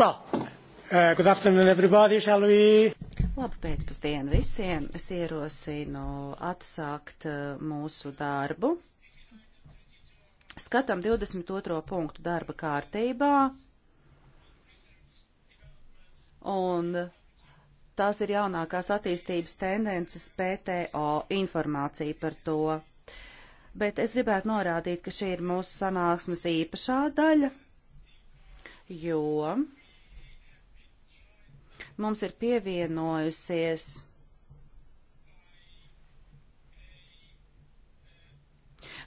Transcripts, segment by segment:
Well, uh, good afternoon everybody, shall we? Labu pēcpusdienu visiem. Es ierosinu atsākt uh, mūsu darbu. Skatām 22. punktu darba kārtībā. Un tās ir jaunākās attīstības tendences PTO informācija par to. Bet es gribētu norādīt, ka šī ir mūsu sanāksmes īpašā daļa, jo mums ir pievienojusies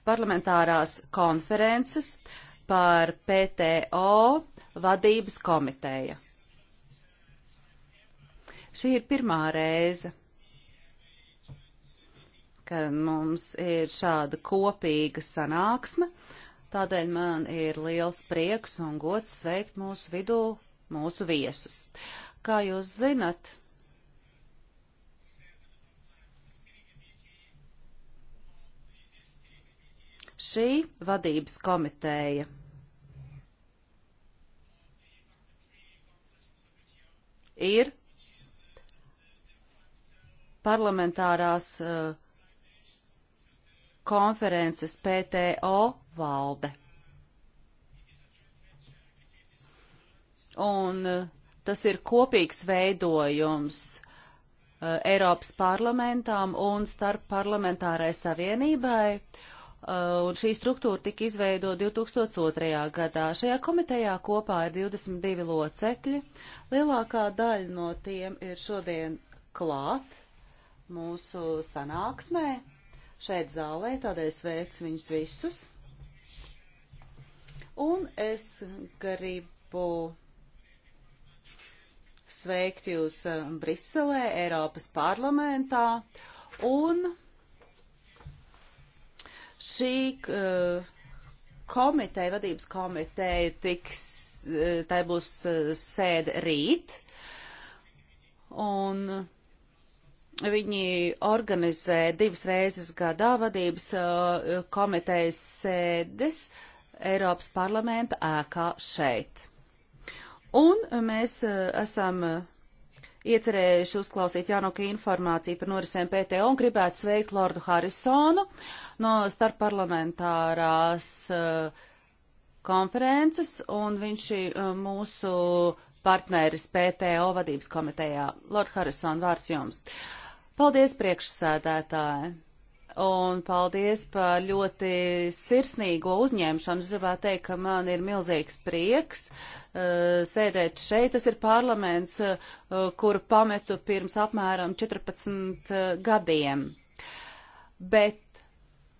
parlamentārās konferences par PTO vadības komiteja. Šī ir pirmā reize, kad mums ir šāda kopīga sanāksme, tādēļ man ir liels prieks un gods sveikt mūsu vidū mūsu viesus. Kā jūs zinat, šī vadības komiteja ir parlamentārās uh, konferences PTO valde. Un uh, Tas ir kopīgs veidojums uh, Eiropas parlamentam un starp parlamentārai savienībai. Uh, un šī struktūra tika izveidota 2002. gadā. Šajā komitejā kopā ir 22 locekļi. Lielākā daļa no tiem ir šodien klāt mūsu sanāksmē šeit zālē, tādēļ sveicu viņus visus. Un es gribu sveikt jūs eh, Briselē, Eiropas parlamentā. Un šī eh, komiteja, vadības komiteja, tiks, eh, tai būs sēde rīt. Un viņi organizē divas reizes gadā vadības komitejas sēdes Eiropas parlamenta ēkā šeit. Un eh, mēs eh, esam eh, iecerējuši uzklausīt jaunāko informāciju par norisēm PTO un gribētu sveikt Lordu Harisonu no starpparlamentārās konferences, un viņš ir mūsu partneris PTO vadības komitejā. Lord Harrison, vārds jums. Paldies priekšsēdētāji! Un paldies par ļoti sirsnīgo uzņemšanu. Es gribētu teikt, ka man ir milzīgs prieks uh, sēdēt šeit. Tas ir parlaments, uh, kuru pametu pirms apmēram 14 uh, gadiem. Bet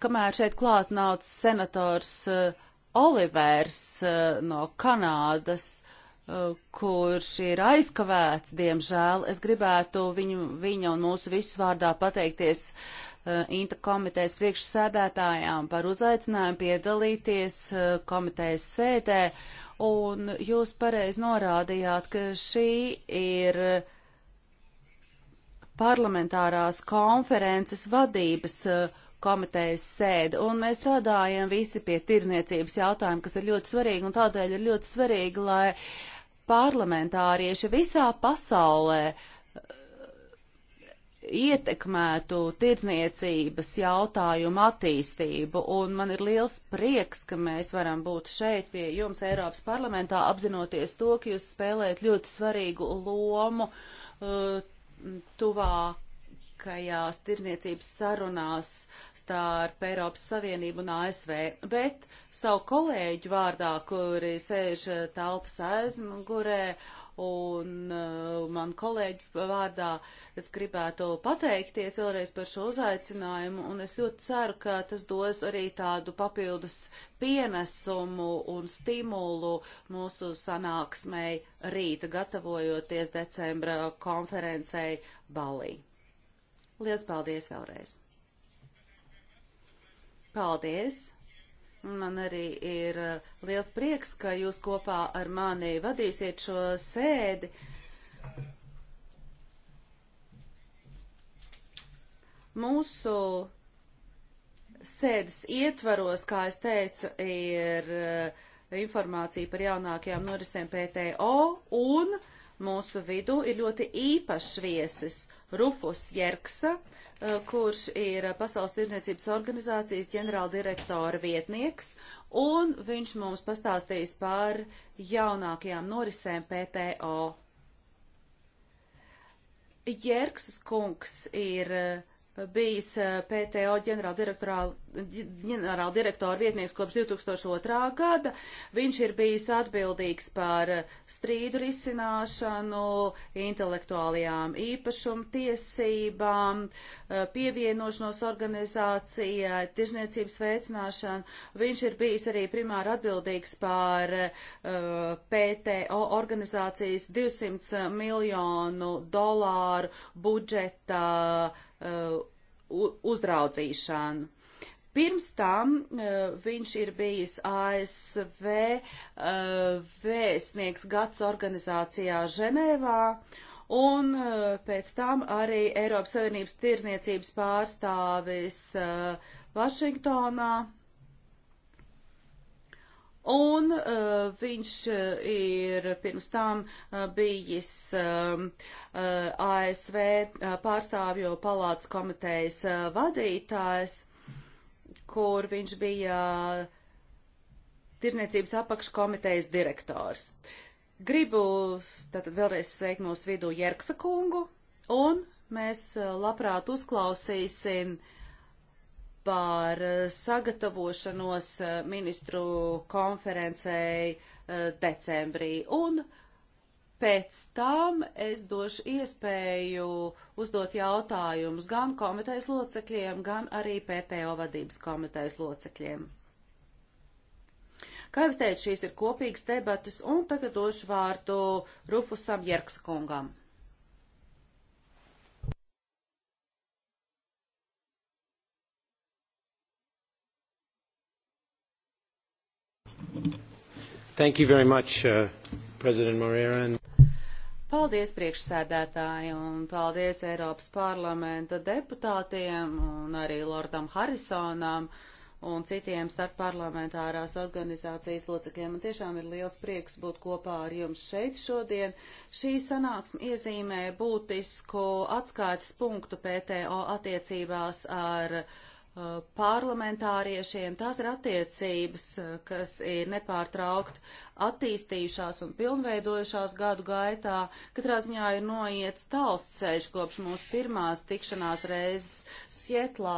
kamēr šeit klāt nāca senators uh, Olivers uh, no Kanādas, uh, kurš ir aizkavēts, diemžēl, es gribētu viņu, viņa un mūsu visus vārdā pateikties uh, Eh, Inta komitejas priekšsēdētājām par uzaicinājumu piedalīties eh, komitejas sēdē, un jūs pareizi norādījāt, ka šī ir parlamentārās konferences vadības eh, komitejas sēde, un mēs strādājam visi pie tirzniecības jautājumu, kas ir ļoti svarīgi, un tādēļ ir ļoti svarīgi, lai parlamentārieši visā pasaulē uh, ietekmētu tirdzniecības jautājumu attīstību, un man ir liels prieks, ka mēs varam būt šeit pie jums Eiropas parlamentā, apzinoties to, ka jūs spēlējat ļoti svarīgu lomu uh, tuvākajās tirdzniecības sarunās starp Eiropas Savienību un ASV, bet savu kolēģu vārdā, kuri sēž uh, telpas aizmugurē, uh, un uh, man kolēģi vārdā es gribētu pateikties vēlreiz par šo uzaicinājumu, un es ļoti ceru, ka tas dos arī tādu papildus pienesumu un stimulu mūsu sanāksmei rīta, gatavojoties decembra konferencei Balī. Lielas paldies vēlreiz! Paldies! Man arī ir eh, liels prieks, ka jūs kopā ar mani vadīsiet šo sēdi. Mūsu sēdes ietvaros, kā es teicu, ir eh, informācija par jaunākajām norisēm PTO un mūsu vidū ir ļoti īpašs viesis Rufus Jerksa, uh, Eh, kurš ir eh, Pasaules tirdzniecības organizācijas ģenerāldirektora vietnieks, un viņš mums pastāstīs par jaunākajām norisēm PTO. Jerks kungs ir uh, bijis eh, PTO ģenerāldirektora vietnieks kopš 2002. gada. Viņš ir bijis atbildīgs par eh, strīdu risināšanu, intelektuālajām īpašumtiesībām, eh, pievienošanos organizācijai, tirzniecības veicināšanu. Viņš ir bijis arī primāri atbildīgs par PTO organizācijas 200 miljonu dolāru budžeta Uh, uzraudzīšanu. Pirms tam uh, viņš ir bijis ASV uh, vēstnieks gads organizācijā Ženēvā un pēc tam arī Eiropas Savienības tirzniecības pārstāvis Vašingtonā. Uh, un uh, viņš uh, ir pirms tam uh, bijis um, uh, uh, ASV uh, pārstāvju palātas komitejas uh, vadītājs, kur viņš bija Tirzniecības apakškomitejas direktors. Gribu tātad vēlreiz sveikt mūsu vidū Jerksa kungu, un mēs uh, labprāt uzklausīsim uh, par eh, sagatavošanos eh, ministru konferencei eh, decembrī. Un pēc tam es došu iespēju uzdot jautājumus gan komitejas locekļiem, gan arī PPO vadības komitejas locekļiem. Kā jau es teicu, šīs ir kopīgas debatas, un tagad došu vārdu Rufusam Jerkskungam. Thank you very much, uh, President Moreira. And... Paldies priekšsēdētāji un paldies Eiropas parlamenta deputātiem un arī Lordam Harisonam un citiem starpparlamentārās organizācijas locekļiem. Man tiešām ir liels prieks būt kopā ar jums šeit šodien. Šī sanāksme iezīmē būtisku atskaites punktu PTO attiecībās ar uh, parlamentāriešiem. Tās ir attiecības, eh, kas ir nepārtraukt attīstījušās un pilnveidojušās gadu gaitā. Katrā ziņā ir noiets tāls ceļš kopš mūsu pirmās tikšanās reizes Sietlā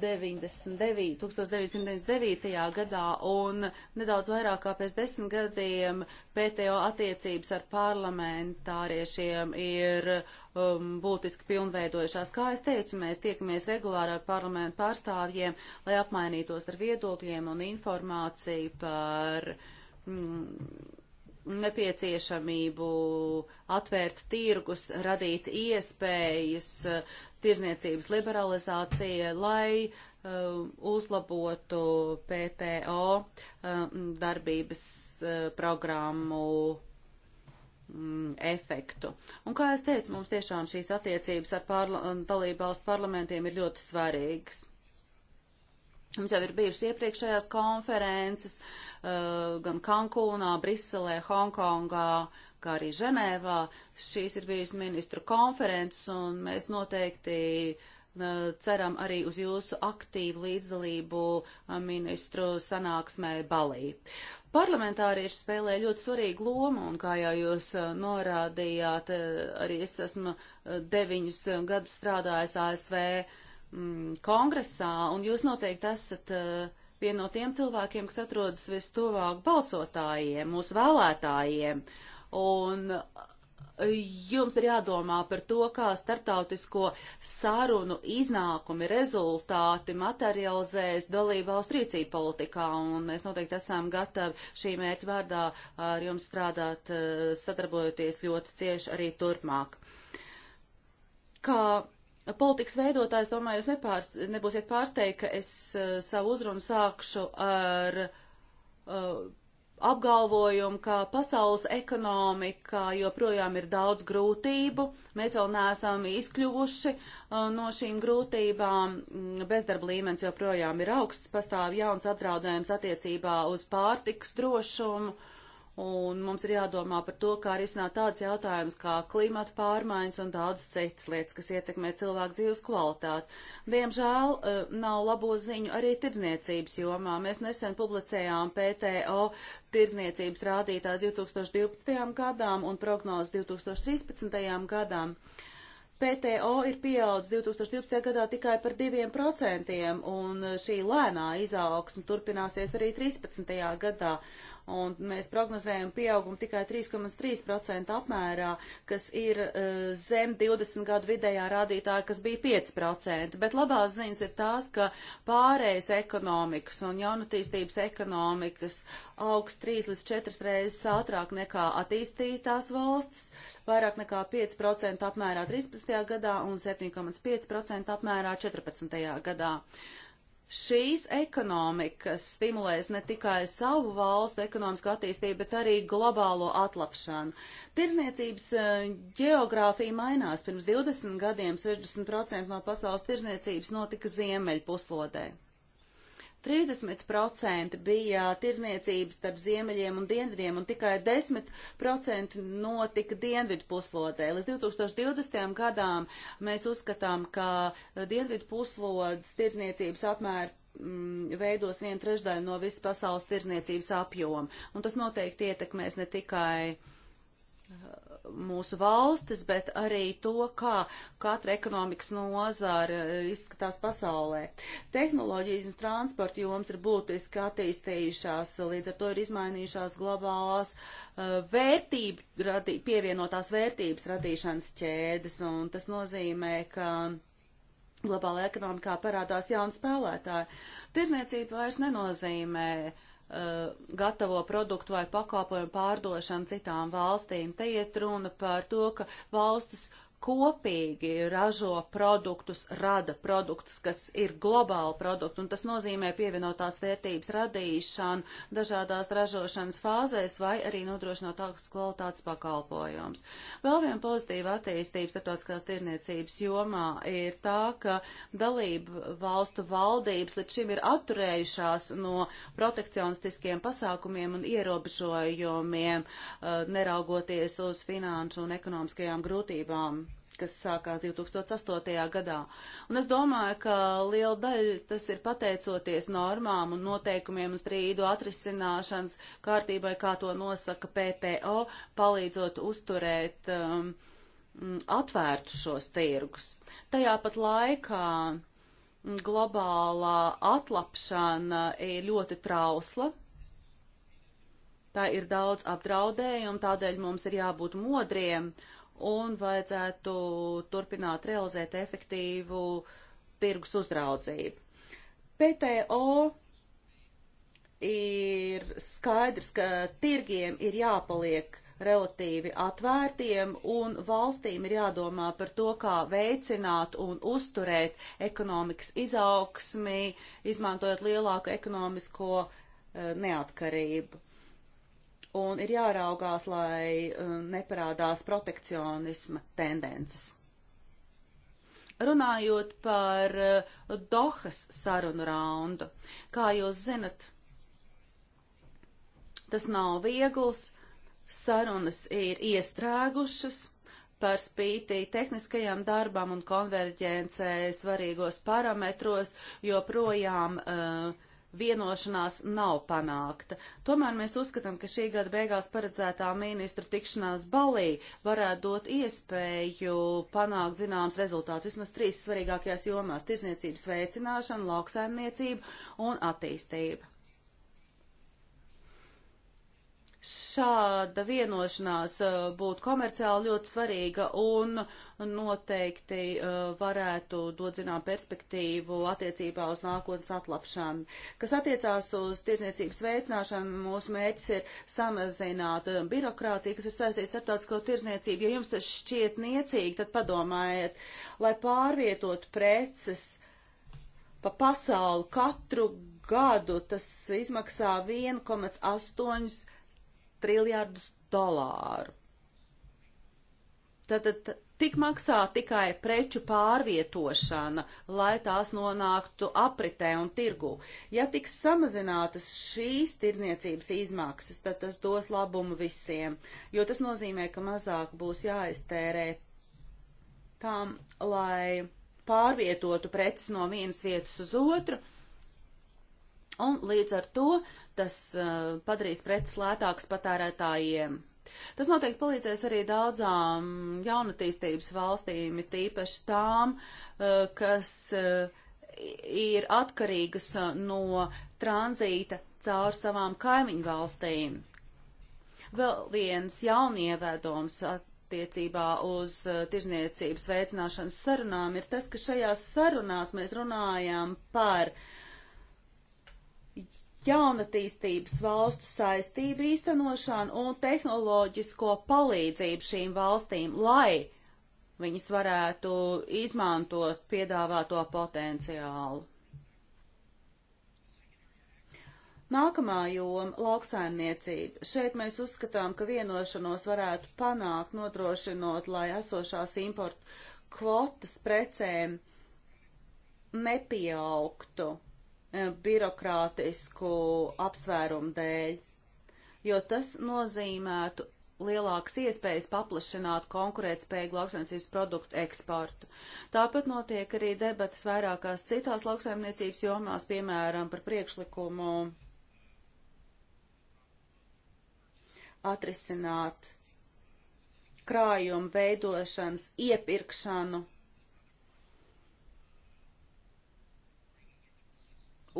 99, 1999. gadā un nedaudz vairāk kā pēc desmit gadiem PTO attiecības ar parlamentāriešiem ir um, būtiski pilnveidojušās. Kā es teicu, mēs tiekamies regulāri ar parlamentu pārstāvjiem, lai apmainītos ar viedokļiem un informāciju par mm, nepieciešamību atvērt tirgus, radīt iespējas uh, tirzniecības liberalizācija, lai Uh, uzlabotu PTO uh, darbības uh, programmu mm, efektu. Un, kā es teicu, mums tiešām šīs attiecības ar parla dalību valstu parlamentiem ir ļoti svarīgas. Mums jau ir bijušas iepriekšējās konferences gan Kankūnā, Briselē, Hongkongā, kā arī Ženēvā. Šīs ir bijusi ministru konferences, un mēs noteikti uh, ceram arī uz jūsu aktīvu līdzdalību ministru sanāksmē Balī. Parlamentārieši spēlē ļoti svarīgu lomu, un kā jau jūs norādījāt, arī es esmu deviņus gadus strādājis ASV kongresā, un jūs noteikti esat viena no tiem cilvēkiem, kas atrodas vistuvāk balsotājiem, mūsu vēlētājiem. Un jums ir jādomā par to, kā starptautisko sarunu iznākumi, rezultāti materializēs dalību valstu rīcību politikā, un mēs noteikti esam gatavi šī mērķa vārdā ar jums strādāt, eh, sadarbojoties ļoti cieši arī turpmāk. Kā politikas veidotājs, domāju, jūs nepārs, nebūsiet pārsteigti, ka es uh, savu uzrunu sākšu ar uh, apgalvojumu, ka pasaules ekonomikā joprojām ir daudz grūtību, mēs vēl neesam izkļuvuši uh, no šīm grūtībām, mm, bezdarba līmenis joprojām ir augsts, pastāv jauns apdraudējums attiecībā uz pārtiks drošumu Un mums ir jādomā par to, kā risināt tādas jautājumas kā klimata pārmaiņas un tādas citas lietas, kas ietekmē cilvēku dzīves kvalitāti. Diemžēl e, nav labo ziņu arī tirdzniecības jomā. Mēs nesen publicējām PTO tirdzniecības rādītājs 2012. gadām un prognozes 2013. gadām. PTO ir pieaudzis 2012. gadā tikai par 2%, un šī lēnā izaugsme turpināsies arī 2013. gadā un mēs prognozējam pieaugumu tikai 3,3% apmērā, kas ir uh, zem 20 gadu vidējā rādītāja, kas bija 5%. Bet labās ziņas ir tās, ka pārējais ekonomikas un jaunatīstības ekonomikas augs 3 līdz 4 reizes ātrāk nekā attīstītās valstis, vairāk nekā 5% apmērā 13. gadā un 7,5% apmērā 14. gadā. Uh, šīs ekonomikas stimulēs ne tikai savu valstu ekonomisku attīstību, bet arī globālo atlapšanu. Tirzniecības e, geogrāfija mainās. Pirms 20 gadiem 60% no pasaules tirzniecības notika ziemeļpuslodē. 30% bija tirzniecības starp ziemeļiem un dienvidiem, un tikai 10% notika dienvidu puslodē. Līdz 2020. gadām mēs uzskatām, ka dienvidu puslodes tirzniecības apmēra mm, veidos vienu trešdaļu no visas pasaules tirzniecības apjoma. Un tas noteikti ietekmēs ne tikai uh, mūsu valstis, bet arī to, kā katra ekonomikas nozāra izskatās pasaulē. Tehnoloģijas un transporta joms ir būtiski attīstījušās, līdz ar to ir izmainījušās globālās uh, vērtību, radī, pievienotās vērtības radīšanas ķēdes, un tas nozīmē, ka globālajā ekonomikā parādās jauni spēlētāji. Tirzniecība vairs nenozīmē uh, Uh, gatavo produktu vai pakalpojumu pārdošanu citām valstīm. Te iet runa par to, ka valstis kopīgi ražo produktus, rada produktus, kas ir globāli produkti, un tas nozīmē pievienotās vērtības radīšanu dažādās ražošanas fāzēs vai arī nodrošinot augstas kvalitātes pakalpojums. Vēl viena pozitīva attīstība starptautiskās tirniecības jomā ir tā, ka dalību valstu valdības līdz šim ir atturējušās no protekcionistiskiem pasākumiem un ierobežojumiem, eh, neraugoties uz finanšu un ekonomiskajām grūtībām kas sākās 2008. gadā. Un es domāju, ka liela daļa tas ir pateicoties normām un noteikumiem un strīdu atrisināšanas kārtībai, kā to nosaka PPO, palīdzot uzturēt um, atvērtu šos tirgus. Tajā pat laikā globālā atlapšana ir ļoti trausla, tā ir daudz apdraudējumu, tādēļ mums ir jābūt modriem un vajadzētu turpināt realizēt efektīvu tirgus uzraudzību. PTO ir skaidrs, ka tirgiem ir jāpaliek relatīvi atvērtiem un valstīm ir jādomā par to, kā veicināt un uzturēt ekonomikas izaugsmi, izmantojot lielāku ekonomisko eh, neatkarību un ir jāraugās, lai uh, neparādās protekcionisma tendences. Runājot par uh, Dohas sarunu raundu, kā jūs zinat, tas nav viegls, sarunas ir iestrēgušas par spīti tehniskajam darbam un konverģencē svarīgos parametros, joprojām uh, vienošanās nav panākta. Tomēr mēs uzskatām, ka šī gada beigās paredzētā ministru tikšanās Balī varētu dot iespēju panākt zināms rezultāts vismaz trīs svarīgākajās jomās - tirzniecības veicināšana, lauksaimniecība un attīstība. šāda vienošanās uh, būtu komerciāli ļoti svarīga un noteikti uh, varētu dot zinām perspektīvu attiecībā uz nākotnes atlapšanu. Kas attiecās uz tirzniecības veicināšanu, mūsu mērķis ir samazināt uh, birokrātiju, kas ir saistīts ar starptautisko tirzniecību. Ja jums tas šķiet niecīgi, tad padomājiet, lai pārvietot preces pa pasauli katru gadu, tas izmaksā 1,8 triljardus dolāru. Tātad tik maksā tikai preču pārvietošana, lai tās nonāktu apritē un tirgu. Ja tiks samazinātas šīs tirdzniecības izmaksas, tad tas dos labumu visiem, jo tas nozīmē, ka mazāk būs jāiztērē tām, lai pārvietotu preces no vienas vietas uz otru Un līdz ar to tas uh, padarīs preces lētākas patērētājiem. Tas noteikti palīdzēs arī daudzām jaunatīstības valstīm, tīpaši tām, uh, kas uh, ir atkarīgas uh, no tranzīta caur savām kaimiņu valstīm. Vēl viens jaunievēdums attiecībā uz uh, tirzniecības veicināšanas sarunām ir tas, ka šajās sarunās mēs runājam par uh, jaunatīstības valstu saistību īstenošanu un tehnoloģisko palīdzību šīm valstīm, lai viņas varētu izmantot piedāvāto potenciālu. Nākamā joma - lauksaimniecība. Šeit mēs uzskatām, ka vienošanos varētu panākt, nodrošinot, lai esošās importu kvotas precēm nepieaugtu Eh, birokrātisku apsvērumu dēļ, jo tas nozīmētu lielākas iespējas paplašināt konkurētspēju lauksaimniecības produktu eksportu. Tāpat notiek arī debatas vairākās citās lauksaimniecības jomās, piemēram, par priekšlikumu atrisināt krājumu veidošanas iepirkšanu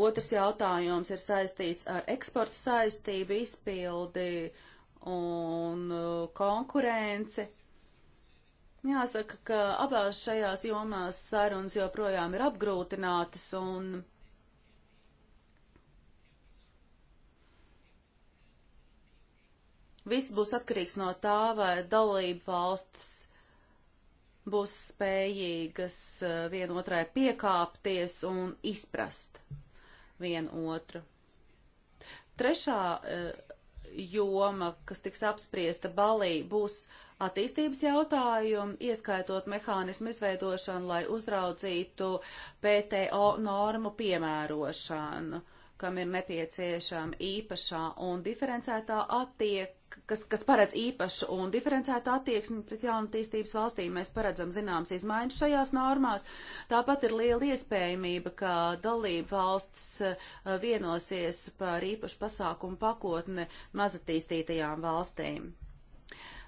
Otrs jautājums ir saistīts ar eksporta saistību, izpildi un uh, konkurenci. Jāsaka, ka abās šajās jomās sarunas joprojām ir apgrūtinātas un viss būs atkarīgs no tā, vai dalība valstis būs spējīgas uh, vienotrai piekāpties un izprast vienu otru. Trešā eh, joma, kas tiks apspriesta balī, būs attīstības jautājumi, ieskaitot mehānismu izveidošanu, lai uzraudzītu PTO normu piemērošanu. Uh, kam ir nepieciešama īpašā un diferencētā attiek, kas, kas paredz īpašu un diferencētu attieksmi pret jaunatīstības valstīm. Mēs paredzam zināmas izmaiņas šajās normās. Tāpat ir liela iespējamība, ka dalība valsts uh, vienosies par īpašu pasākumu pakotni mazatīstītajām valstīm.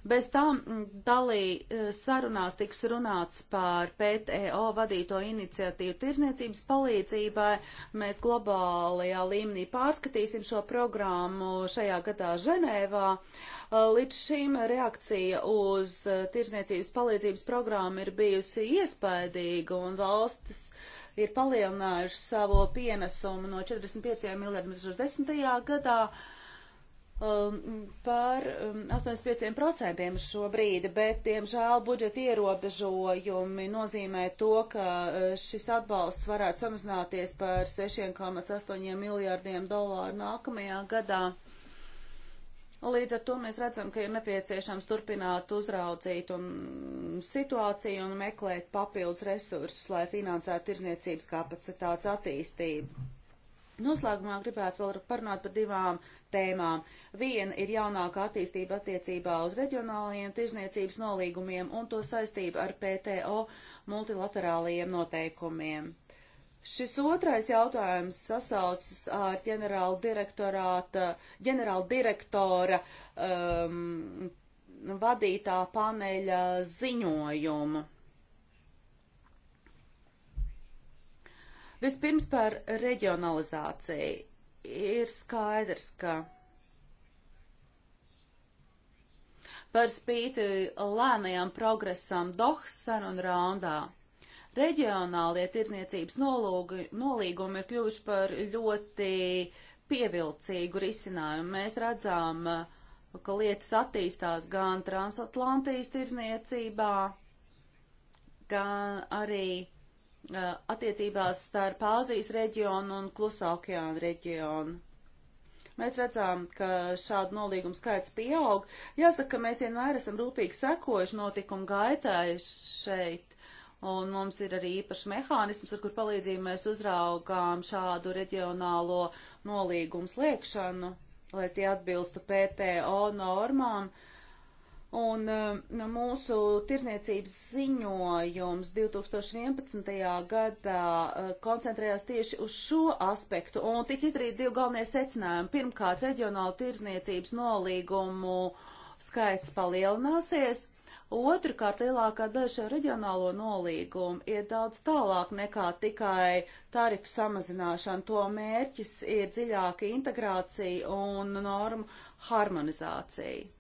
Bez tam dalī eh, sarunās tiks runāts par PTO vadīto iniciatīvu tirzniecības palīdzībai. Mēs globālajā līmenī pārskatīsim šo programmu šajā gadā Ženēvā. Eh, līdz šim reakcija uz eh, tirzniecības palīdzības programmu ir bijusi iespaidīga un valstis ir palielinājuši savu pienesumu no 45 miljardiem 2010. gadā Um, par 85% um, šobrīd, bet, diemžēl, budžeta ierobežojumi nozīmē to, ka uh, šis atbalsts varētu samazināties par 6,8 miljārdiem dolāru nākamajā gadā. Līdz ar to mēs redzam, ka ir nepieciešams turpināt uzraudzīt un situāciju un meklēt papildus resursus, lai finansētu tirzniecības kapacitātes attīstību. Noslēgumā gribētu vēl parunāt par divām tēmām. Viena ir jaunāka attīstība attiecībā uz reģionālajiem tirzniecības nolīgumiem un to saistība ar PTO multilaterālajiem noteikumiem. Šis otrais jautājums sasaucas ar ģenerāla direktorāta, ģenerāla direktora um, vadītā paneļa ziņojumu Vispirms par reģionalizāciju. Ir skaidrs, ka par spīti lēnajam progresam Dohas sarunu raundā. Reģionālie tirzniecības nolūgi, nolīgumi ir kļuvuši par ļoti pievilcīgu risinājumu. Mēs redzam, ka lietas attīstās gan transatlantijas tirzniecībā, gan arī Uh, attiecībās starp Āzijas reģionu un Klusā okeāna reģionu. Mēs redzām, ka šādu nolīgumu skaits pieaug. Jāsaka, ka mēs vienmēr esam rūpīgi sekojuši notikumu gaitai šeit, un mums ir arī īpašs mehānisms, ar kur palīdzību mēs uzraugām šādu reģionālo nolīgumu slēgšanu, lai tie atbilstu PPO normām. Uh, Un um, no mūsu tirzniecības ziņojums 2011. gadā uh, koncentrējās tieši uz šo aspektu un tika izdarīti divi galvenie secinājumi. Pirmkārt, reģionāla tirzniecības nolīgumu skaits palielināsies. Otrakārt, lielākā daļa šo reģionālo nolīgumu ir daudz tālāk nekā tikai tarifu samazināšana. To mērķis ir dziļāka integrācija un normu harmonizācija.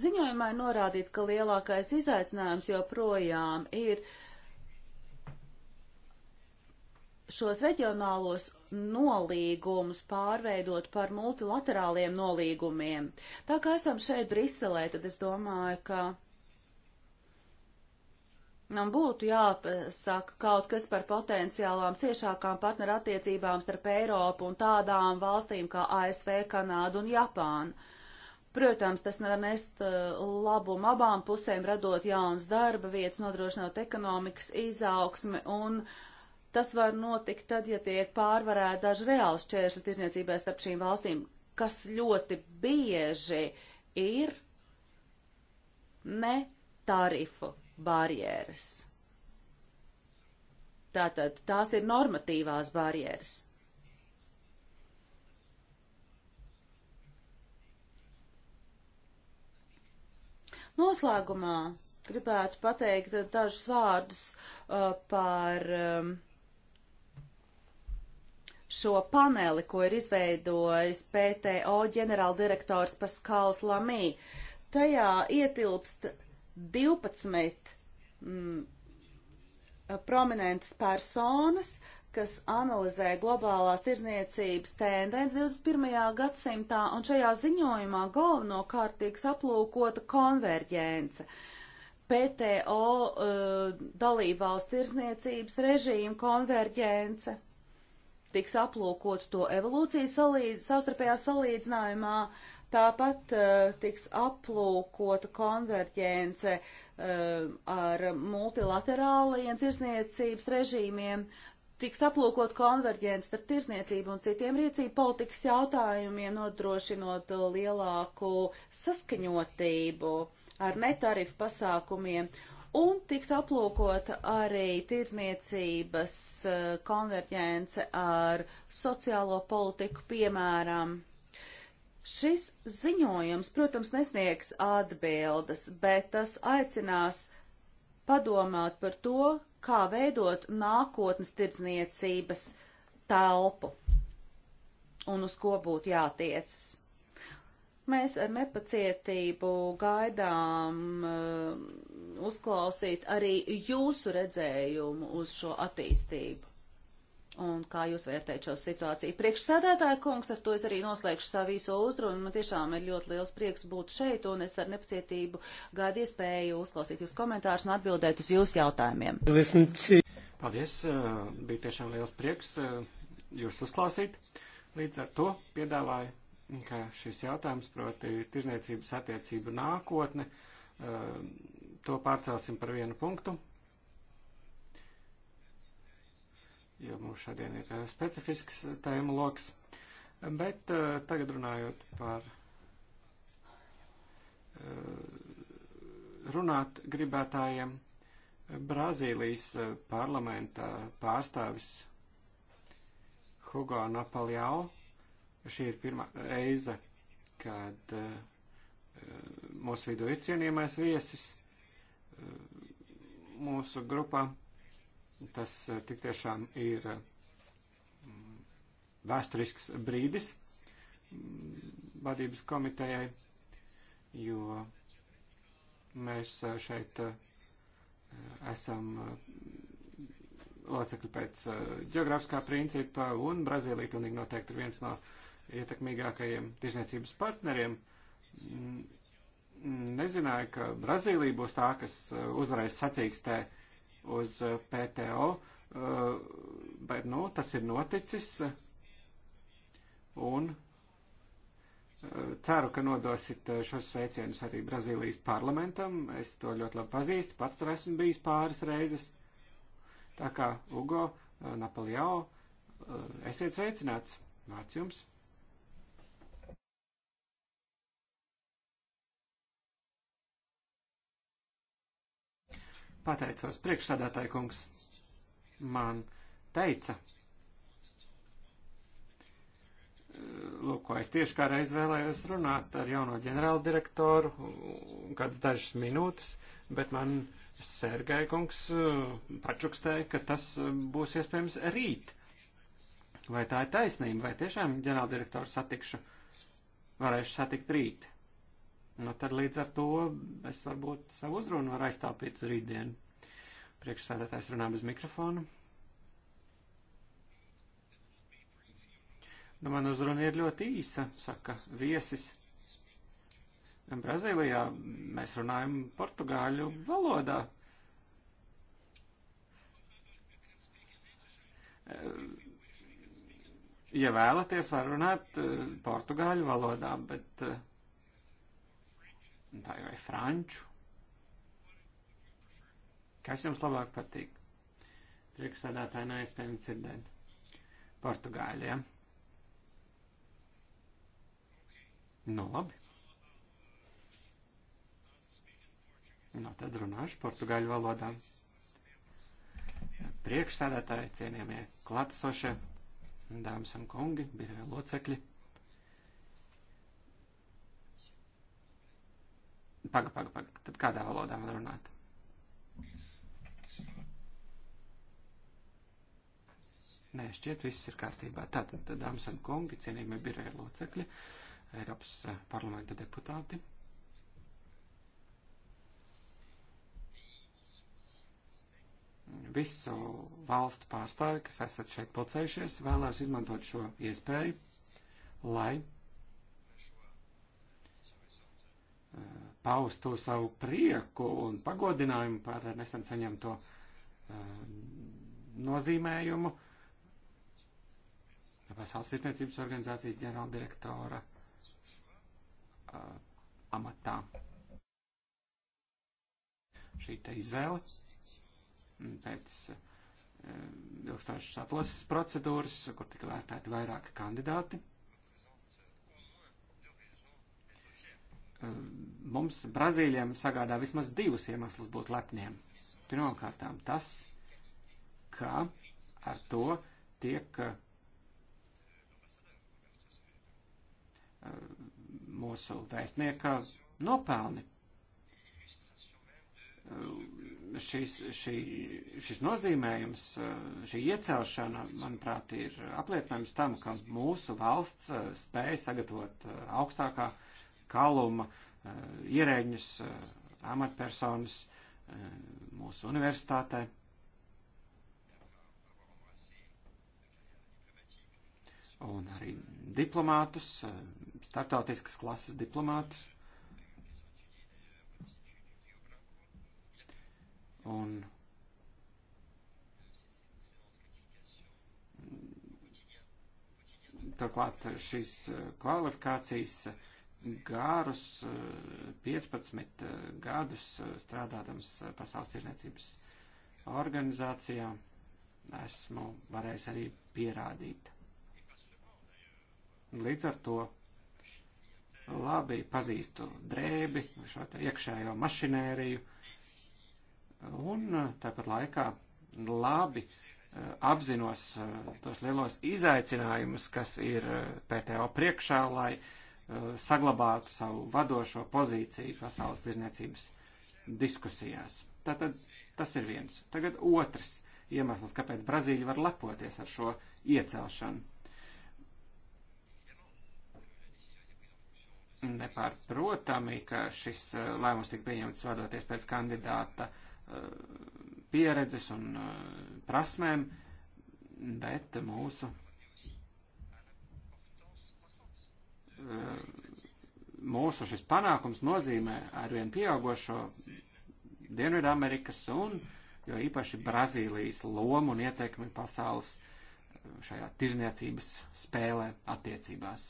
Ziņojumā ir norādīts, ka lielākais izaicinājums joprojām ir šos reģionālos nolīgumus pārveidot par multilaterāliem nolīgumiem. Tā kā esam šeit Briselē, tad es domāju, ka Man būtu jāpasaka kaut kas par potenciālām ciešākām partnerattiecībām starp Eiropu un tādām valstīm kā ASV, Kanādu un Japānu. Protams, tas nest uh, labumu abām pusēm, radot jaunas darba vietas, nodrošinot ekonomikas izaugsmi un tas var notikt tad, ja tiek pārvarēt daži reāli šķēršļi tirzniecībai starp šīm valstīm, kas ļoti bieži ir ne tarifu barjeras. Tātad tās ir normatīvās barjeras. Noslēgumā gribētu pateikt dažus vārdus uh, par um, šo paneli, ko ir izveidojis PTO ģenerāldirektors Paskals Lamī. Tajā ietilpst 12 mm, prominentas personas, uh, kas analizē globālās tirzniecības tendences 21. gadsimtā, un šajā ziņojumā galvenokārt tiks aplūkota konverģence. PTO uh, eh, dalībvalstu tirzniecības režīmu konverģence tiks aplūkot to evolūcijas salīdz, savstarpējā salīdzinājumā, tāpat uh, tiks aplūkota konverģence uh, ar multilaterālajiem tirzniecības režīmiem, uh, tiks aplūkot konverģents starp tirzniecību un citiem rīcību politikas jautājumiem, nodrošinot uh, lielāku saskaņotību ar netarifu pasākumiem. Un tiks aplūkota arī tirzniecības uh, konverģence ar sociālo politiku, piemēram. Šis ziņojums, protams, nesniegs atbildes, bet tas aicinās padomāt par to, kā veidot nākotnes tirdzniecības telpu un uz ko būtu jātiecas. Mēs ar nepacietību gaidām uh, uzklausīt arī jūsu redzējumu uz šo attīstību un kā jūs vērtējat šo situāciju. Priekšsēdētāja kungs, ar to es arī noslēgšu savu īso uzrunu. Man tiešām ir ļoti liels prieks būt šeit, un es ar nepacietību gaidu iespēju uzklausīt jūs komentārus un atbildēt uz jūsu jautājumiem. Paldies, eh, bija tiešām liels prieks eh, jūs uzklausīt. Līdz ar to piedāvāju, ka šis jautājums, proti, tirzniecības attiecību nākotne, eh, to pārcelsim par vienu punktu jo mums šodien ir eh, specifisks tēma loks. Bet eh, tagad runājot par eh, runāt gribētājiem, Brazīlijas parlamenta pārstāvis Hugo Napaljau. Šī ir pirmā reize, kad mūsu vidū ir cienījamais viesis mūsu grupā. Tas e, tik tiešām ir e, vēsturisks brīdis mm, vadības komitejai, jo mēs e, šeit esam locekļi pēc geogrāfiskā principa, un Brazīlija pilnīgi noteikti ir viens no ietekmīgākajiem tirzniecības partneriem. Mm, nezināju, ka Brazīlija būs tā, kas uzvarēs sacīkstē uz eh, PTO, eh, bet nu, tas ir noticis. Un eh, ceru, ka nodosit šos sveicienus arī Brazīlijas parlamentam. Es to ļoti labi pazīstu, pats tur esmu bijis pāris reizes. Tā kā Ugo, Napoljau, esiet sveicināts! Vārds jums! Pateicos, priekšstādātāji kungs man teica, lūk, ko es tieši kā reiz vēlējos runāt ar jauno ģenerāla direktoru, kāds dažas minūtes, bet man Sergai kungs uh, pačukstēja, ka tas uh, būs iespējams rīt. Vai tā ir taisnība, vai tiešām ģenerāla direktoru satikšu, varēšu satikt rīt? Nu, tad līdz ar to es varbūt savu uzrunu varu aiztāpīt uz rītdienu. Priekšsēdētājs runā bez mikrofona. Nu, man uzruna ir ļoti īsa, saka viesis. Brazīlijā mēs runājam portugāļu valodā. Ja vēlaties, var runāt eh, portugāļu valodā, bet. Uh, vai, vai franču. Kas jums labāk patīk? Priekšstādātāji nav iespējams dzirdēt. Portugāļiem. Ja? Nu, labi. Nu, tad runāšu portugāļu valodā. Priekšsēdētāji, cienījamie klātesošie, dāmas un kungi, biroja locekļi. Paga, paga, paga. Tad kādā valodā man runāt? Nē, šķiet, viss ir kārtībā. Tātad, dāmas un kungi, cienījamie biroja locekļi, Eiropas eh, parlamenta deputāti. Visu valstu pārstāvi, kas esat šeit pulcējušies, vēlēs izmantot šo iespēju, lai eh, paustu savu prieku un pagodinājumu par nesen saņemto eh, nozīmējumu Pasaules tirdzniecības organizācijas ģenerāldirektora eh, amatā. Šī te izvēle mm, pēc eh, ilgstošas atlases procedūras, kur tika vērtēti vairāki kandidāti. Ehm, mums Brazīļiem sagādā vismaz divus iemeslus būt lepniem. Pirmkārtām tas, ka ar to tiek ehm, mūsu vēstnieka nopelni. Ehm, šis, šī, šis nozīmējums, šī iecelšana, manuprāt, ir apliecinājums tam, ka mūsu valsts spēja sagatavot augstākā uh, Kaluma eh, ierēģņus, eh, amatpersonas eh, mūsu universitātē. Un arī diplomātus, startautiskas klases diplomātus. Un turklāt šīs kvalifikācijas garus 15 eh, eh, gadus eh, strādādams pasaules tirzniecības organizācijā esmu varējis arī pierādīt. Līdz ar to labi pazīstu drēbi, šo iekšējo mašinēriju un tāpat laikā labi apzinos tos lielos izaicinājumus, kas ir PTO priekšā, lai uh, Uh, saglabātu savu vadošo pozīciju pasaules tirzniecības diskusijās. Tātad tas ir viens. Tagad otrs iemesls, kāpēc Brazīļa var lepoties ar šo iecelšanu. Nepārprotami, ka šis uh, lēmums tika pieņemts vadoties pēc kandidāta uh, pieredzes un prasmēm, bet mūsu Eh, mūsu šis panākums nozīmē arvien pieaugošo Dienvidamerikas un jo īpaši Brazīlijas lomu un ietekmi pasaules eh, šajā tirzniecības spēlē attiecībās.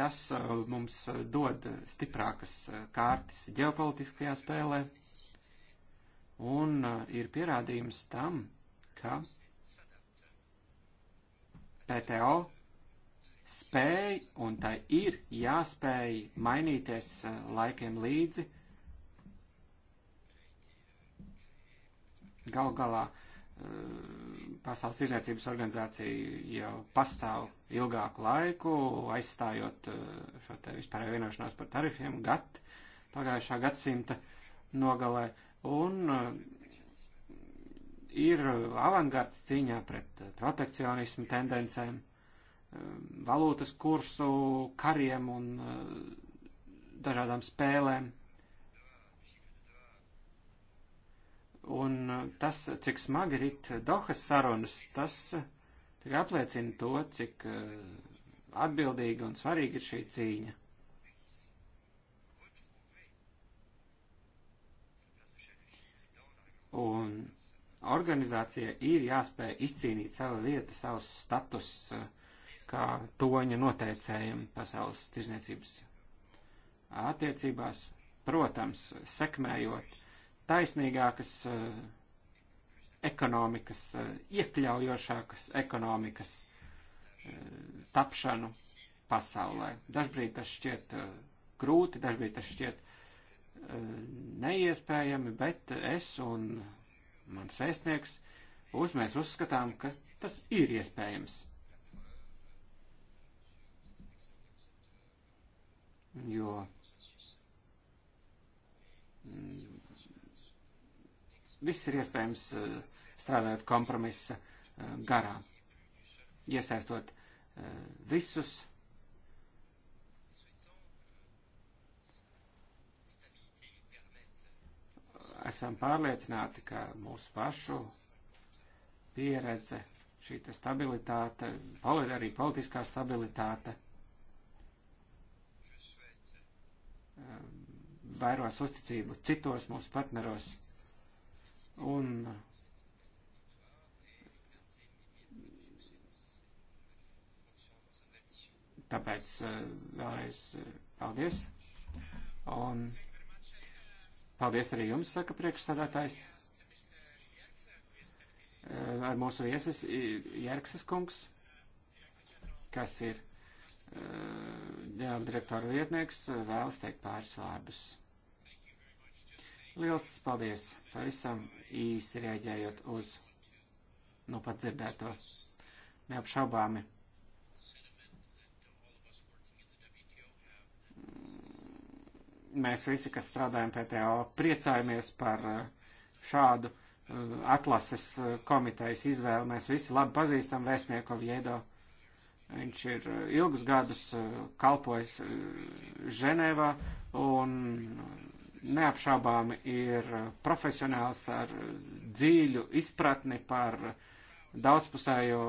Tas eh, mums dod stiprākas kārtas ģeopolitiskajā spēlē. Uh, Un uh, ir pierādījums tam, ka PTO spēj un tai ir jāspēj mainīties uh, laikiem līdzi. Gal galā uh, Pasaules izniecības organizācija jau pastāv ilgāku laiku, aizstājot šo te vispārējo vienošanos par tarifiem GATT pagājušā gadsimta nogalē un eh, ir avangards cīņā pret eh, protekcionismu tendencēm, eh, valūtas kursu kariem un dažādām spēlēm. Un tas, cik smagi rit Dohas sarunas, tas tikai apliecina to, cik atbildīga un svarīga ir šī cīņa. Un organizācija ir jāspēj izcīnīt savu vietu, savus status eh, kā toņa noteicējumu pasaules tirzniecības attiecībās, protams, sekmējot taisnīgākas eh, ekonomikas, eh, iekļaujošākas ekonomikas tapšanu pasaulē. Dažbrīd tas šķiet grūti, dažbrīd tas šķiet neiespējami, bet es un mans vēstnieks uz mēs uzskatām, ka tas ir iespējams. Jo mm, viss ir iespējams eh, strādājot kompromisa eh, garā, iesaistot eh, visus esam pārliecināti, ka mūsu pašu pieredze, šī stabilitāte, arī politiskā stabilitāte um, vairos uzticību citos mūsu partneros un tāpēc uh, vēlreiz uh, paldies un Paldies arī jums, saka priekšstādātājs. Eh, ar mūsu viesis Jerksas kungs, kas ir eh, ģenerāla direktora vietnieks, vēlas teikt pāris vārdus. Liels paldies! Pavisam īsi rēģējot uz nu pat dzirdēto. Neapšaubāmi mēs visi, kas strādājam PTO, priecājamies par eh, šādu eh, atlases eh, komitejas izvēli. Mēs visi labi pazīstam vēstnieku Oviedo. Viņš ir ilgus gadus kalpojis Ženēvā un neapšaubāmi ir profesionāls ar dziļu izpratni par daudzpusējo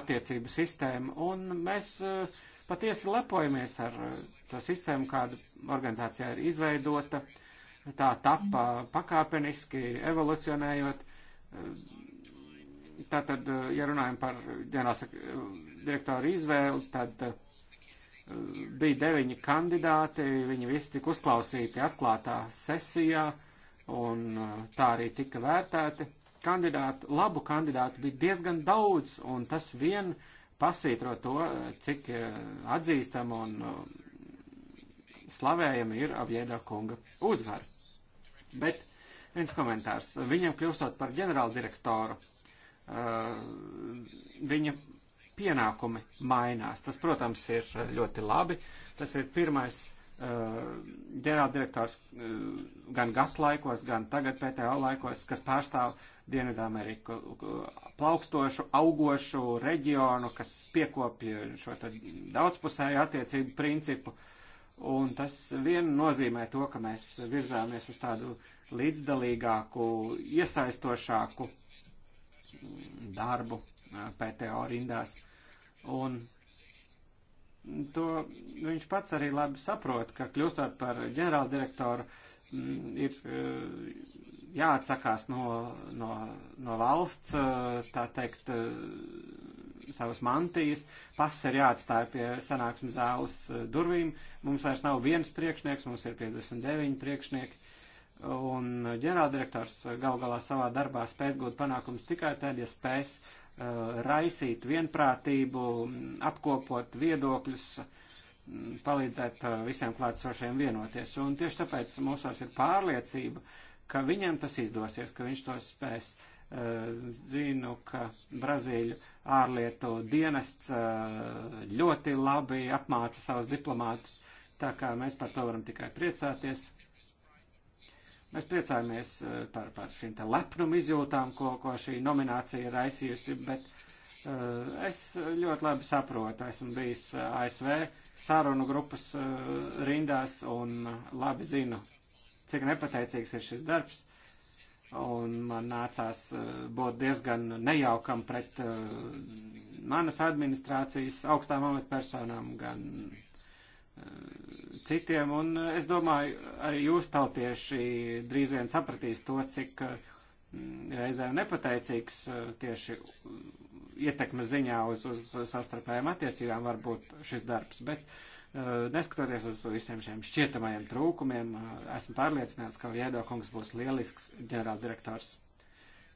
attiecību sistēmu. Un mēs uh, patiesi lepojamies ar eh, to sistēmu, kāda organizācijā ir izveidota. Tā tapa pakāpeniski, evolucionējot. Eh, tātad, eh, ja runājam par ģenerāldirektoru izvēli, tad bija deviņi kandidāti, viņi visi tika uzklausīti atklātā sesijā, un tā arī tika vērtēti. Kandidāti, labu kandidātu bija diezgan daudz, un tas vien uh, pasvītro to, cik eh, atzīstama un eh, slavējama ir Avjēdā kunga uzvara. Bet viens komentārs. Viņam kļūstot par ģenerāldirektoru, eh, viņa pienākumi mainās. Tas, protams, ir ļoti labi. Tas ir pirmais ģenerāldirektors gan GATT laikos, gan tagad PTO laikos, kas pārstāv uh, Dienvidāmeriku plaukstošu, augošu reģionu, kas piekopja šo daudzpusēju attiecību principu. Un tas vien nozīmē to, ka mēs virzāmies uz tādu līdzdalīgāku, iesaistošāku darbu PTO rindās. Un to viņš pats arī labi saprot, ka kļūstot par ģenerāldirektoru mm, ir jāatsakās no, no, no valsts, eh, tā teikt, eh, savas mantijas, pases ir jāatstāja pie sanāksmes zāles eh, durvīm, mums vairs nav viens priekšnieks, mums ir 59 priekšnieki, un ģenerāldirektors gal galā savā darbā spēs gūt panākums tikai tad, ja spēs uh, raisīt vienprātību, apkopot viedokļus, uh, palīdzēt visiem klātsošiem vienoties. Un tieši tāpēc mūsos ir pārliecība, ka viņam tas izdosies, ka viņš to spēs. Eh, zinu, ka Brazīļu ārlietu dienests eh, ļoti labi apmāca savus diplomātus, tā kā mēs par to varam tikai priecāties. Mēs priecājamies eh, par, par šīm te lepnumu izjūtām, ko, ko šī nominācija ir aizsījusi, bet es ļoti labi saprotu, esmu bijis ASV sarunu grupas rindās un labi zinu, cik nepateicīgs ir šis darbs. Un man nācās eh, būt diezgan nejaukam pret eh, manas administrācijas augstām amatpersonām, gan eh, citiem. Un es domāju, arī jūs tautieši drīz vien sapratīs to, cik mm, reizēm nepateicīgs tieši ietekmes ziņā uz, uz savstarpējām attiecībām var būt šis darbs. Bet, uh, Uh, neskatoties uz visiem šiem šķietamajiem trūkumiem, uh, esmu pārliecināts, ka Jēdo kungs būs lielisks ģenerāldirektors.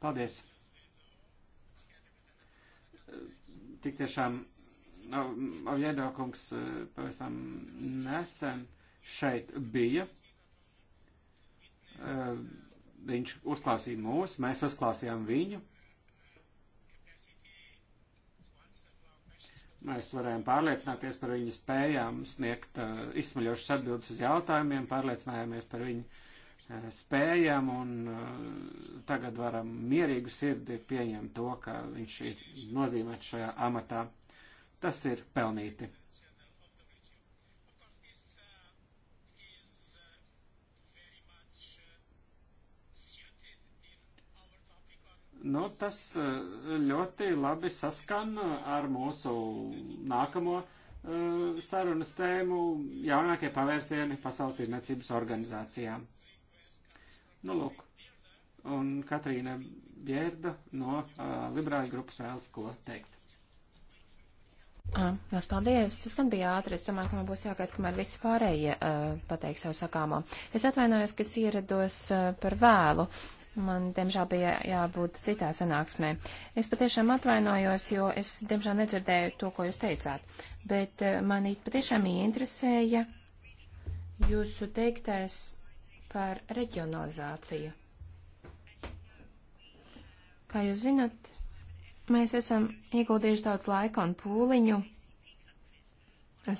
Paldies! Uh, tik tiešām Jēdo kungs pavisam nesen šeit bija. Viņš uzklausīja mūs, mēs uzklausījām viņu. Mēs varējām pārliecināties par viņu spējām sniegt uh, izsmaļošas atbildes uz jautājumiem, pārliecinājāmies par viņu uh, spējām un uh, tagad varam mierīgu sirdi pieņemt to, ka viņš ir nozīmēts šajā amatā. Tas ir pelnīti. nu, tas eh, ļoti labi saskan eh, ar mūsu nākamo uh, sarunas tēmu jaunākie pavērsieni pasaules tirniecības organizācijām. Nu, lūk, un Katrīna Bjērda no uh, liberāļu grupas vēlas ko teikt. Lielas paldies! Tas gan bija ātri. Es domāju, ka man būs jāgaida, kamēr visi pārējie uh, pateiks savu sakāmo. Es atvainojos, ka es ierados uh, par vēlu. Uh, Man, diemžēl, bija jābūt citā sanāksmē. Es patiešām atvainojos, jo es, diemžēl, nedzirdēju to, ko jūs teicāt. Bet eh, manī patiešām ieinteresēja jūsu teiktais par reģionalizāciju. Kā jūs zinat, mēs esam ieguldījuši daudz laika un pūliņu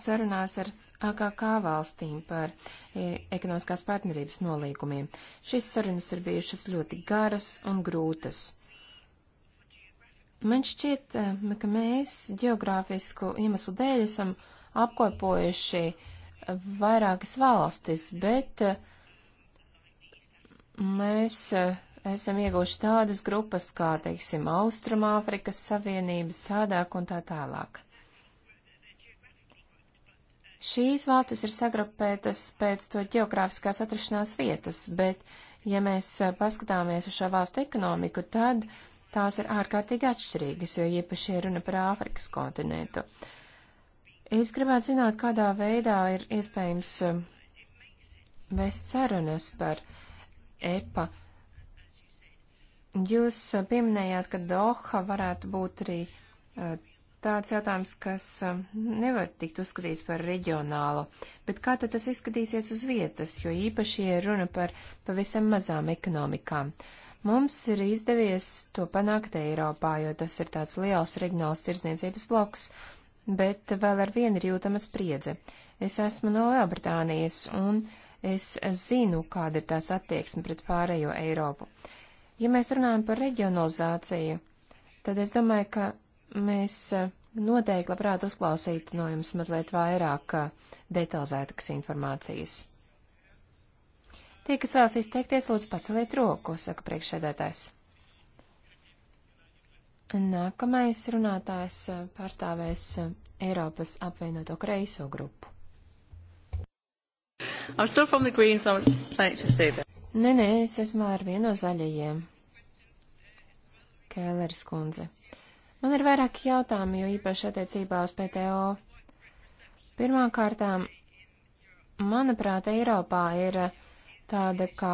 sarunās ar AKK valstīm par e, ekonomiskās partnerības nolīgumiem. Šīs sarunas ir bijušas ļoti garas un grūtas. Man šķiet, e, ka mēs geogrāfisku iemeslu dēļ esam apkopojuši vairākas valstis, bet e, mēs esam ieguvuši tādas grupas kā, teiksim, Austrumāfrikas Savienības, Sādāk un tā tālāk. Šīs valstis ir sagrupētas pēc to ģeogrāfiskās atrašanās vietas, bet, ja mēs eh, paskatāmies uz šo valstu ekonomiku, tad tās ir ārkārtīgi atšķirīgas, jo īpaši ir runa par Āfrikas kontinentu. Es gribētu zināt, kādā veidā ir iespējams eh, vēst sarunas par EPA. Jūs eh, pieminējāt, ka Doha varētu būt arī tāds jautājums, kas um, nevar tikt uzskatīts par reģionālu, bet kā tad tas izskatīsies uz vietas, jo īpaši ir runa par pavisam mazām ekonomikām. Mums ir izdevies to panākt Eiropā, jo tas ir tāds liels reģionāls tirzniecības bloks, bet vēl ar vienu ir jūtama spriedze. Es esmu no Lielbritānijas, un es zinu, kāda ir tās attieksme pret pārējo Eiropu. Ja mēs runājam par reģionalizāciju, tad es domāju, ka Mēs eh, noteikti labprāt uzklausītu no jums mazliet vairāk eh, detalizētākas informācijas. Tie, kas vēlas izteikties, lūdzu paceliet roku, saka priekšsēdētājs. Nākamais runātājs eh, pārstāvēs Eiropas apvienoto kreiso grupu. Greens, nē, nē, es esmu ar vienu no zaļajiem. Kēleris kundze. Man ir vairāki jautājumi, jo īpaši attiecībā uz PTO. Pirmkārtām, manuprāt, Eiropā ir tāda kā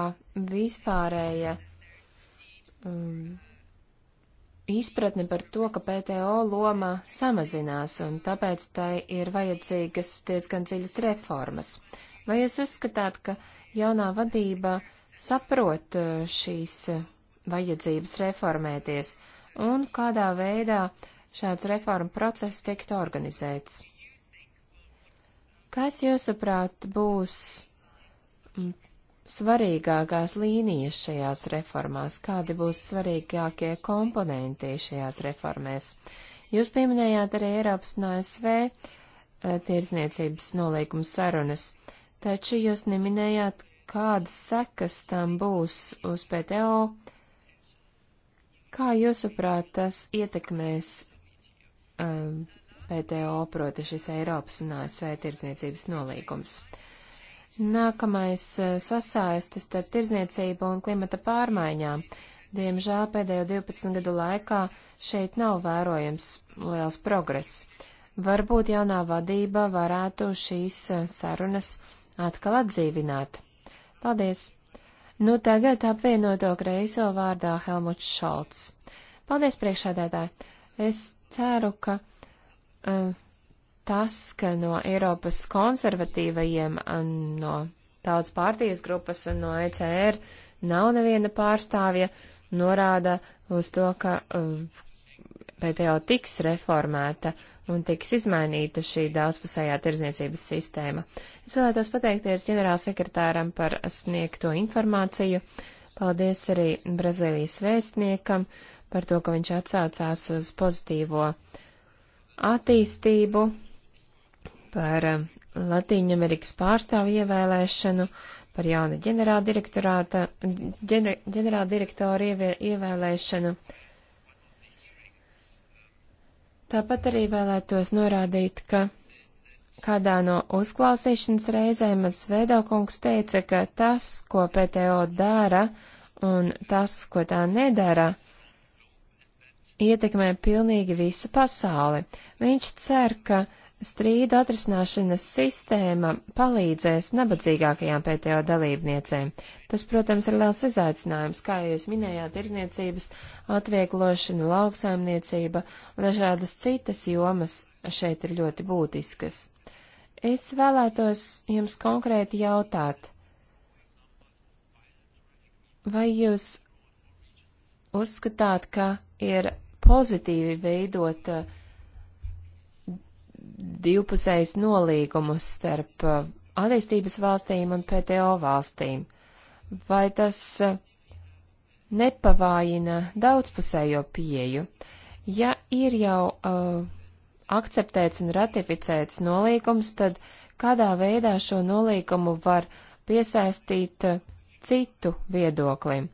vispārēja um, izpratne par to, ka PTO loma samazinās un tāpēc tai ir vajadzīgas diezgan dziļas reformas. Vai jūs uzskatāt, ka jaunā vadība saprot uh, šīs vajadzības reformēties? un kādā veidā šāds reforma process tiktu organizēts. Kas, jūsuprāt, būs mm, svarīgākās līnijas šajās reformās, kādi būs svarīgākie komponenti šajās reformēs. Jūs pieminējāt arī Eiropas un no ASV eh, tirdzniecības nolīguma sarunas, taču jūs neminējāt, kādas sekas tam būs uz PTO Kā jūsuprāt, tas ietekmēs um, PTO, proti šis Eiropas un ASV tirzniecības nolīgums? Nākamais uh, sasaistis starp tirzniecību un klimata pārmaiņām. Diemžēl pēdējo 12 gadu laikā šeit nav vērojams liels progress. Varbūt jaunā vadība varētu šīs uh, sarunas atkal atdzīvināt. Paldies! Nu tagad apvienoto kreiso vārdā Helmuts Šalts. Paldies priekšādētāji. Es ceru, ka uh, tas, ka no Eiropas konservatīvajiem, eh, no tautas partijas grupas un no ECR nav neviena pārstāvja, norāda uz to, ka uh, eh, PTO tiks reformēta un tiks izmainīta šī daudzpusējā tirzniecības sistēma. Es vēlētos pateikties ģenerālsekretāram par sniegto informāciju. Paldies arī Brazīlijas vēstniekam par to, ka viņš atsaucās uz pozitīvo attīstību, par eh, Latīņu Amerikas pārstāvu ievēlēšanu, par jaunu ģenerāldirektorāta, ģenerāldirektoru ievēlēšanu. Tāpat arī vēlētos norādīt, ka kādā no uzklausīšanas reizēm Svēdokungs teica, ka tas, ko PTO dara un tas, ko tā nedara, ietekmē pilnīgi visu pasauli. Viņš cer, ka Strīda atrisināšanas sistēma palīdzēs nabadzīgākajām PTO dalībniecēm. Tas, protams, ir liels izaicinājums, kā jūs minējāt, tirzniecības atvieglošana, lauksaimniecība un dažādas citas jomas šeit ir ļoti būtiskas. Es vēlētos jums konkrēti jautāt, vai jūs uzskatāt, ka ir pozitīvi veidot uh, divpusējus nolīgumus starp uh, attīstības valstīm un PTO valstīm. Vai tas uh, nepavājina daudzpusējo pieju? Ja ir jau uh, akceptēts un ratificēts nolīgums, tad kādā veidā šo nolīgumu var piesaistīt uh, citu viedoklim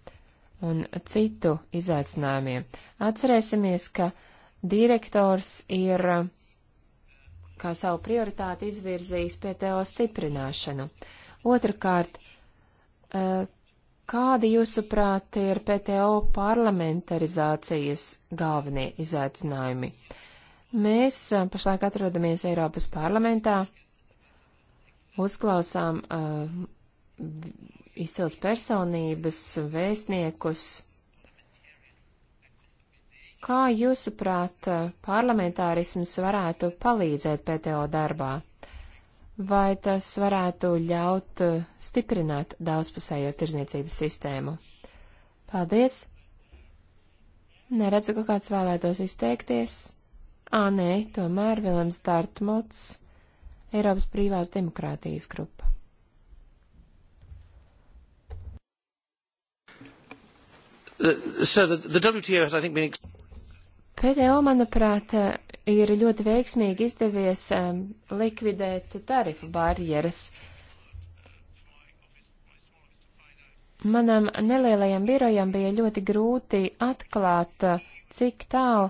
un citu izaicinājumiem? Atcerēsimies, ka direktors ir uh, kā savu prioritāti izvirzījis PTO stiprināšanu. Otrakārt, eh, kādi jūsuprāt ir PTO parlamentarizācijas galvenie izaicinājumi? Mēs eh, pašlaik atrodamies Eiropas parlamentā, uzklausām uh, izcils personības, vēstniekus, uh, Kā jūsuprāt, eh, parlamentārisms varētu palīdzēt PTO darbā? Vai tas varētu ļaut eh, stiprināt daudzpusējo tirzniecības sistēmu? Paldies! Neredzu, ka kāds vēlētos izteikties. Ā, nē, tomēr Vilams Dārtmots, Eiropas brīvās demokrātijas grupa. Uh, so the, the WTO has, I think, been PTO, manuprāt, ir ļoti veiksmīgi izdevies um, likvidēt tarifu barjeras. Manam nelielajam birojam bija ļoti grūti atklāt, uh, cik tālu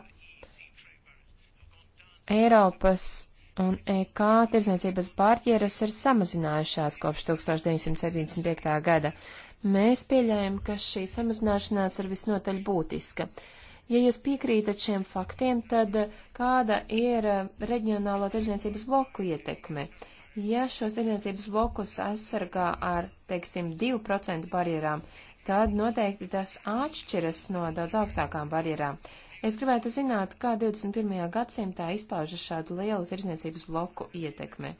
Eiropas un EK tirzniecības barjeras ir samazinājušās kopš 1975. gada. Mēs pieļējam, ka šī samazināšanās ir visnotaļ būtiska. Uh, Ja jūs piekrītat šiem faktiem, tad kāda ir eh, reģionālo tirdzniecības bloku ietekme? Ja šos tirdzniecības blokus aizsargā ar, teiksim, 2% barjerām, tad noteikti tas atšķiras no daudz augstākām barjerām. Es gribētu zināt, kā 21. gadsimtā izpaužas šādu lielu tirdzniecības bloku ietekme.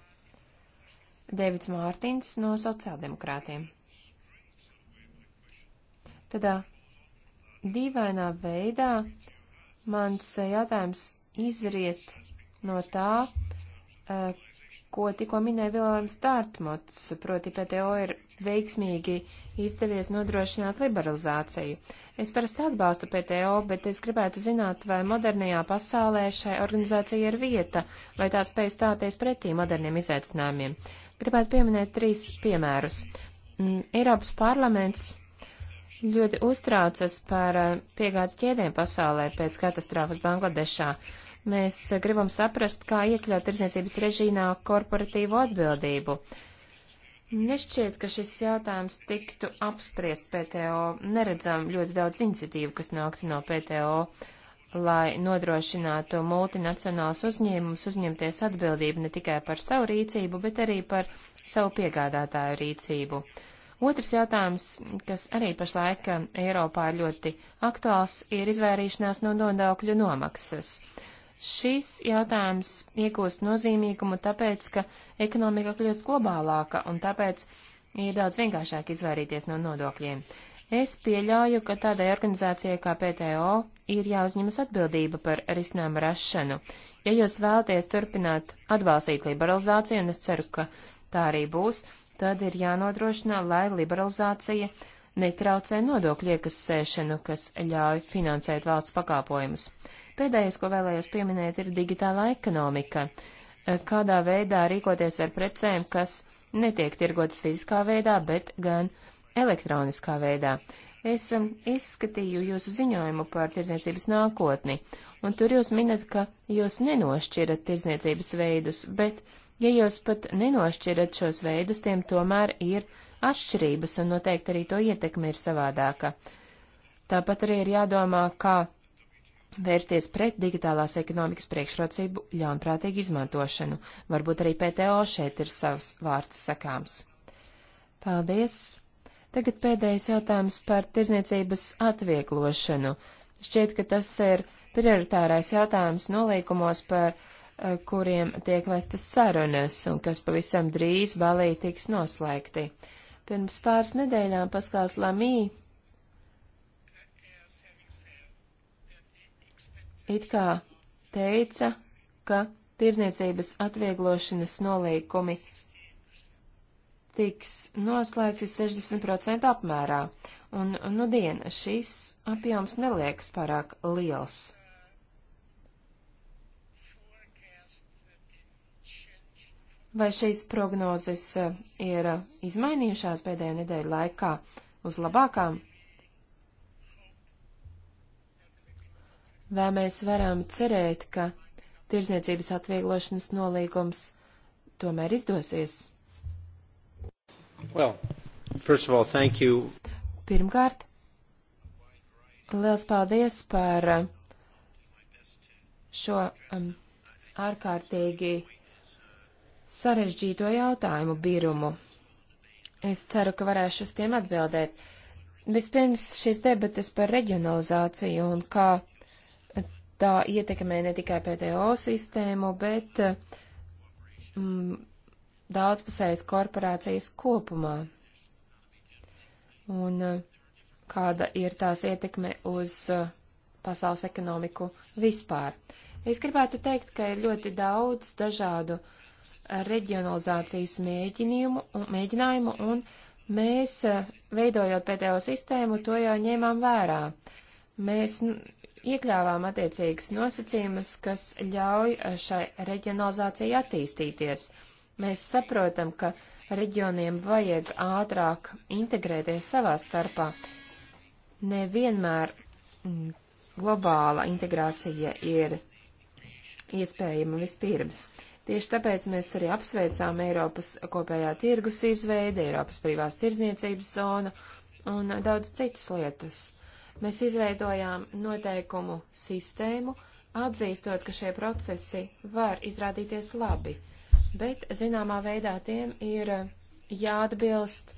Dēvids Mārtiņš no sociāldemokrātiem. Tad Dīvainā veidā mans eh, jautājums izriet no tā, eh, ko tikko minēja Vilojums Dārtmots, proti PTO ir veiksmīgi izdevies nodrošināt liberalizāciju. Es parasti atbalstu PTO, bet es gribētu zināt, vai modernajā pasaulē šai organizācijai ir vieta, vai tā spēj stāties pretī moderniem izaicinājumiem. Gribētu pieminēt trīs piemērus. Mm, Eiropas parlaments ļoti uztraucas par eh, piegādes ķēdēm pasaulē pēc katastrofas Bangladešā. Mēs eh, gribam saprast, kā iekļaut tirdzniecības režīnā korporatīvo atbildību. Nešķiet, ka šis jautājums tiktu apspriests PTO. Neredzam ļoti daudz iniciatīvu, kas nāktu no PTO, lai nodrošinātu multinacionāls uzņēmums uzņemties atbildību ne tikai par savu rīcību, bet arī par savu piegādātāju rīcību. Uh, Otrs jautājums, kas arī pašlaik um, Eiropā ir ļoti aktuāls, ir izvairīšanās no nodokļu nomaksas. Šis jautājums iegūst nozīmīgumu tāpēc, ka ekonomika kļūst globālāka un tāpēc ir daudz vienkāršāk izvairīties no nodokļiem. Es pieļauju, ka tādai organizācijai kā PTO ir jāuzņemas atbildība par risinājumu rašanu. Ja jūs vēlaties turpināt atbalstīt liberalizāciju, un es ceru, ka tā arī būs, tad ir jānodrošina, lai liberalizācija netraucē nodokļu iekasēšanu, kas ļauj finansēt valsts pakāpojumus. Pēdējais, ko vēlējos pieminēt, ir digitālā ekonomika. Kādā veidā rīkoties ar precēm, kas netiek tirgotas fiziskā veidā, bet gan elektroniskā veidā. Es um, izskatīju jūsu ziņojumu par tirdzniecības nākotni, un tur jūs minat, ka jūs nenošķirat tirdzniecības veidus, bet uh, Ja jūs pat nenošķirat šos veidus, tiem tomēr ir atšķirības, un noteikti arī to ietekme ir savādāka. Tāpat arī ir jādomā, kā vērsties pret digitālās ekonomikas priekšrocību ļaunprātīgu izmantošanu. Varbūt arī PTO šeit ir savs vārds sakāms. Paldies! Tagad pēdējais jautājums par tirzniecības atvieglošanu. Šķiet, ka tas ir prioritārais jautājums nolīkumos par Eh, kuriem tiek vestas sarunas un kas pavisam drīz Balī tiks noslēgti. Pirms pāris nedēļām Paskāls Lamī it kā teica, ka tirdzniecības atvieglošanas nolīkumi tiks noslēgti 60% apmērā, un, nu, dien, šis apjoms neliekas pārāk liels. Vai šīs prognozes eh, ir eh, izmainījušās pēdējā nedēļa laikā uz labākām? Vai mēs varam cerēt, ka tirzniecības atvieglošanas nolīgums tomēr izdosies? Well, first of all, thank you. Pirmkārt, liels paldies par eh, šo um, ārkārtīgi sarežģīto jautājumu birumu. Es ceru, ka varēšu uz tiem atbildēt. Vispirms šīs debates par reģionalizāciju un kā tā ietekmē ne tikai PTO sistēmu, bet mm, daudzpusējas korporācijas kopumā. Un kāda ir tās ietekme uz pasaules ekonomiku vispār. Es gribētu teikt, ka ir ļoti daudz dažādu uh, reģionalizācijas mēģinājumu, mēģinājumu un mēs, eh, veidojot PTO sistēmu, to jau ņēmām vērā. Mēs iekļāvām attiecīgas nosacījumus, kas ļauj eh, šai reģionalizācijai attīstīties. Mēs saprotam, ka reģioniem vajag ātrāk integrēties savā starpā. Nevienmēr globāla integrācija ir iespējama vispirms. Uh, Tieši tāpēc mēs arī apsveicām Eiropas kopējā tirgus izveidi, Eiropas privās tirdzniecības zonu un daudz citas lietas. Mēs izveidojām noteikumu sistēmu, atzīstot, ka šie procesi var izrādīties labi, bet zināmā veidā tiem ir jāatbilst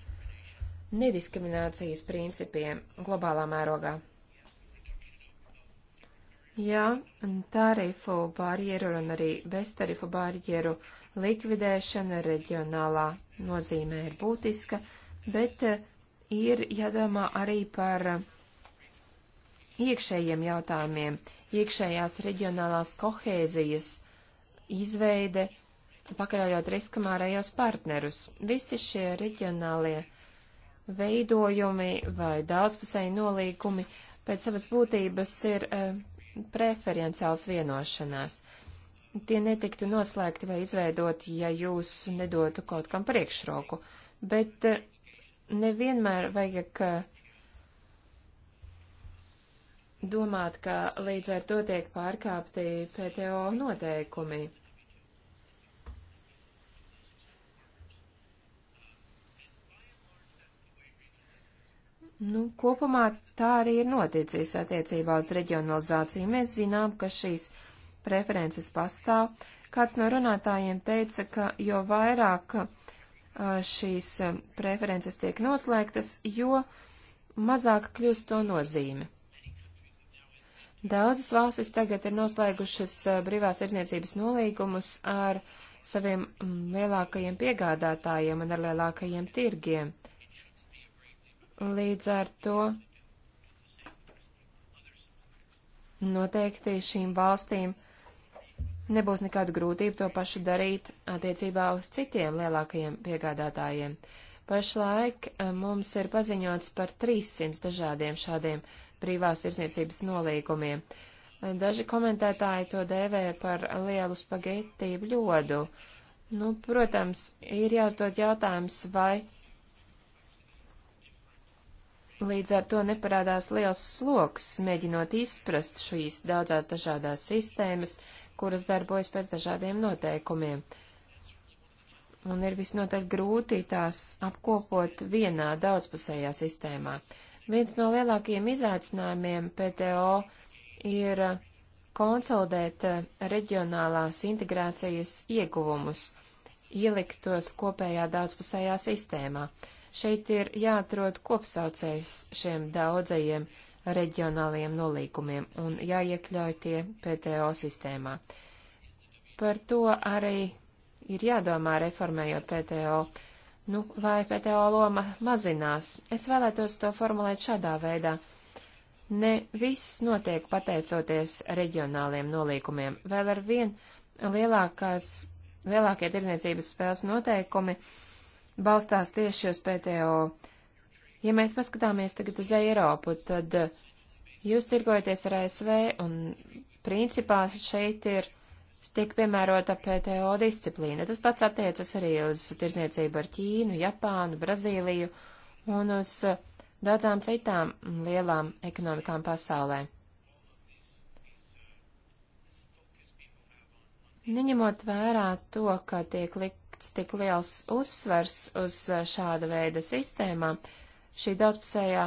nediskriminācijas principiem globālā mērogā. Ja tarifu barjeru un arī beztarifu barjeru likvidēšana reģionālā nozīmē ir būtiska, bet eh, ir jādomā arī par eh, iekšējiem jautājumiem, iekšējās reģionālās kohēzijas izveide, pakaļaujot riskam ārējos partnerus. Visi šie reģionālie veidojumi vai daudzpusēji nolīgumi pēc savas būtības ir eh, preferenciāls vienošanās. Tie netiktu noslēgti vai izveidoti, ja jūs nedotu kaut kam priekšroku, bet eh, nevienmēr vajag eh, domāt, ka līdz ar to tiek pārkāpti PTO noteikumi. Nu, kopumā tā arī ir noticis attiecībā uz reģionalizāciju. Mēs zinām, ka šīs preferences pastāv. Kāds no runātājiem teica, ka jo vairāk uh, šīs um, preferences tiek noslēgtas, jo mazāk kļūst to nozīme. Daudzas valstis tagad ir noslēgušas uh, brīvās irdzniecības nolīgumus ar saviem mm, lielākajiem piegādātājiem un ar lielākajiem tirgiem. Uh, Līdz ar to noteikti šīm valstīm nebūs nekādu grūtību to pašu darīt attiecībā uz citiem lielākajiem piegādātājiem. Pašlaik eh, mums ir paziņots par 300 dažādiem šādiem privās izniecības nolīgumiem. Daži komentētāji to dēvē par lielu spagetti bļodu. Nu, protams, ir jāuzdod jautājums, vai Līdz ar to neparādās liels sloks, mēģinot izprast šīs daudzās dažādās sistēmas, kuras darbojas pēc dažādiem noteikumiem. Un ir visnotaļ grūti tās apkopot vienā daudzpusējā sistēmā. Viens no lielākajiem izaicinājumiem PTO ir konsolidēt eh, reģionālās integrācijas ieguvumus, ielikt tos kopējā daudzpusējā sistēmā. Uh, Šeit ir jāatrod kopsaucējs šiem daudzajiem reģionālajiem nolīkumiem un jāiekļauj tie PTO sistēmā. Par to arī ir jādomā reformējot PTO. Nu, vai PTO loma mazinās? Es vēlētos to formulēt šādā veidā. Ne viss notiek pateicoties reģionāliem nolīkumiem. Vēl ar vien lielākās, lielākie tirdzniecības spēles noteikumi uh, balstās tieši uz PTO. Ja mēs paskatāmies tagad uz Eiropu, tad eh, jūs tirgojaties ar ASV un principā šeit ir tiek piemērota PTO disciplīna. Tas pats attiecas arī uz tirzniecību ar Ķīnu, Japānu, Brazīliju un uz daudzām citām lielām ekonomikām pasaulē. Neņemot vērā to, ka tiek likt likts tik liels uzsvers uz uh, šāda veida sistēmām. Šī daudzpusējā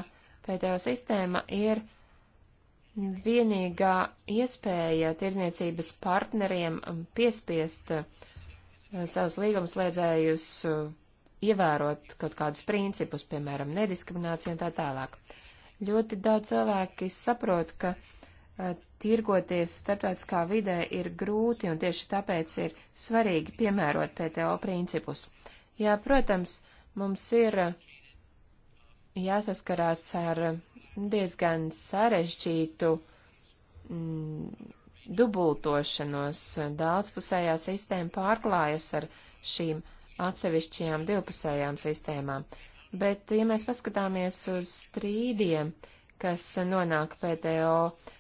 PTO sistēma ir vienīgā iespēja tirzniecības partneriem um, piespiest uh, savus līgumslēdzējus uh, ievērot kaut kādus principus, piemēram, nediskrimināciju un tā tālāk. Ļoti daudz cilvēki saprot, ka Eh, tirgoties starptautiskā vidē ir grūti, un tieši tāpēc ir svarīgi piemērot PTO principus. Jā, protams, mums ir eh, jāsaskarās ar diezgan sarežģītu mm, dubultošanos. Daudzpusējā sistēma pārklājas ar šīm atsevišķajām divpusējām sistēmām. Bet, ja mēs paskatāmies uz strīdiem, kas nonāk PTO, uh,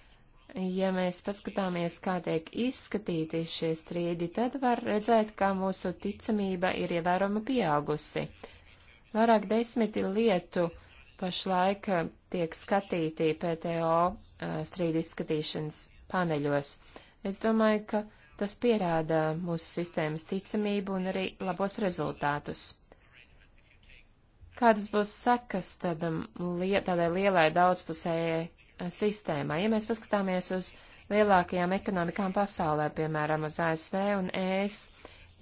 ja mēs paskatāmies, kā tiek izskatīti šie strīdi, tad var redzēt, kā mūsu ticamība ir ievērojami pieaugusi. Vairāk desmiti lietu pašlaik tiek skatīti PTO strīdu izskatīšanas paneļos. Es domāju, ka tas pierāda mūsu sistēmas ticamību un arī labos rezultātus. Kādas būs sekas tādam, li tādai lielai daudzpusējai sistēmā. Ja mēs paskatāmies uz lielākajām ekonomikām pasaulē, piemēram, uz ASV un ES,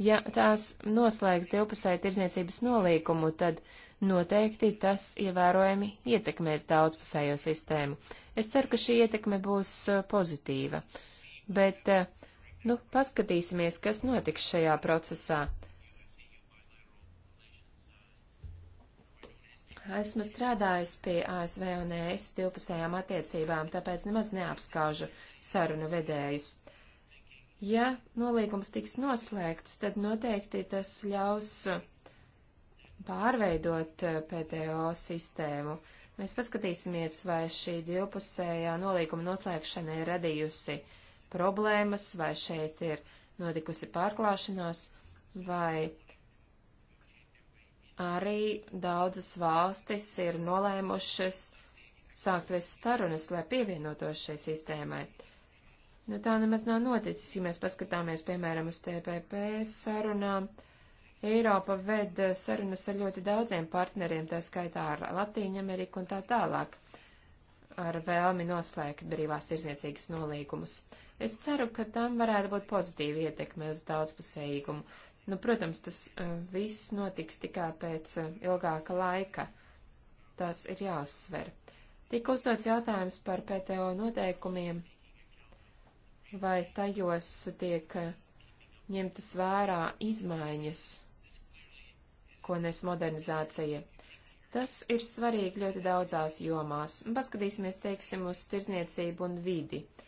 ja tās noslēgs divpusēju tirzniecības nolīkumu, tad noteikti tas ievērojami ietekmēs daudzpusējo sistēmu. Es ceru, ka šī ietekme būs uh, pozitīva. Bet, uh, nu, paskatīsimies, kas notiks šajā procesā. Esmu strādājis pie ASV un ES divpusējām attiecībām, tāpēc nemaz neapskaužu sarunu vedējus. Ja nolīgums tiks noslēgts, tad noteikti tas ļaus pārveidot eh, PTO sistēmu. Mēs paskatīsimies, vai šī divpusējā nolīguma noslēgšana ir radījusi problēmas, vai šeit ir notikusi pārklāšanās, vai arī daudzas valstis ir nolēmušas sākt vest starunas, lai pievienotos šai sistēmai. Nu, tā nemaz nav noticis, ja mēs paskatāmies, piemēram, uz TPP sarunām. Eiropa ved sarunas ar ļoti daudziem partneriem, tā skaitā ar Latīņu Ameriku un tā tālāk, ar vēlmi noslēgt brīvās tirzniecīgas nolīgumus. Es ceru, ka tam varētu būt pozitīva ietekme uz daudzpusējīgumu. Nu, protams, tas eh, viss notiks tikai pēc eh, ilgāka laika. Tas ir jāuzsver. Tika uzdots jautājums par PTO noteikumiem, vai tajos tiek eh, ņemtas vērā izmaiņas, ko nes modernizācija. Tas ir svarīgi ļoti daudzās jomās. Paskatīsimies, teiksim, uz tirzniecību un vidi. Uh,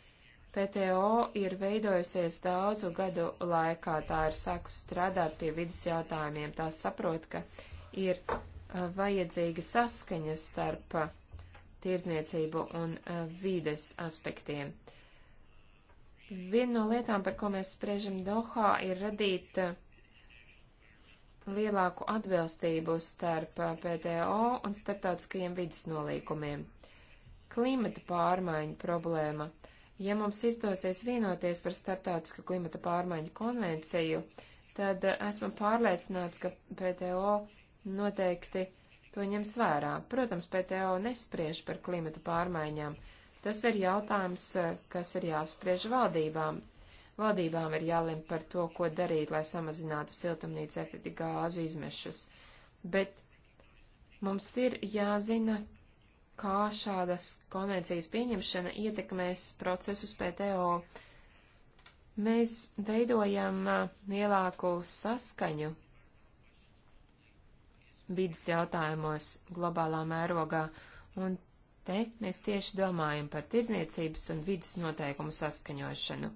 PTO ir veidojusies daudzu gadu laikā, tā ir sākus strādāt pie vidas jautājumiem, tā saprot, ka ir uh, vajadzīga saskaņa starp uh, tirzniecību un uh, vides aspektiem. Viena no lietām, par ko mēs spriežam Dohā, ir radīt lielāku atbilstību starp PTO un starptautiskajiem vidas nolīkumiem. Klimata pārmaiņu problēma Ja mums izdosies vienoties par starptautisku klimata pārmaiņu konvenciju, tad esmu pārliecināts, ka PTO noteikti to ņems vērā. Protams, PTO nespriež par klimata pārmaiņām. Tas ir jautājums, kas ir jāapspriež valdībām. Valdībām ir jālem par to, ko darīt, lai samazinātu siltumnīca efekta gāzu izmešus. Bet mums ir jāzina, kā šādas konvencijas pieņemšana ietekmēs procesus PTO. Mēs veidojam uh, lielāku saskaņu vidas jautājumos globālā mērogā, un te mēs tieši domājam par tirzniecības un vidas noteikumu saskaņošanu.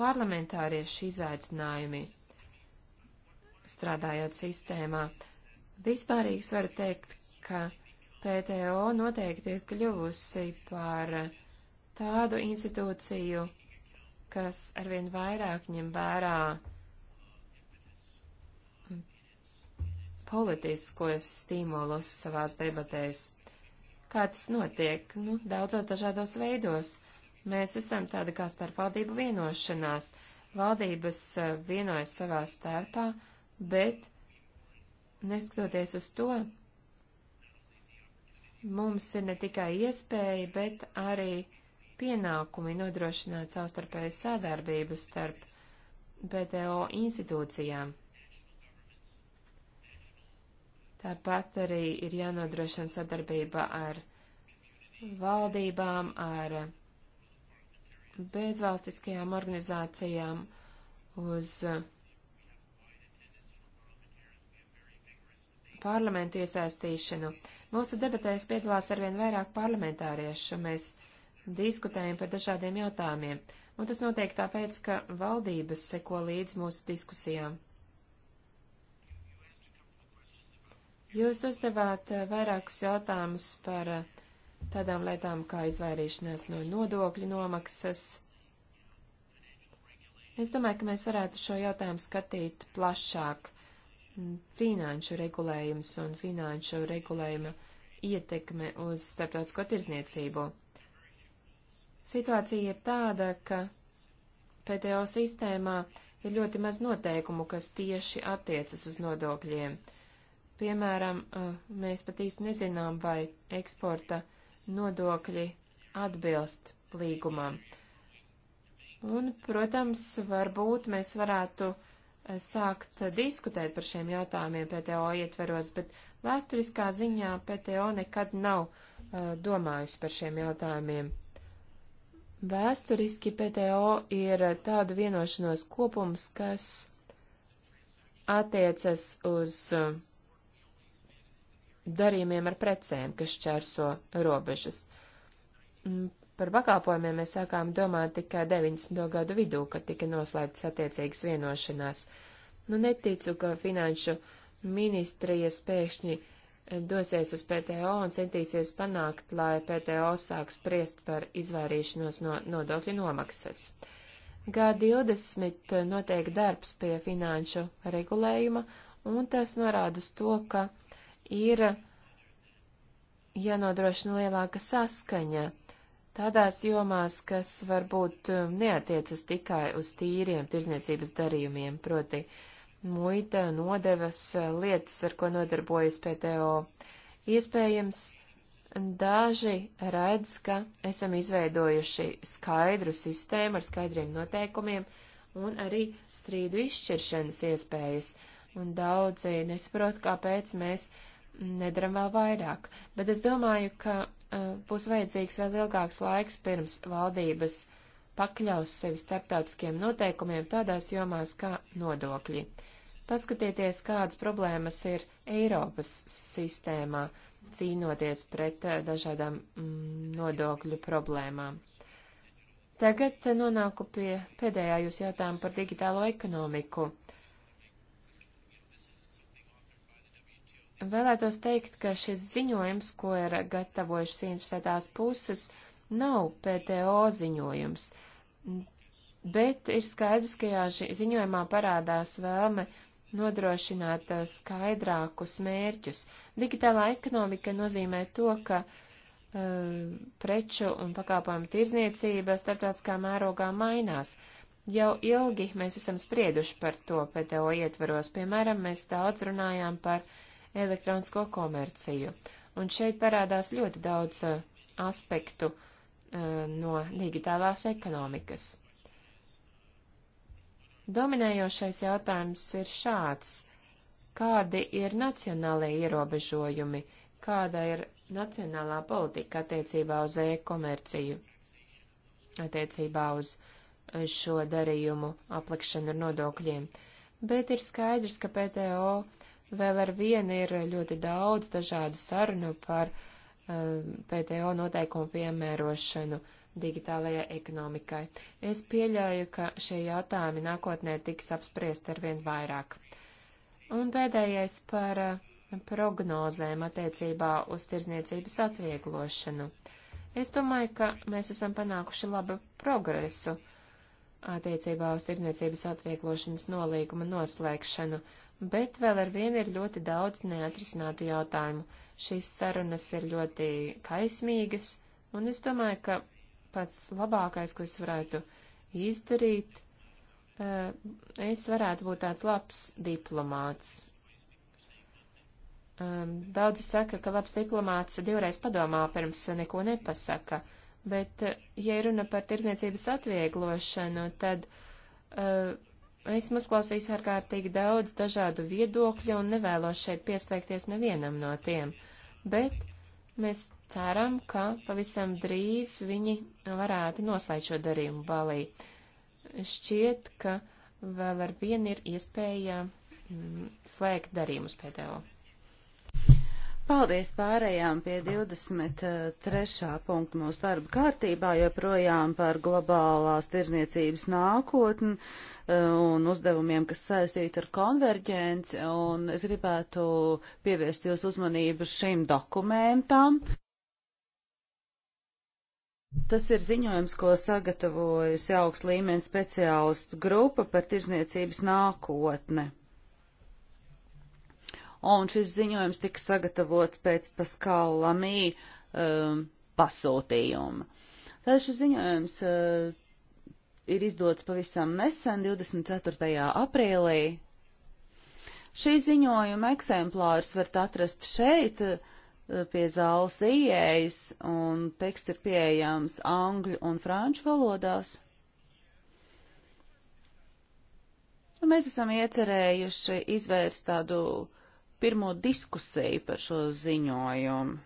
Parlamentārieši izaicinājumi strādājot sistēmā. Vispārīgi es varu teikt, ka PTO noteikti ir kļuvusi par tādu institūciju, kas arvien vairāk ņem vērā politiskos stimulus savās debatēs. Kā tas notiek? Nu, daudzos dažādos veidos. Mēs esam tāda kā starpvaldību vienošanās. Valdības eh, vienojas savā starpā, bet neskatoties uz to, mums ir ne tikai iespēja, bet arī pienākumi nodrošināt savstarpēju sadarbību starp BDO institūcijām. Tāpat arī ir jānodrošina sadarbība ar valdībām, ar bezvalstiskajām organizācijām uz uh, parlamentu iesaistīšanu. Mūsu debatēs piedalās arvien vairāk parlamentāriešu, mēs diskutējam par dažādiem jautājumiem, un tas notiek tāpēc, ka valdības seko līdz mūsu diskusijām. Jūs uzdevāt eh, vairākus jautājumus par eh, tādām lietām kā izvairīšanās no nodokļu nomaksas. Es domāju, ka mēs varētu šo jautājumu skatīt plašāk finanšu regulējums un finanšu regulējuma ietekme uz starptautisko tirzniecību. Situācija ir tāda, ka PTO sistēmā ir ļoti maz noteikumu, kas tieši attiecas uz nodokļiem. Piemēram, uh, mēs pat īsti nezinām, vai eksporta nodokļi atbilst līgumam. Un, protams, varbūt mēs varētu uh, sākt diskutēt par šiem jautājumiem PTO ietveros, bet vēsturiskā ziņā PTO nekad nav uh, domājusi par šiem jautājumiem. Vēsturiski PTO ir tāda vienošanos kopums, kas attiecas uz uh, darījumiem ar precēm, kas čērso robežas. Mm, Par pakāpojumiem mēs sākām domāt tikai 90. gadu vidū, kad tika noslēgts attiecīgas vienošanās. Nu, neticu, ka finanšu ministrijas pēkšņi eh, dosies uz PTO un centīsies panākt, lai PTO sāk spriest par izvairīšanos no nodokļu nomaksas. G20 notiek darbs pie finanšu regulējuma, un tas norāda uz to, ka ir jānodrošina lielāka saskaņa tādās jomās, kas varbūt um, neatiecas tikai uz tīriem tirzniecības darījumiem, proti muita, nodevas, uh, lietas, ar ko nodarbojas PTO. Iespējams, daži redz, ka esam izveidojuši skaidru sistēmu ar skaidriem noteikumiem un arī strīdu izšķiršanas iespējas, un daudzi nesaprot, kāpēc mēs nedaram vēl vairāk. Bet es domāju, ka Uh, būs vajadzīgs vēl ilgāks laiks pirms valdības pakļaus sevi starptautiskiem noteikumiem tādās jomās kā nodokļi. Paskatieties, kādas problēmas ir Eiropas sistēmā cīnoties pret uh, dažādām mm, nodokļu problēmām. Tagad uh, nonāku pie pēdējā jūs jautājuma par digitālo ekonomiku. Uh, Vēlētos teikt, ka šis ziņojums, ko ir gatavojušas interesētās puses, nav PTO ziņojums, bet ir skaidrs, ka jā, ziņojumā parādās vēlme nodrošināt skaidrākus mērķus. Digitālā ekonomika nozīmē to, ka uh, preču un pakāpojumu tirzniecība starptautiskā mērogā mainās. Jau ilgi mēs esam sprieduši par to PTO ietvaros, piemēram, mēs daudz runājām par uh, elektronisko komerciju. Un šeit parādās ļoti daudz uh, aspektu uh, no digitālās ekonomikas. Dominējošais jautājums ir šāds. Kādi ir nacionālie ierobežojumi, kāda ir nacionālā politika attiecībā uz e-komerciju, attiecībā uz uh, šo darījumu aplikšanu ar nodokļiem? Bet ir skaidrs, ka PTO uh, Vēl ar vienu ir ļoti daudz dažādu sarunu par uh, eh, PTO noteikumu piemērošanu digitālajai ekonomikai. Es pieļauju, ka šie jautājumi nākotnē tiks apspriest ar vien vairāk. Un pēdējais par uh, prognozēm attiecībā uz tirzniecības atvieglošanu. Es domāju, ka mēs esam panākuši labu progresu attiecībā uz tirdzniecības atvieglošanas nolīguma noslēgšanu, bet vēl ar vienu ir ļoti daudz neatrisinātu jautājumu. Šīs sarunas ir ļoti kaismīgas, un es domāju, ka pats labākais, ko es varētu izdarīt, eh, es varētu būt tāds labs diplomāts. Ehm, daudzi saka, ka labs diplomāts divreiz padomā pirms neko nepasaka, bet, eh, ja runa par tirzniecības atvieglošanu, tad uh, Esmu uzklausījis ārkārtīgi daudz dažādu viedokļu un nevēlos šeit pieslēgties nevienam no tiem, bet mēs ceram, ka pavisam drīz viņi varētu noslēgt šo darījumu balī. Šķiet, ka vēl ar vienu ir iespēja mm, slēgt darījumus pēdējo. Paldies pārējām pie 23. punktu mūsu darba kārtībā, joprojām par globālās tirzniecības nākotni eh, un uzdevumiem, kas saistīti ar konverģenci, un es gribētu pievērst jūs uzmanību šim dokumentam. Tas ir ziņojums, ko sagatavojusi augsts līmenis speciālistu grupa par tirzniecības nākotne un šis ziņojums tika sagatavots pēc Paskala Lamī um, pasūtījuma. Tātad šis ziņojums uh, ir izdots pavisam nesen, 24. aprīlī. Šī ziņojuma eksemplārs varat atrast šeit uh, pie zāles ieejas, un teksts ir pieejams angļu un franču valodās. Un mēs esam iecerējuši izvērst tādu uh, pirmo diskusiju par šo ziņojumu.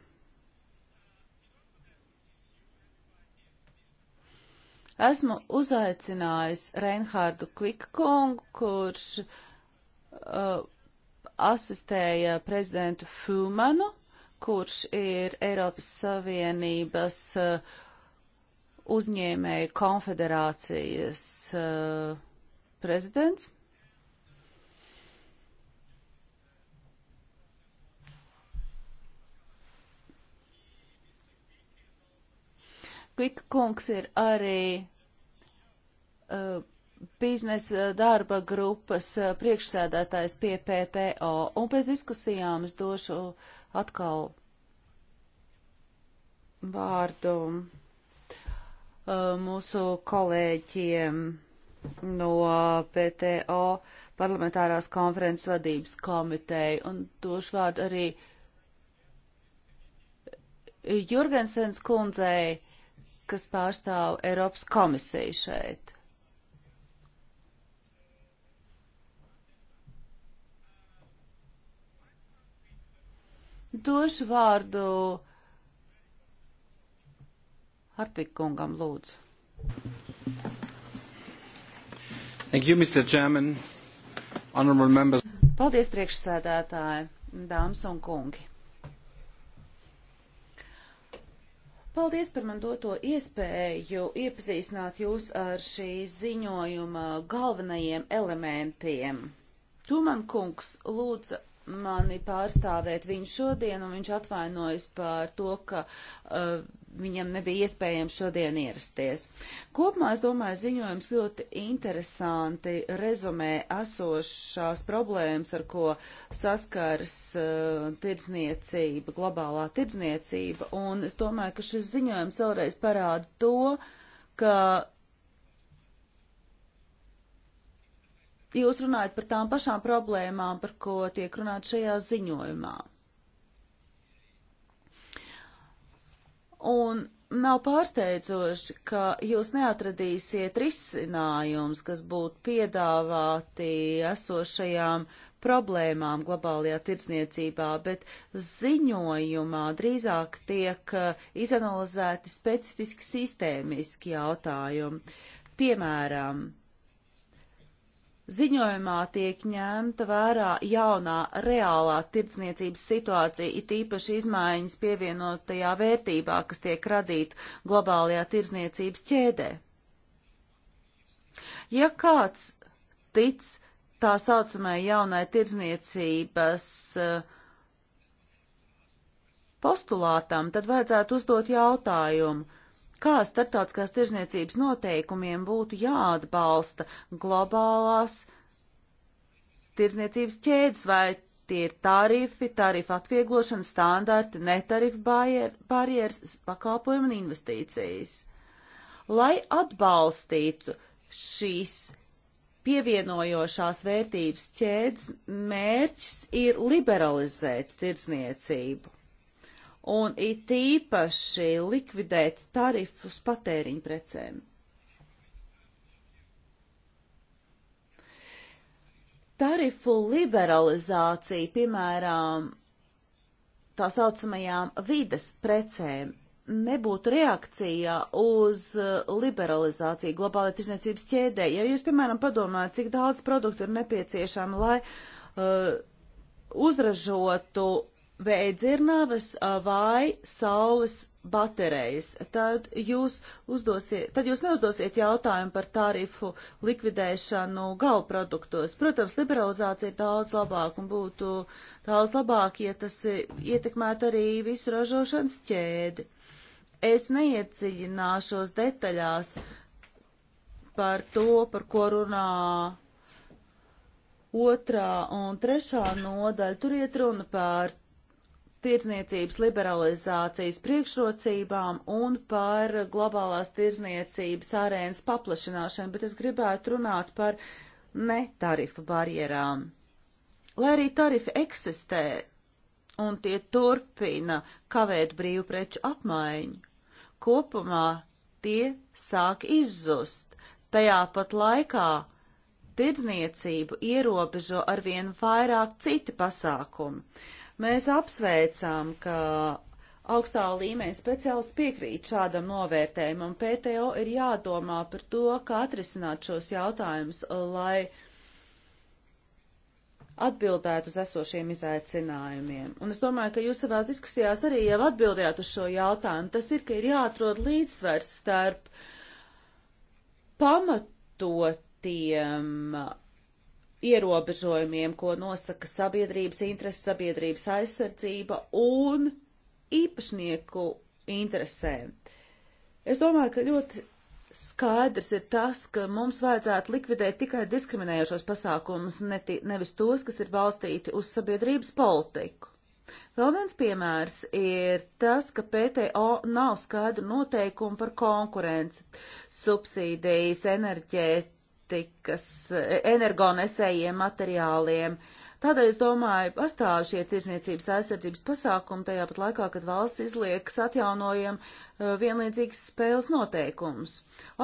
Esmu uzaicinājis Reinhārdu Kvikkongu, kurš uh, asistēja prezidentu Fumanu, kurš ir Eiropas Savienības uh, uzņēmēju konfederācijas uh, prezidents. Kvika kungs ir arī uh, biznesa uh, darba grupas uh, priekšsēdētājs pie PPO, un pēc diskusijām es došu atkal vārdu uh, mūsu kolēģiem no PTO parlamentārās konferences vadības komiteja, un došu vārdu arī Jurgensens kundzei kas pārstāv Eiropas komisiju šeit. Došu vārdu Hartikungam, lūdzu. Thank you, Mr. Chairman, honorable members. Paldies, priekšsēdētāji, dāmas un kungi. Paldies par man doto iespēju iepazīstināt jūs ar šī ziņojuma galvenajiem elementiem. Tuman kungs lūdza mani pārstāvēt viņu šodien, un viņš atvainojas par to, ka uh, viņam nebija iespējams šodien ierasties. Kopumā, es domāju, ziņojums ļoti interesanti rezumē esošās problēmas, ar ko saskars uh, tirdzniecība, globālā tirdzniecība, un es domāju, ka šis ziņojums vēlreiz parāda to, ka jūs runājat par tām pašām problēmām, par ko tiek runāt šajā ziņojumā. Un nav pārsteidzoši, ka jūs neatradīsiet risinājums, kas būtu piedāvāti esošajām problēmām globālajā tirdzniecībā, bet ziņojumā drīzāk tiek uh, izanalizēti specifiski sistēmiski jautājumi. Piemēram, Ziņojumā tiek ņemta vērā jaunā reālā tirdzniecības situācija, it īpaši izmaiņas pievienotajā vērtībā, kas tiek radīta globālajā tirdzniecības ķēdē. Ja kāds tic tā saucamai jaunai tirdzniecības eh, postulātam, tad vajadzētu uzdot jautājumu, kā starptautiskās tirzniecības noteikumiem būtu jāatbalsta globālās tirzniecības ķēdes, vai tie ir tarifi, tarifu atvieglošana, standarti, netarifu barjeras, pakalpojumi un investīcijas. Lai atbalstītu šīs pievienojošās vērtības ķēdes, mērķis ir liberalizēt tirzniecību un it īpaši likvidēt tarifus patēriņu precēm. Tarifu liberalizācija, piemēram, tā saucamajām vides precēm, nebūtu reakcija uz uh, liberalizāciju globālajā tirsniecības ķēdē. Ja jūs, piemēram, padomājat, cik daudz produktu ir nepieciešama, lai uh, uzražotu vēdzirnavas vai saules baterijas, tad jūs, uzdosiet, tad jūs neuzdosiet jautājumu par tarifu likvidēšanu galproduktos. Protams, liberalizācija ir daudz labāk un būtu daudz labāk, ja tas ietekmētu arī visu ražošanas ķēdi. Es neiedziļināšos detaļās par to, par ko runā otrā un trešā nodaļa. Tur iet runa par tirdzniecības liberalizācijas priekšrocībām un par globālās tirdzniecības arēnas paplašināšanu, bet es gribētu runāt par netarifu barjerām. Lai arī tarifi eksistē un tie turpina kavēt brīvu preču apmaiņu, kopumā tie sāk izzust. Tajā pat laikā tirdzniecību ierobežo arvien vairāk citi pasākumi. Uh, Mēs apsveicām, ka augstā līmeņa speciālists piekrīt šādam novērtējumam. PTO ir jādomā par to, kā atrisināt šos jautājumus, lai atbildētu uz esošiem izaicinājumiem. Un es domāju, ka jūs savās diskusijās arī jau atbildējāt uz šo jautājumu. Tas ir, ka ir jāatrod līdzsvers starp pamatotiem ierobežojumiem, ko nosaka sabiedrības intereses, sabiedrības aizsardzība un īpašnieku interesēm. Es domāju, ka ļoti skaidrs ir tas, ka mums vajadzētu likvidēt tikai diskriminējošos pasākumus, ne nevis tos, kas ir balstīti uz sabiedrības politiku. Vēl viens piemērs ir tas, ka PTO nav skaidru noteikumu par konkurenci, subsīdijas, enerģēt enerģētikas, energonesējiem materiāliem. Tādēļ es domāju, pastāv šie tirsniecības aizsardzības pasākumi tajā pat laikā, kad valsts izliekas atjaunojam uh, vienlīdzīgas spēles noteikumus.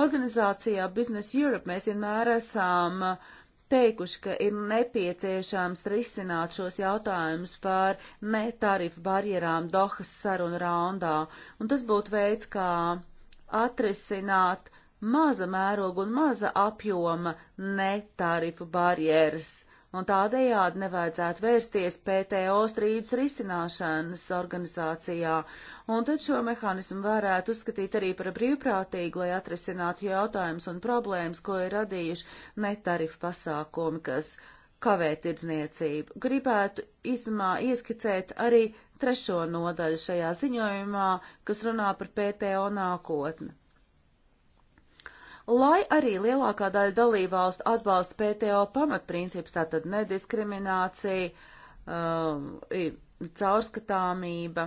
Organizācijā Business Europe mēs vienmēr esam uh, teikuši, ka ir nepieciešams risināt šos jautājumus par netarifu barjerām Dohas sarunu raundā, un tas būtu veids, kā atrisināt uh, maza mēroga un maza apjoma netarifu barjeras, un tādējādi nevajadzētu vērsties PTO strīdus risināšanas organizācijā, un tad šo mehānismu varētu uzskatīt arī par brīvprātīgu, lai atrisinātu jautājumus un problēmas, ko ir radījuši netarifu pasākumi, kas kavē tirdzniecību. Gribētu īsumā ieskicēt arī trešo nodaļu šajā ziņojumā, kas runā par PTO nākotni. Lai arī lielākā daļa dalībvalstu atbalsta PTO pamatprincips, tātad nediskriminācija, um, caurskatāmība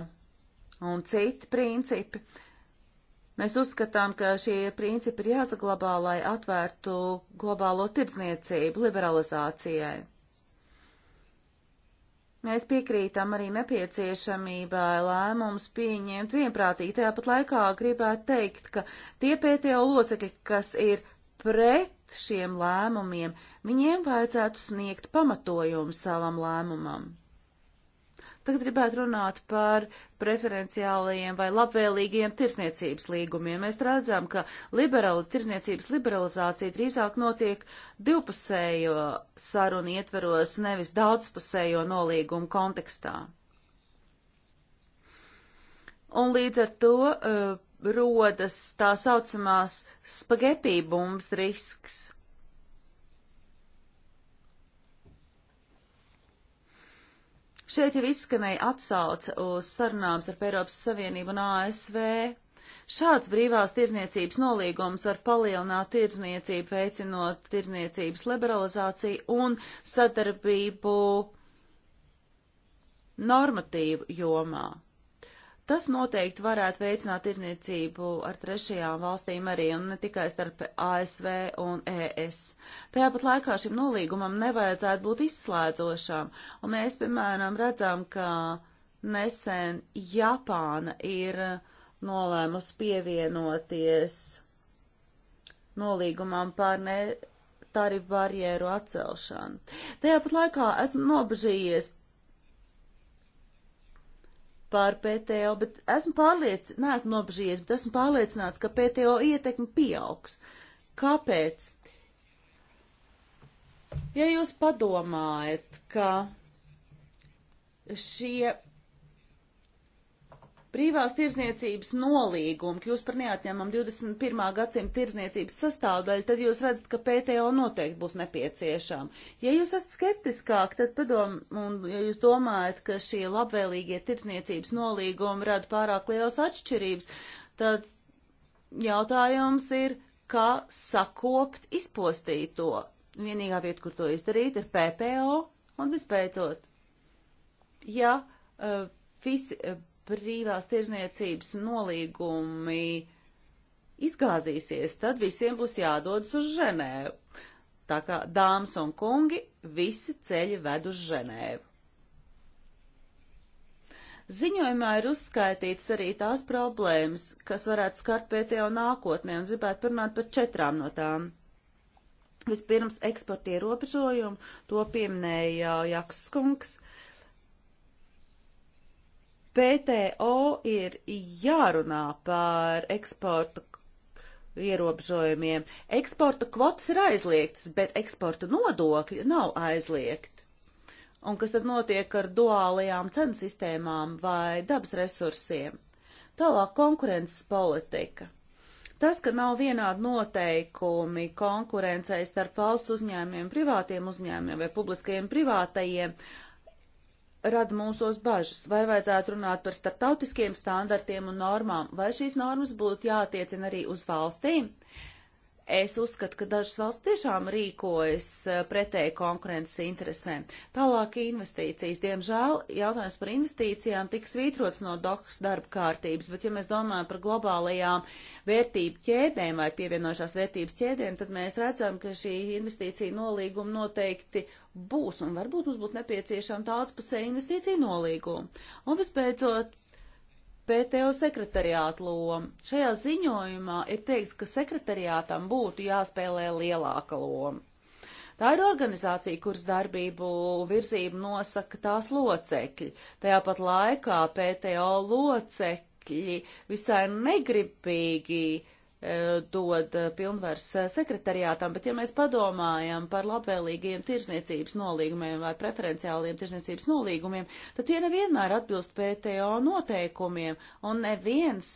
un citi principi, mēs uzskatām, ka šie principi ir jāsaglabā, lai atvērtu globālo tirdzniecību liberalizācijai. Mēs piekrītam arī nepieciešamībai lēmums pieņemt vienprātīgi. Tāpat laikā gribētu teikt, ka tie pētējo locekļi, kas ir pret šiem lēmumiem, viņiem vajadzētu sniegt pamatojumu savam lēmumam. Tagad gribētu runāt par preferenciālajiem vai labvēlīgiem tirsniecības līgumiem. Mēs redzam, ka liberali, tirsniecības liberalizācija drīzāk notiek divpusējo sarunu ietveros, nevis daudzpusējo nolīgumu kontekstā. Un līdz ar to uh, rodas tā saucamās spagetī bumbas risks. Šeit jau izskanēja atsauce uz sarunām starp Eiropas Savienību un ASV. Šāds brīvās tirzniecības nolīgums var palielināt tirzniecību, veicinot tirzniecības liberalizāciju un sadarbību normatīvu jomā. Tas noteikti varētu veicināt tirzniecību ar trešajām valstīm arī, un ne tikai starp ASV un ES. Tāpat laikā šim nolīgumam nevajadzētu būt izslēdzošām, un mēs, piemēram, redzam, ka nesen Japāna ir nolēmusi pievienoties nolīgumam par ne tarifu barjeru atcelšanu. Tajāpat laikā esmu nobežījies par PTO, bet esmu pārliecināts, neesmu nobežījies, bet esmu pārliecināts, ka PTO ietekme pieaugs. Kāpēc? Ja jūs padomājat, ka šie Brīvās tirzniecības nolīgumi kļūst par neatņemamu 21. gadsimta tirzniecības sastāvdaļu, tad jūs redzat, ka PTO noteikti būs nepieciešama. Ja jūs esat skeptiskāk, tad padom, un ja jūs domājat, ka šie labvēlīgie tirzniecības nolīgumi rada pārāk lielas atšķirības, tad jautājums ir, kā sakopt izpostīto. Vienīgā vieta, kur to izdarīt, ir PPO un vispēcot. Ja uh, visi uh, brīvās tirzniecības nolīgumi izgāzīsies, tad visiem būs jādodas uz Ženēvu. Tā kā dāmas un kungi, visi ceļi ved uz Ženēvu. Ziņojumā ir uzskaitīts arī tās problēmas, kas varētu skart PTO nākotnē, un gribētu parunāt par četrām no tām. Vispirms eksporta ierobežojumu, to pieminēja Jaks Kungs. PTO ir jārunā par eksporta ierobežojumiem. Eksporta kvotas ir aizliegtas, bet eksporta nodokļi nav aizliegti. Un kas tad notiek ar duālajām cenu sistēmām vai dabas resursiem? Tālāk konkurences politika. Tas, ka nav vienādi noteikumi konkurencei starp valsts uzņēmiem, privātiem uzņēmiem vai publiskajiem privātajiem, uh, rada mūsos bažas, vai vajadzētu runāt par starptautiskiem standartiem un normām, vai šīs normas būtu jātiecina arī uz valstīm, Es uzskatu, ka dažas valsts tiešām rīkojas eh, pretēji konkurences interesēm. Tālāk investīcijas. Diemžēl jautājums par investīcijām tika svītrots no dokas darba kārtības, bet ja mēs domājam par globālajām vērtību ķēdēm vai pievienojušās vērtības ķēdēm, tad mēs redzam, ka šī investīcija nolīguma noteikti būs un varbūt mums būtu nepieciešama daudzpusēja investīcija nolīguma. Un vispēcot PTO sekretariāta loma. Šajā ziņojumā ir teikts, ka sekretariātam būtu jāspēlē lielāka loma. Tā ir organizācija, kuras darbību virzību nosaka tās locekļi. Tajā pat laikā PTO locekļi visai negribīgi E, dod e, pilnvars e, sekretariātam, bet ja mēs padomājam par labvēlīgiem tirsniecības nolīgumiem vai preferenciāliem tirsniecības nolīgumiem, tad tie nevienmēr atbilst PTO noteikumiem, un neviens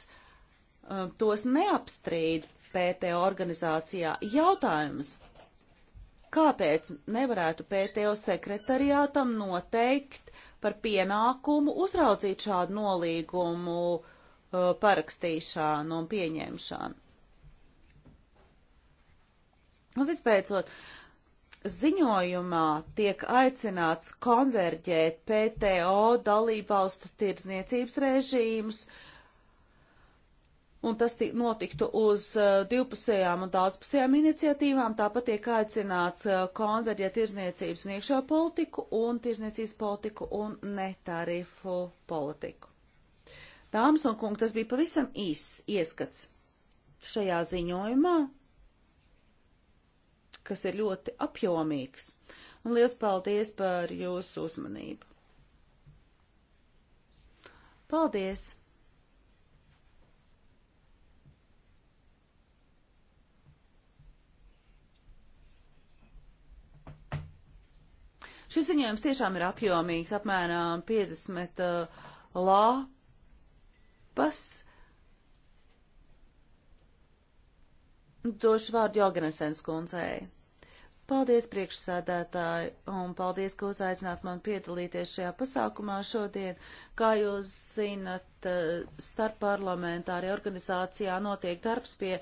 tos neapstrīd PTO organizācijā. Jautājums, kāpēc nevarētu PTO sekretariātam noteikt par pienākumu uzraudzīt šādu nolīgumu uh, parakstīšanu un pieņemšanu? Un visbeidzot, ziņojumā tiek aicināts konverģēt PTO dalībvalstu tirdzniecības režīmus, un tas notiktu uz uh, divpusējām un daudzpusējām iniciatīvām. Tāpat tiek aicināts uh, konverģēt tirdzniecības un iekšā politiku un tirdzniecības politiku un netarifu politiku. Dāmas un kungi, tas bija pavisam īss ieskats šajā ziņojumā, kas ir ļoti apjomīgs. Un liels paldies par jūsu uzmanību. Paldies! Šis ziņojums tiešām ir apjomīgs, apmēram 50 uh, lapas. Došu vārdu Jorgensens kundzei. Paldies, priekšsēdētāji, un paldies, ka uzaicināt man piedalīties šajā pasākumā šodien. Kā jūs zinat, Eh, starpparlamentārajā organizācijā notiek darbs pie eh,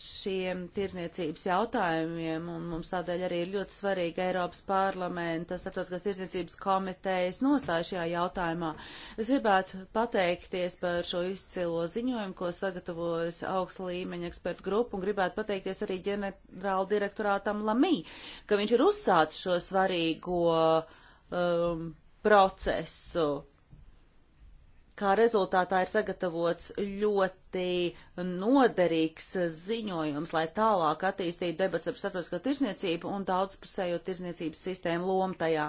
šiem tirzniecības jautājumiem, un mums tādēļ arī ir ļoti svarīga Eiropas parlamenta starptautiskās tirzniecības komitejas nostāja šajā jautājumā. Es gribētu pateikties par šo izcilo ziņojumu, ko sagatavojas augsta līmeņa ekspertu grupu, un gribētu pateikties arī ģenerāla direktorātam Lamī, ka viņš ir uzsācis šo svarīgo um, procesu kā rezultātā ir sagatavots ļoti noderīgs ziņojums, lai tālāk attīstītu debats ar starptautisko tirsniecību un daudzpusējo tirsniecības sistēmu lomu tajā.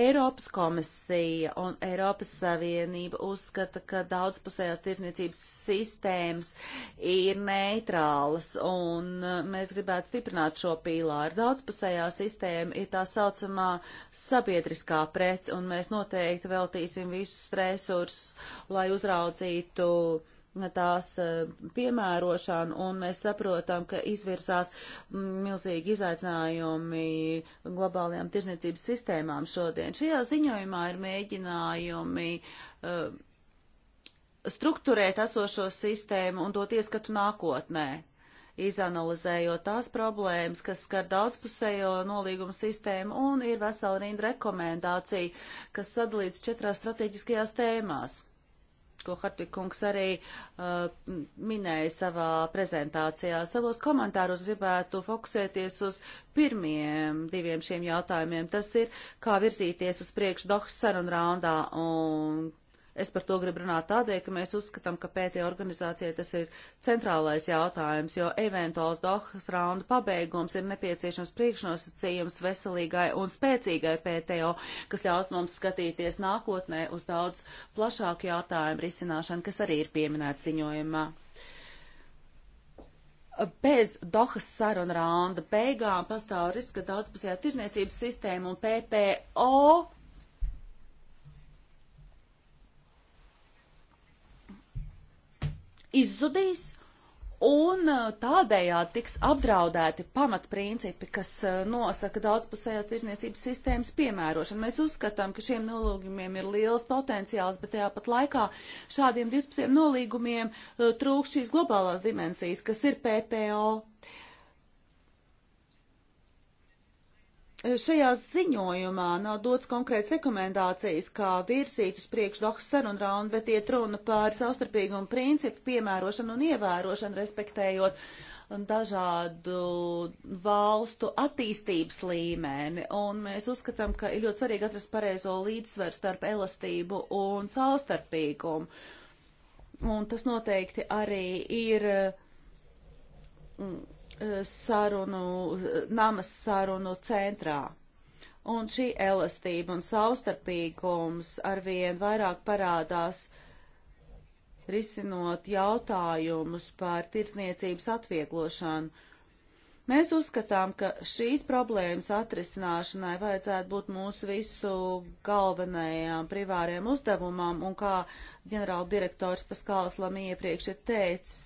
Eiropas komisija un Eiropas Savienība uzskata, ka daudzpusējās tirsniecības sistēmas ir neitrālas, un uh, mēs gribētu stiprināt šo pīlāru. Daudzpusējā sistēma ir tā saucamā sabiedriskā prece, un mēs noteikti veltīsim visus resursus, lai uzraudzītu tās eh, piemērošanu, un mēs saprotam, ka izvirsās mm, milzīgi izaicinājumi globālajām tirzniecības sistēmām šodien. Šajā ziņojumā ir mēģinājumi uh, strukturēt esošo sistēmu un dot ieskatu nākotnē, izanalizējot tās problēmas, kas skar daudzpusējo nolīgumu sistēmu, un ir vesela rinda rekomendācija, kas sadalīts četrās strateģiskajās tēmās ko Hartvikungs arī uh, minēja savā prezentācijā. Savos komentāros gribētu fokusēties uz pirmiem diviem šiem jautājumiem. Tas ir, kā virzīties uz priekšu Dohas sarunraundā un Es par to gribu runāt tādēļ, ka mēs uzskatām, ka pētījā organizācijai tas ir centrālais jautājums, jo eventuāls Dohas raunda pabeigums ir nepieciešams priekšnosacījums veselīgai un spēcīgai pētījā, kas ļaut mums skatīties nākotnē uz daudz plašāku jautājumu risināšanu, kas arī ir pieminēts ziņojumā. Bez Dohas saruna raunda beigām pastāv risks, ka daudzpusējā tirzniecības sistēma un PPO izzudīs un tādējādi tiks apdraudēti pamatprincipi, kas nosaka daudzpusējās tirzniecības sistēmas piemērošanu. Mēs uzskatām, ka šiem nolūgumiem ir liels potenciāls, bet tajā pat laikā šādiem divpusējiem nolīgumiem trūkst šīs globālās dimensijas, kas ir PPO. Šajā ziņojumā nav dots konkrēts rekomendācijas, kā virsīt uz priekšu Dohas sarunu raundu, bet iet runa par savstarpīgumu principu piemērošanu un ievērošanu, respektējot dažādu valstu attīstības līmeni. Un mēs uzskatām, ka ir ļoti svarīgi atrast pareizo līdzsveru starp elastību un savstarpīgumu. Un tas noteikti arī ir. Mm, Eh, sarunu, eh, namas sarunu centrā. Un šī elastība un savstarpīgums arvien vairāk parādās risinot jautājumus par tirdzniecības atvieglošanu. Mēs uzskatām, ka šīs problēmas atrisināšanai vajadzētu būt mūsu visu galvenajām privāriem uzdevumām, un kā ģenerāla direktors Paskāls Lamī iepriekš ir teicis,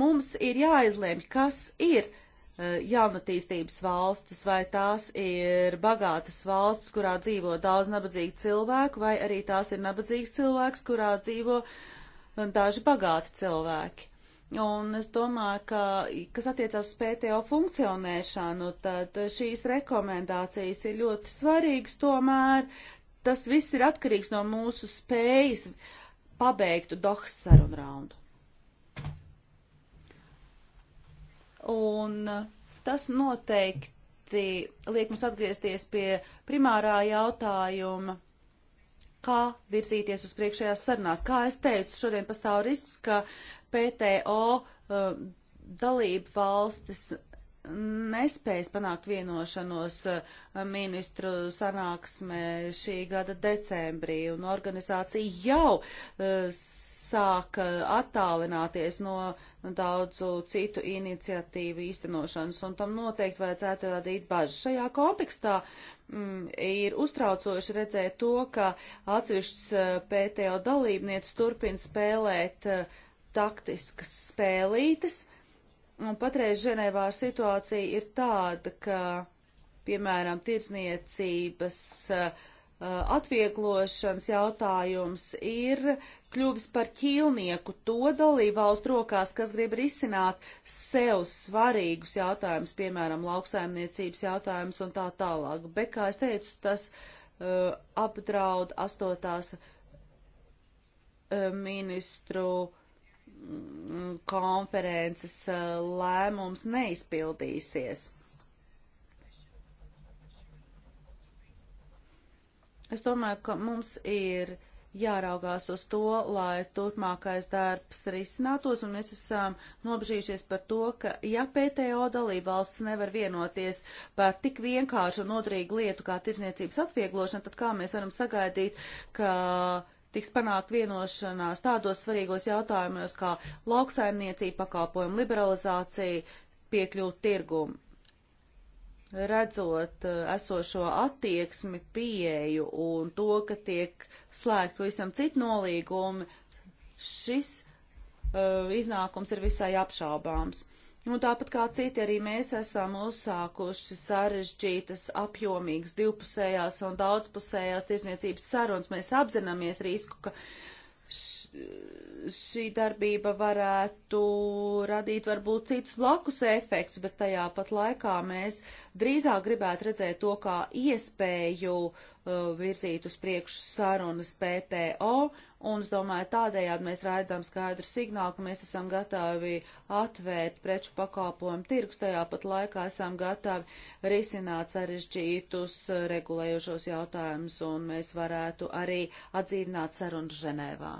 mums ir jāizlēmj, kas ir uh, jaunatīstības valstis, vai tās ir bagātas valstis, kurā dzīvo daudz nabadzīgu cilvēku, vai arī tās ir nabadzīgs cilvēks, kurā dzīvo daži bagāti cilvēki. Un es domāju, ka, kas attiecās uz PTO funkcionēšanu, tad šīs rekomendācijas ir ļoti svarīgas, tomēr tas viss ir atkarīgs no mūsu spējas pabeigtu Dohas sarunu raundu. Un eh, tas noteikti liek mums atgriezties pie primārā jautājuma, kā virzīties uz priekšējās sarunās. Kā es teicu, šodien pastāv risks, ka PTO uh, eh, dalību valstis nespējas panākt vienošanos eh, ministru sanāksmē šī gada decembrī, un organizācija jau sāk eh, attālināties no daudzu citu iniciatīvu īstenošanas, un tam noteikti vajadzētu radīt bažas. Šajā kontekstā mm, ir uztraucoši redzēt to, ka atsevišķas eh, PTO dalībnieces turpina spēlēt eh, taktiskas spēlītes, un patreiz Ženēvā situācija ir tāda, ka, piemēram, tirsniecības uh, atvieglošanas jautājums ir kļuvis par ķīlnieku to dalību valstu rokās, kas grib risināt sev svarīgus jautājumus, piemēram, lauksaimniecības jautājumus un tā tālāk. Bet, kā es teicu, tas uh, apdraud astotās uh, ministru mm, konferences uh, lēmums neizpildīsies. Es domāju, ka mums ir uh, jāraugās uz to, lai turpmākais darbs risinātos, un mēs esam nobežījušies par to, ka ja PTO dalībvalsts nevar vienoties par tik vienkāršu un noderīgu lietu kā tirzniecības atvieglošana, tad kā mēs varam sagaidīt, ka tiks panākt vienošanās tādos svarīgos jautājumos kā lauksaimniecība, pakalpojumu liberalizācija, piekļūt tirgumu redzot eh, esošo attieksmi, pieeju un to, ka tiek slēgt pavisam citu nolīgumu, šis uh, iznākums ir visai apšaubāms. Nu, tāpat kā citi arī mēs esam uzsākuši sarežģītas, apjomīgas, divpusējās un daudzpusējās tirsniecības sarunas. Mēs apzināmies risku, ka šī darbība varētu radīt varbūt citus blakus efektus, bet tajā pat laikā mēs uh, drīzāk gribētu redzēt to kā iespēju uh, virzīt uz priekšu sarunas PTO, un es domāju, tādējādi mēs raidām skaidru signālu, ka mēs esam gatavi atvērt preču pakalpojumu tirgus, tajā pat laikā esam gatavi risināt sarežģītus uh, regulējošos jautājumus, un mēs varētu arī atdzīvināt sarunas Ženēvā.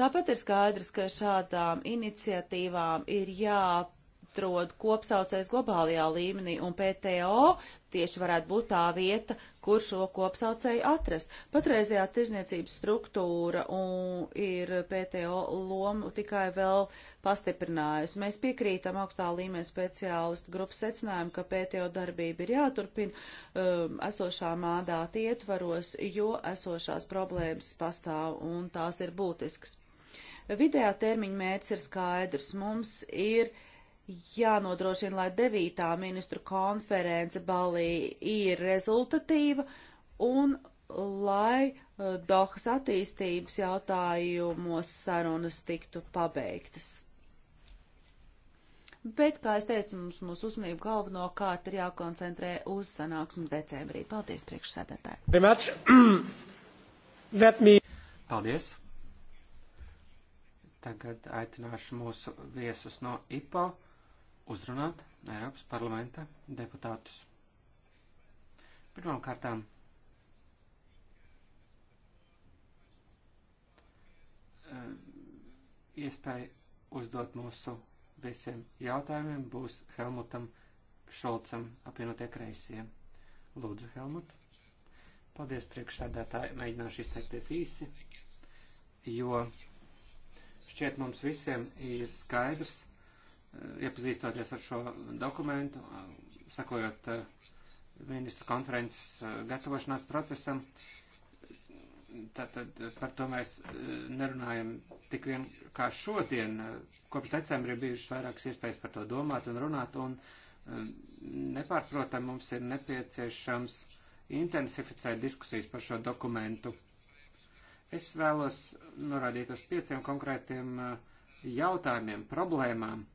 Tāpat ir skaidrs, ka šādām iniciatīvām ir jāpārāk jāatrod kopsaucējs globālajā līmenī, un PTO tieši varētu būt tā vieta, kur šo kopsaucēju atrast. Patreizējā tirzniecības struktūra un ir PTO lomu tikai vēl pastiprinājusi. Mēs piekrītam augstā līmeņa speciālistu grupas secinājumu, ka PTO darbība ir jāturpina um, esošā mādāta ietvaros, jo esošās problēmas pastāv un tās ir būtiskas. Vidējā termiņa mērķis ir skaidrs. Mums ir uh, jānodrošina, lai devītā ministru konference Balī ir rezultatīva un lai uh, Dohas attīstības jautājumos sarunas tiktu pabeigtas. Bet, kā es teicu, mums mūsu uzmanību galvenokārt ir jākoncentrē uz sanāksmu decembrī. Paldies, priekšsēdētāji! Paldies! Tagad aicināšu mūsu viesus no IPO uzrunāt Eiropas parlamenta deputātus. Pirmām kārtām eh, iespēja uzdot mūsu visiem jautājumiem būs Helmutam Šolcam apvienotie kreisie. Lūdzu, Helmut. Paldies priekšsēdētāji, mēģināšu izteikties īsi, jo šķiet mums visiem ir skaidrs, Eh, iepazīstoties ar šo dokumentu, eh, sakojot eh, ministru konferences gatavošanās procesam, tātad par to mēs nerunājam tik vien kā šodien. Kopš decembra ir bijušas vairākas iespējas par to domāt un runāt, un nepārprotam mums ir nepieciešams intensificēt diskusijas par šo dokumentu. Es vēlos norādīt uz pieciem konkrētiem jautājumiem, problēmām,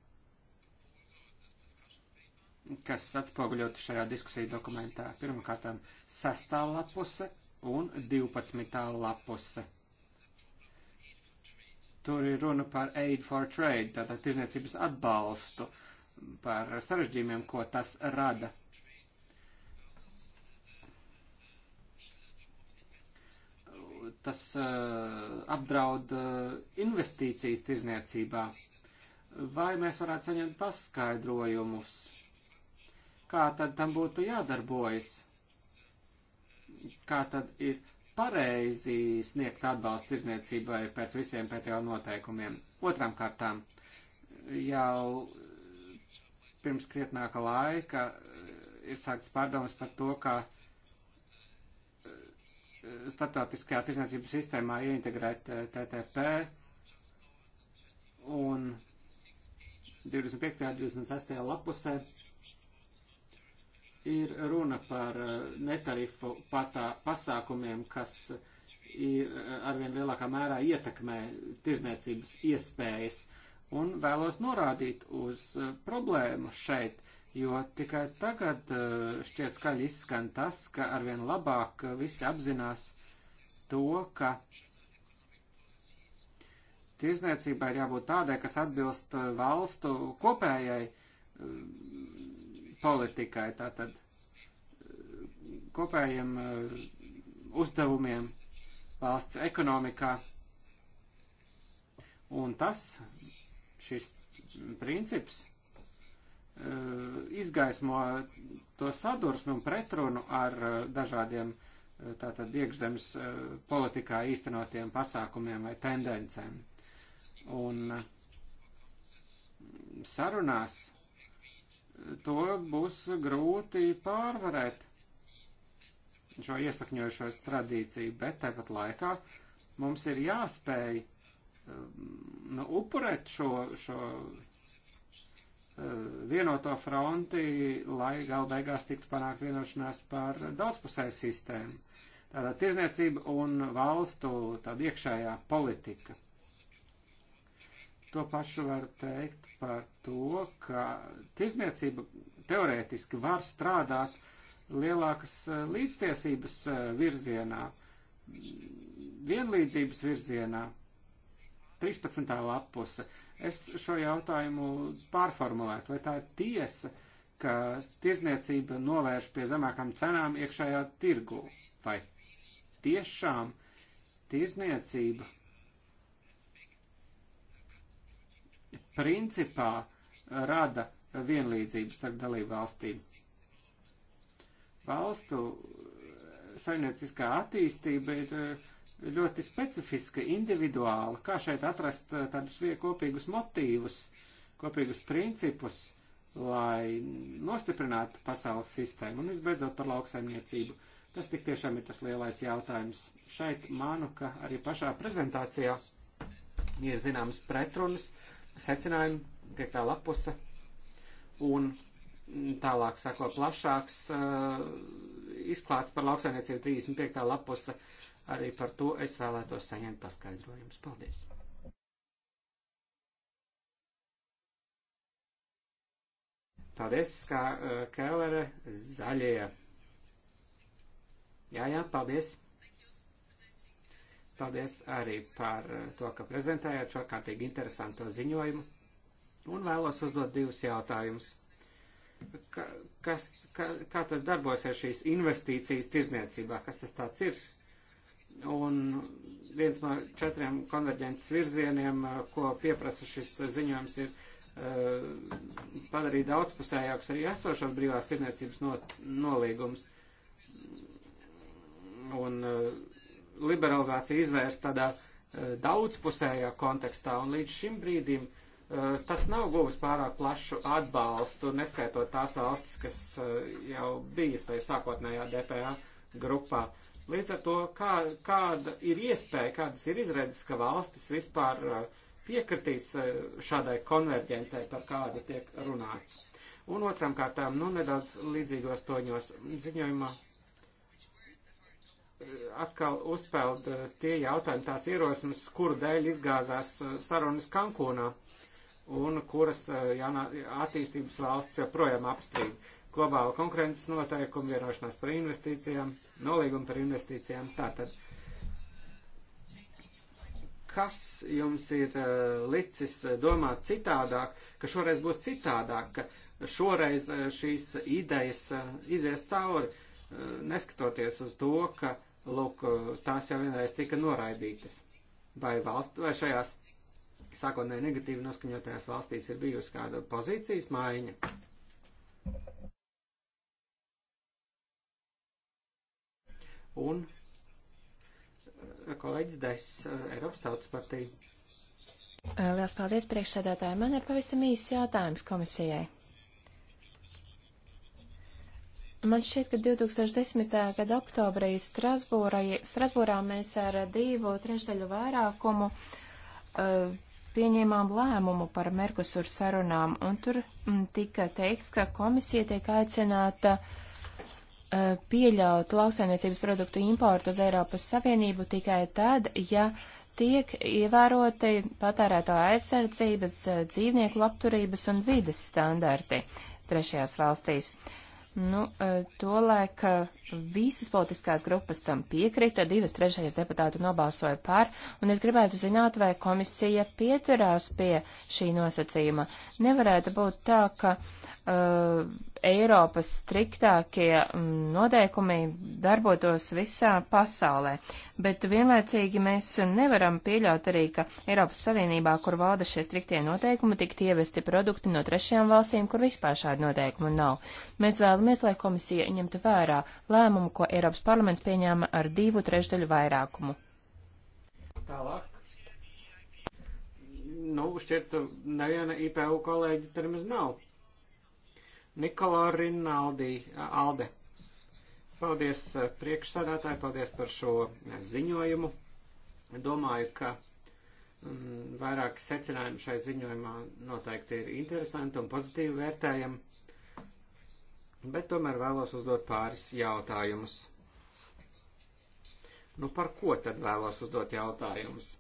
kas atspoguļot šajā diskusiju dokumentā. Pirmkārt, sestā lapuse un 12. lapuse. Tur ir runa par aid for trade, tātad tirzniecības atbalstu, par sarežģījumiem, ko tas rada. Tas uh, apdraud uh, investīcijas tirzniecībā. Vai mēs varētu saņemt paskaidrojumus? Uh, kā tad tam būtu jādarbojas, kā tad ir pareizi sniegt atbalstu tirzniecībai pēc visiem PTO noteikumiem. Otram kārtām jau pirms krietnāka laika eh, ir sākts pārdomas par to, ka eh, starptautiskajā tirzniecības sistēmā ieintegrēt eh, TTP un 25. un 26. lapusē ir runa par eh, netarifu patā, pasākumiem, kas ir eh, arvien lielākā mērā ietekmē tirzniecības iespējas. Un vēlos norādīt uz eh, problēmu šeit, jo tikai tagad šķiet skaļi izskan tas, ka arvien labāk visi apzinās to, ka tirzniecībai ir jābūt tādai, kas atbilst valstu kopējai politikai, tātad kopējiem eh, uzdevumiem valsts ekonomikā. Un tas, šis princips, eh, izgaismo to sadursmi un pretrunu ar eh, dažādiem tātad iekšzemes politikā īstenotiem pasākumiem vai tendencēm. Un sarunās to būs grūti pārvarēt šo iesakņojušos tradīciju, bet tāpat laikā mums ir jāspēj um, nu, upurēt šo, šo uh, vienoto fronti, lai gal beigās tiktu panākt vienošanās par daudzpusēju sistēmu. Tātad tirzniecība un valstu tāda iekšējā politika. To pašu var teikt par to, ka tirzniecība teorētiski var strādāt lielākas eh, līdztiesības eh, virzienā, vienlīdzības virzienā. 13. lapuse. Es šo jautājumu pārformulētu, vai tā ir tiesa, ka tirzniecība novērš pie zemākām cenām iekšējā tirgu, vai tiešām tirzniecība principā rada vienlīdzību starp dalību valstīm. Valstu saimnieciskā attīstība ir eh, ļoti specifiska, individuāla. Kā šeit atrast eh, tādus kopīgus motīvus, kopīgus principus, lai nostiprinātu pasaules sistēmu un visbeidzot par lauksaimniecību. Tas tik tiešām ir tas lielais jautājums. Šeit manu, ka arī pašā prezentācijā ir zināmas pretrunas secinājumi, piektā lapuse, un tālāk sako plašāks uh, izklāsts par lauksainiecību 35. lapuse. Arī par to es vēlētos saņemt paskaidrojumus. Paldies! Paldies, kā uh, eh, Kēlere, zaļie. Jā, jā, paldies. Paldies arī par eh, to, ka prezentējāt šo kārtīgi interesanto ziņojumu. Un vēlos uzdot divus jautājumus. Ka, kas, ka, kā tad darbojas ar šīs investīcijas tirzniecībā? Kas tas tāds ir? Un viens no četriem konverģences virzieniem, eh, ko pieprasa šis ziņojums, ir eh, padarīt daudzpusējākus arī esošos brīvās tirniecības no, nolīgumus. Un uh, liberalizācija izvērst tādā e, daudzpusējā kontekstā, un līdz šim brīdim e, tas nav guvis pārāk plašu atbalstu, neskaitot tās valstis, kas e, jau bijis tajā sākotnējā DPA grupā. Līdz ar to, kā, kāda ir iespēja, kādas ir izredzes, ka valstis vispār piekritīs šādai konverģencei, par kādu tiek runāts. Un otram kārtām, nu, nedaudz līdzīgos toņos ziņojumā atkal uzpeld eh, tie jautājumi, tās ierosmes, kuru dēļ izgāzās eh, sarunas Kankūnā un kuras eh, jaunā attīstības valsts joprojām apstrīd. Globāla konkurences noteikumi, vienošanās par investīcijām, nolīgumi par investīcijām. Tātad, kas jums ir licis domāt citādāk, ka šoreiz būs citādāk, ka šoreiz šīs idejas izies cauri, neskatoties uz to, ka lūk, tās jau vienreiz tika noraidītas. Vai, valst, vai šajās sākotnēji negatīvi noskaņotajās valstīs ir bijusi kāda pozīcijas maiņa? Un kolēģis Dais, Eiropas Tautas partija. Lielas paldies priekšsēdētāji. Man ir pavisam īsts jautājums komisijai. Man šķiet, ka 2010. gada oktobrī Strasbūrā mēs ar divu trešdaļu vairākumu uh, pieņēmām lēmumu par Merkusur sarunām, un tur m, mm, tika teikts, ka komisija tiek aicināta uh, pieļaut lauksainiecības produktu importu uz Eiropas Savienību tikai tad, ja tiek ievēroti patērēto aizsardzības, eh, dzīvnieku labturības un vides standarti trešajās valstīs. Uh, Nu, e, tolaik e, visas politiskās grupas tam piekrita, divas trešais deputātu nobalsoja par, un es gribētu zināt, vai komisija pieturās pie šī nosacījuma. Nevarētu būt tā, ka uh, Eiropas striktākie mm, noteikumi darbotos visā pasaulē, bet vienlaicīgi mēs nevaram pieļaut arī, ka Eiropas Savienībā, kur valda šie striktie noteikumi, tikt ievesti produkti no trešajām valstīm, kur vispār šādi noteikumi nav. Mēs vēlamies, lai komisija ņemtu vērā lēmumu, ko Eiropas parlaments pieņēma ar divu trešdaļu vairākumu. Tālāk nu, šķiet, neviena IPU kolēģa termiz nav. Nikolā Rinaldi, Alde. Paldies eh, priekšsādātāji, paldies par šo eh, ziņojumu. Domāju, ka mm, vairāki secinājumi šai ziņojumā noteikti ir interesanti un pozitīvi vērtējami, bet tomēr vēlos uzdot pāris jautājumus. Nu, par ko tad vēlos uzdot jautājumus?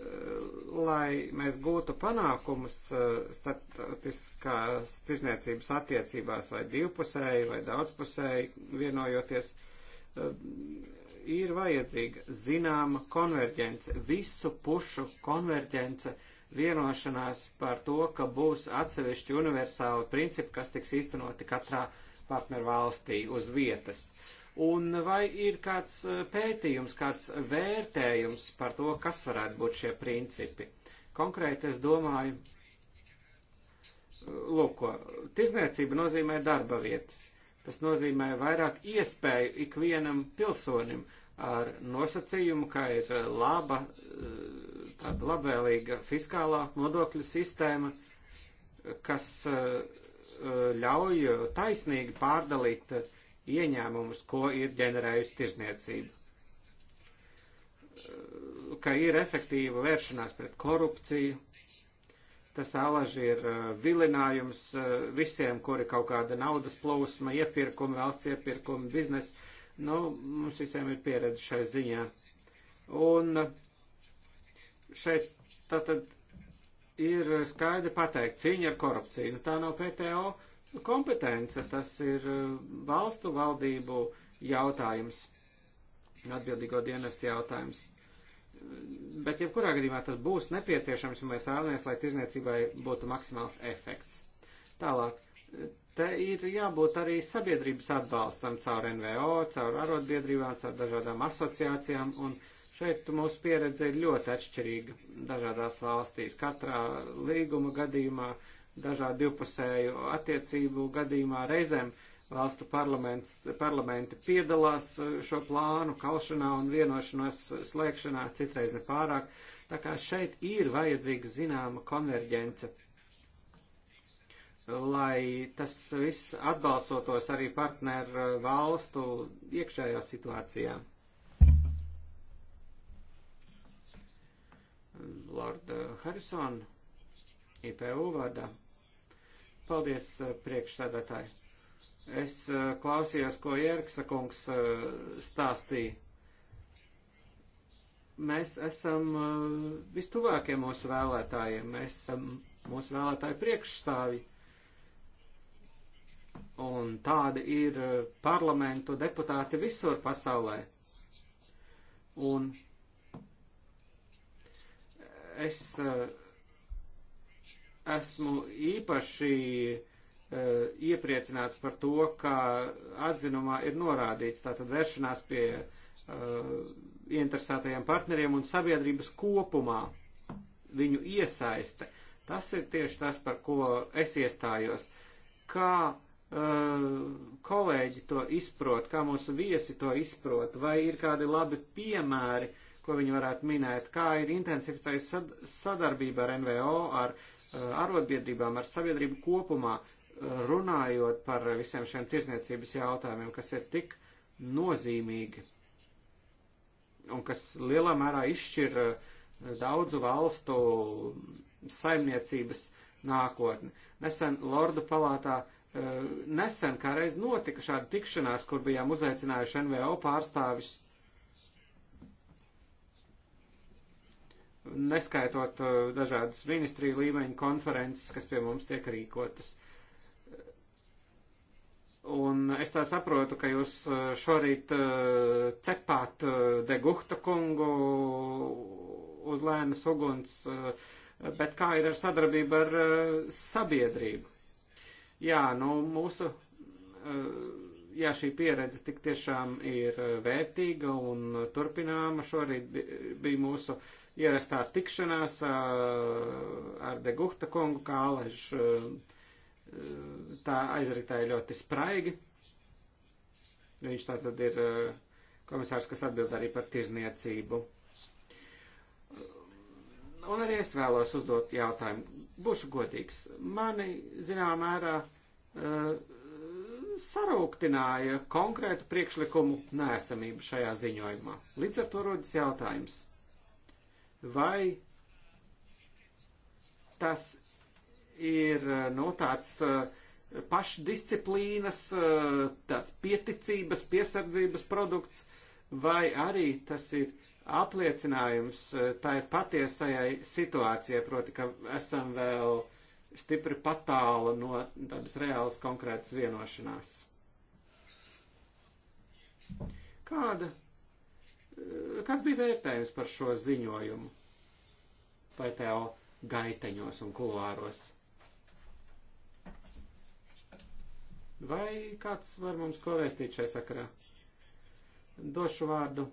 Eh, lai mēs gūtu panākumus eh, starptautiskās tirzniecības attiecībās vai divpusēji vai daudzpusēji vienojoties, eh, ir vajadzīga zināma konverģence, visu pušu konverģence, vienošanās par to, ka būs atsevišķi universāli principi, kas tiks īstenoti katrā partnervalstī uz vietas. Uh, Un vai ir kāds eh, pētījums, kāds vērtējums par to, kas varētu būt šie principi? Konkrēti es domāju, eh, lūk, tirzniecība nozīmē darba vietas. Tas nozīmē vairāk iespēju ikvienam pilsonim ar nosacījumu, ka ir eh, laba, tāda labvēlīga fiskālā nodokļu sistēma, kas ļauj taisnīgi pārdalīt uh, ieņēmumus, ko ir ģenerējusi tirzniecība. Ka ir efektīva vēršanās pret korupciju, tas alaži ir vilinājums visiem, kuri kaut kāda naudas plūsma, iepirkumi, valsts iepirkumi, biznes. Nu, mums visiem ir pieredze šai ziņā. Un šeit tātad ir skaidri pateikt cīņa ar korupciju. Nu, tā nav PTO kompetence, tas ir eh, valstu valdību jautājums, atbildīgo dienestu jautājums. Bet jebkurā gadījumā tas būs nepieciešams, ja mēs vēlamies, lai tirzniecībai būtu maksimāls efekts. Tālāk, te ir jābūt arī sabiedrības atbalstam caur NVO, caur arotbiedrībām, caur dažādām asociācijām, un šeit mūsu pieredze ir ļoti atšķirīga dažādās valstīs. Katrā līguma gadījumā uh, dažādu divpusēju attiecību gadījumā reizēm valstu parlamenti piedalās eh, šo plānu kalšanā un vienošanos slēgšanā, citreiz ne pārāk. Tā kā šeit ir vajadzīga zināma konverģence, lai tas viss atbalstotos arī partneru valstu iekšējā situācijā. Lord Harrison, IPU vārdā. Paldies, eh, priekšsēdētāji. Es eh, klausījos, ko Jērksa kungs eh, stāstīja. Mēs esam vistuvākie mūsu vēlētājiem, mēs esam mūsu vēlētāju priekšstāvi. Un tādi ir parlamentu deputāti visur pasaulē. Un es uh, Esmu īpaši e, iepriecināts par to, ka atzinumā ir norādīts tātad vēršanās pie uh, interesētajiem partneriem un sabiedrības kopumā viņu iesaiste. Tas ir tieši tas, par ko es iestājos. Kā uh, kolēģi to izprot, kā mūsu viesi to izprot, vai ir kādi labi piemēri, ko viņi varētu minēt, kā ir intensificējusi sadarbība ar NVO, ar uh, Eh, arotbiedrībām, ar sabiedrību kopumā, eh, runājot par visiem šiem tirzniecības jautājumiem, kas ir tik nozīmīgi un kas lielā mērā izšķir eh, daudzu valstu saimniecības nākotni. Nesen Lordu palātā nesen kā reiz notika šāda tikšanās, kur bijām uzaicinājuši NVO pārstāvis neskaitot uh, dažādas ministriju līmeņu konferences, kas pie mums tiek rīkotas. Un es tā saprotu, ka jūs uh, šorīt uh, cepāt Degukta kungu uz lēnas uguns, bet kā ir ar sadarbību ar sabiedrību? Jā, nu mūsu, jā, šī pieredze tik tiešām ir vērtīga un turpināma. Šorīt bija mūsu ierastā tikšanās ar Degukta kungu, kā alaiž, tā aizritēja ļoti spraigi. Viņš tā tad ir komisārs, kas atbild arī par tirzniecību. Un arī es vēlos uzdot jautājumu. Būšu godīgs. Mani, zinām, mērā sarūktināja konkrētu priekšlikumu nēsamību šajā ziņojumā. Līdz ar to rodas jautājums vai tas ir eh, nu, tāds eh, pašdisciplīnas, eh, tāds pieticības, piesardzības produkts, vai arī tas ir apliecinājums tai patiesajai situācijai, proti, ka esam vēl stipri patālu no tādas reālas konkrētas vienošanās. Kāda Kāds bija vērtējums par šo ziņojumu? PTO gaiteņos un kuluāros. Vai kāds var mums ko vēstīt šai sakarā? Došu vārdu.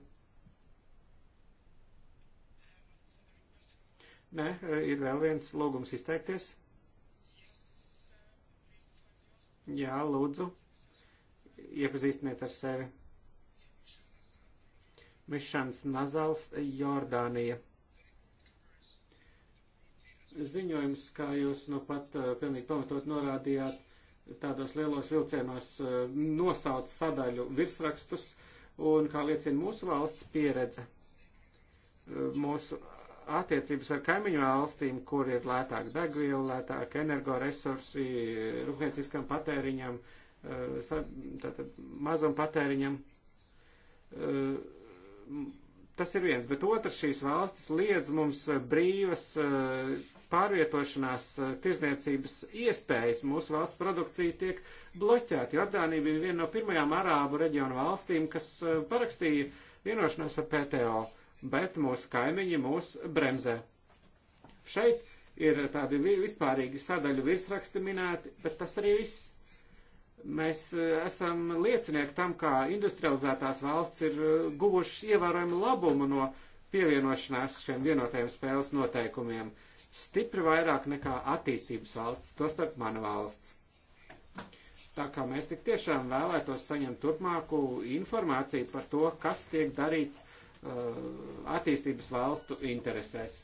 Nē, ir vēl viens lūgums izteikties. Jā, lūdzu, iepazīstiniet ar sevi. Mišans Nazals, Jordānija. Ziņojums, kā jūs nu pat eh, pilnīgi pamatot norādījāt, tādos lielos vilcienos eh, nosauc sadaļu virsrakstus un, kā liecina mūsu valsts pieredze, eh, mūsu attiecības ar kaimiņu valstīm, kur ir lētāk degviela, lētāk energoresursi, rūpnieciskam patēriņam, tātad mazam patēriņam, Tas ir viens, bet otrs šīs valstis liedz mums eh, brīvas eh, pārvietošanās eh, tirzniecības iespējas. Mūsu valsts produkcija tiek bloķēta. Jordānija bija viena no pirmajām arābu reģionu valstīm, kas parakstīja vienošanos ar PTO, bet mūsu kaimiņi mūs bremzē. Šeit ir tādi vispārīgi sadaļu virsraksti minēti, bet tas arī viss. Mēs e, esam liecinieki tam, kā industrializētās valsts ir e, guvušas ievērojumu labumu no pievienošanās šiem vienotajiem spēles noteikumiem stipri vairāk nekā attīstības valsts, tostarp mana valsts. Tā kā mēs tik tiešām vēlētos saņemt turpmāku informāciju par to, kas tiek darīts uh, attīstības valstu interesēs.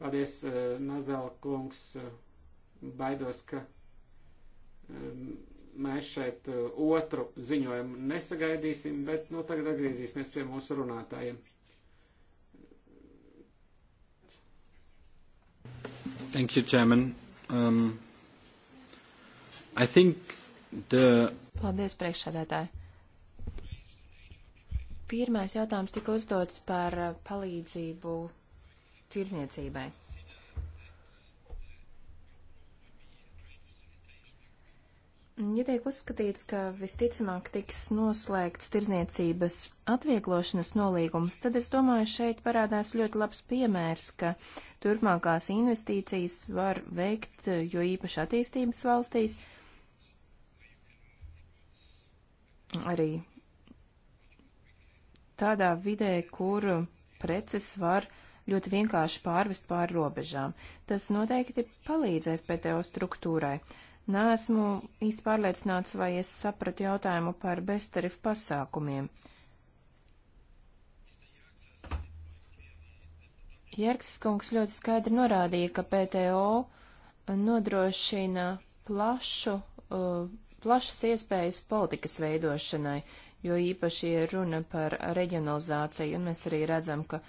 Paldies, uh, Nazela kungs. Uh, baidos, ka Mēs šeit eh, otru ziņojumu nesagaidīsim, bet nu, tagad atgriezīsimies pie mūsu runātājiem. Thank you, Chairman. Um, I think the... Paldies, priekšsēdētāji. Pirmais jautājums tika uzdots par palīdzību tirdzniecībai. Ja tiek uzskatīts, ka visticamāk tiks noslēgts tirzniecības atvieglošanas nolīgums, tad es domāju, šeit parādās ļoti labs piemērs, ka turpmākās investīcijas var veikt, eh, jo īpaši attīstības valstīs arī tādā vidē, kur preces var ļoti vienkārši pārvest pāri robežām. Tas noteikti palīdzēs PTO struktūrai. Nēsmu īsti pārliecināts, vai es sapratu jautājumu par beztarifu pasākumiem. Jerksis kungs ļoti skaidri norādīja, ka PTO nodrošina plašu, uh, plašas iespējas politikas veidošanai, jo īpaši ir runa par reģionalizāciju, un mēs arī redzam, ka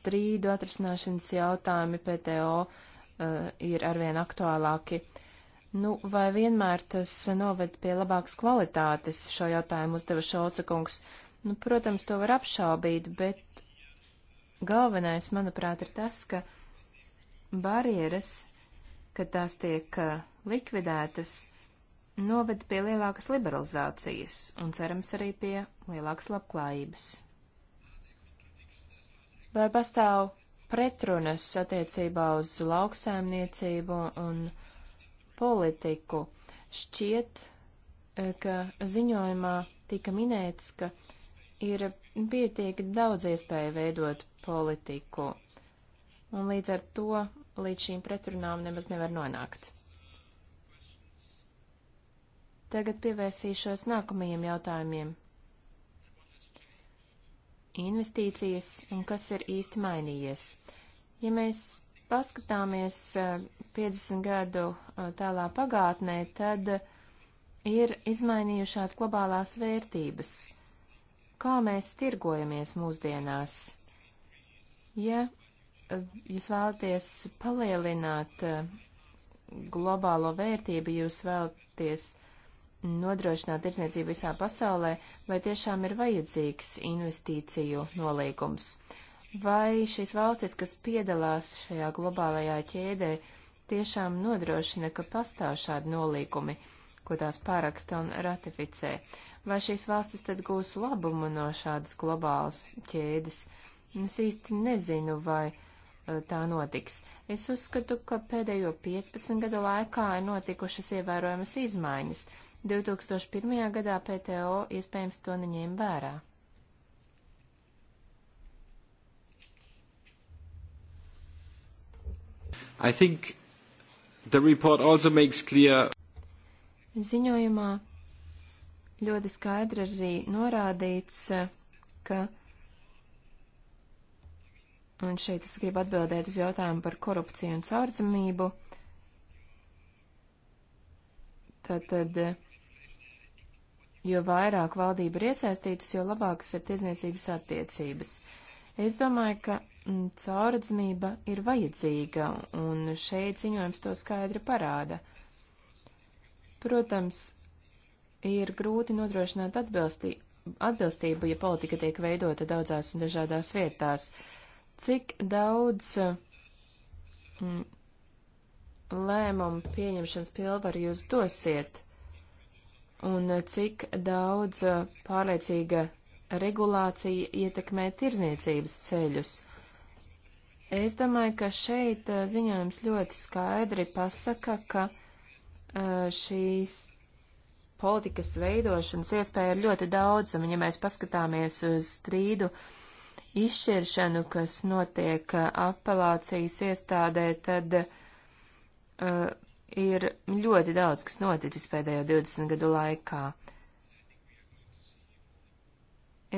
strīdu atrisināšanas jautājumi PTO uh, ir arvien aktuālāki. Uh, Nu, vai vienmēr tas noved pie labākas kvalitātes, šo jautājumu uzdeva Šolca kungs? Nu, protams, to var apšaubīt, bet galvenais, manuprāt, ir tas, ka barjeras, kad tās tiek uh, likvidētas, noved pie lielākas liberalizācijas un cerams arī pie lielākas labklājības. Vai pastāv pretrunas attiecībā uz lauksēmniecību un politiku. Šķiet, e, ka ziņojumā tika minēts, ka ir pietiek daudz iespēju veidot politiku, un līdz ar to līdz šīm pretrunām nemaz nevar nonākt. Tagad pievērsīšos nākamajiem jautājumiem. Investīcijas un kas ir īsti mainījies? Ja mēs paskatāmies e, 50 gadu uh, tālā pagātnē, tad ir izmainījušās globālās vērtības. Kā mēs tirgojamies mūsdienās? Ja uh, jūs vēlaties palielināt uh, globālo vērtību, jūs vēlaties nodrošināt tirdzniecību visā pasaulē, vai tiešām ir vajadzīgs investīciju nolīgums? Vai šīs valstis, kas piedalās šajā globālajā ķēdē, uh, tiešām nodrošina, ka pastāv šādi nolīgumi, ko tās pāraksta un ratificē? Vai šīs valstis tad gūs labumu no šādas globālas ķēdes? Nu, es īsti nezinu, vai eh, tā notiks. Es uzskatu, ka pēdējo 15 gadu laikā ir notikušas ievērojamas izmaiņas. 2001. gadā PTO iespējams to neņēma vērā. I think The report also makes clear. Ziņojumā ļoti skaidri arī norādīts, ka, un šeit es gribu atbildēt uz jautājumu par korupciju un caurzemību, tātad, jo vairāk valdība ir iesaistītas, jo labākas ir tiesniecības attiecības. Es domāju, ka Mm, caurdzmība ir vajadzīga, un šeit ziņojums to skaidri parāda. Protams, ir grūti nodrošināt atbilstī, atbilstību, ja politika tiek veidota daudzās un dažādās vietās. Cik daudz mm, lēmumu pieņemšanas pilvaru jūs dosiet, un cik daudz uh, pārliecīga regulācija ietekmē tirzniecības ceļus? Es domāju, ka šeit ziņojums ļoti skaidri pasaka, ka šīs politikas veidošanas iespēja ir ļoti daudz, un ja mēs paskatāmies uz strīdu izšķiršanu, kas notiek apelācijas iestādē, tad uh, ir ļoti daudz, kas noticis pēdējo 20 gadu laikā.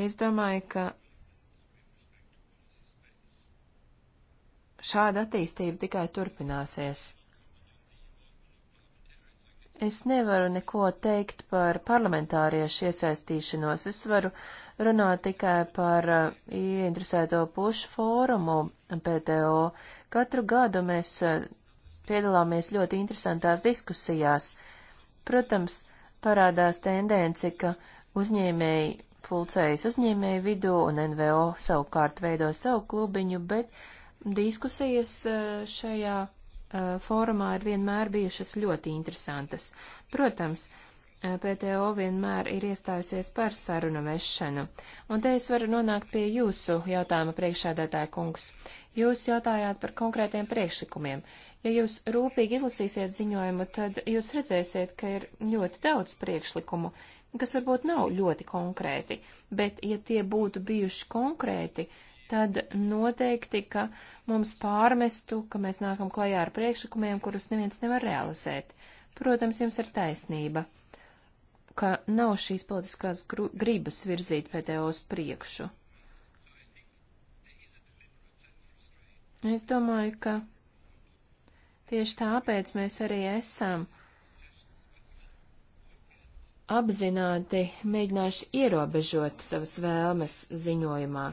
Es domāju, ka Šāda attīstība tikai turpināsies. Es nevaru neko teikt par parlamentāriešu iesaistīšanos. Es varu runāt tikai par uh, ieinteresēto pušu fórumu PTO. Katru gadu mēs uh, piedalāmies ļoti interesantās diskusijās. Protams, parādās tendence, ka uzņēmēji pulcējas uzņēmēju vidū un NVO savukārt veido savu klubiņu, bet Diskusijas eh, šajā eh, fórumā ir vienmēr bijušas ļoti interesantas. Protams, eh, PTO vienmēr ir iestājusies par sarunu vešanu. Un te es varu nonākt pie jūsu jautājuma priekšādātāja kungs. Jūs jautājāt par konkrētiem priekšlikumiem. Ja jūs rūpīgi izlasīsiet ziņojumu, tad jūs redzēsiet, ka ir ļoti daudz priekšlikumu, kas varbūt nav ļoti konkrēti, bet ja tie būtu bijuši konkrēti, uh, tad noteikti, ka mums pārmestu, ka mēs nākam klajā ar priekšlikumiem, kurus neviens nevar realizēt. Protams, jums ir taisnība, ka nav šīs politiskās gribas virzīt PTO uz priekšu. Es domāju, ka tieši tāpēc mēs arī esam apzināti mēģinājuši ierobežot savas vēlmes ziņojumā.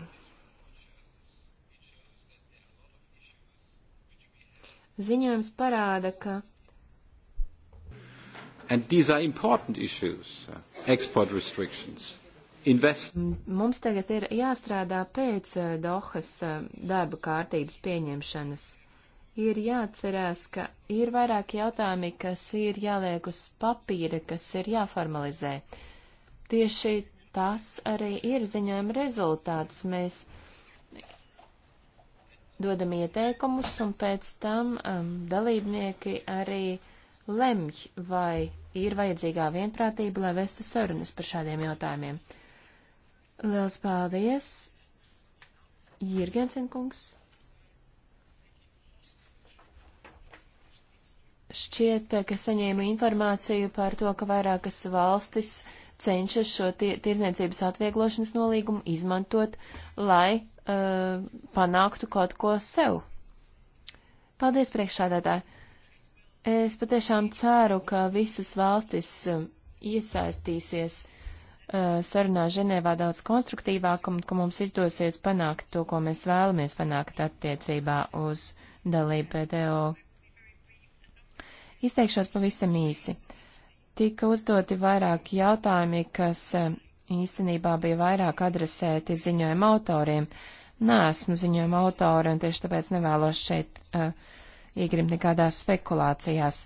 Ziņojums parāda, ka. And these are important issues, uh, export restrictions. Invest. Mums tagad ir jāstrādā pēc uh, Dohas uh, darba kārtības pieņemšanas ir jāatcerās, ka ir vairāk jautājumi, kas ir jāliek uz papīra, kas ir jāformalizē. Tieši tas arī ir ziņojuma rezultāts. Mēs dodam ieteikumus, un pēc tam um, dalībnieki arī lemj, vai ir vajadzīgā vienprātība, lai vestu sarunas par šādiem jautājumiem. Liels paldies, Jirgensenkungs. Šķiet, ka saņēmu informāciju par to, ka vairākas valstis uh, cenšas šo tie, tirzniecības atvieglošanas nolīgumu izmantot, lai uh, panāktu kaut ko sev. Paldies, priekšādātāji! Es patiešām ceru, ka visas valstis uh, iesaistīsies uh, sarunā Ženēvā daudz konstruktīvāk un ka mums izdosies panākt to, ko mēs vēlamies panākt attiecībā uz dalību PTO. Izteikšos pavisam īsi. Uh, Tika uzdoti vairāki jautājumi, kas e, īstenībā bija vairāk adresēti ziņojuma autoriem. Nē, esmu ziņojuma autori, un tieši tāpēc nevēlos šeit uh, iegrimt nekādās spekulācijās.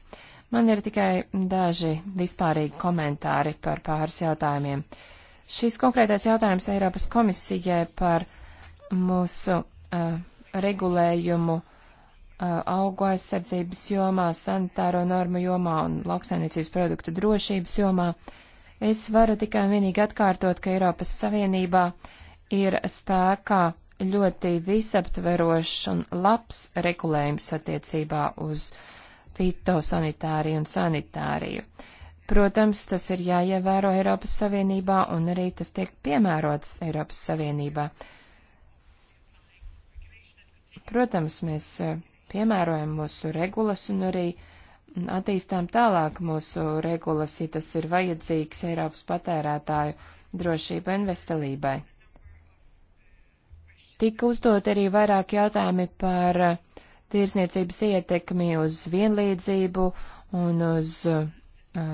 Man ir tikai daži vispārīgi komentāri par pāris jautājumiem. Šis konkrētais jautājums Eiropas komisijai par mūsu uh, regulējumu uh, Uh, augu aizsardzības jomā, sanitāro normu jomā un lauksainiecības produktu drošības jomā, es varu tikai un vienīgi atkārtot, ka Eiropas Savienībā ir spēkā ļoti visaptverošs un labs regulējums attiecībā uz fitosanitāriju un sanitāriju. Protams, tas ir jāievēro Eiropas Savienībā un arī tas tiek piemērots Eiropas Savienībā. Protams, mēs uh, piemērojam mūsu regulas un arī attīstām tālāk mūsu regulas, ja tas ir vajadzīgs Eiropas patērētāju drošībai un veselībai. Tika uzdot arī vairāk jautājumi par uh, tirsniecības ietekmi uz vienlīdzību un uz uh,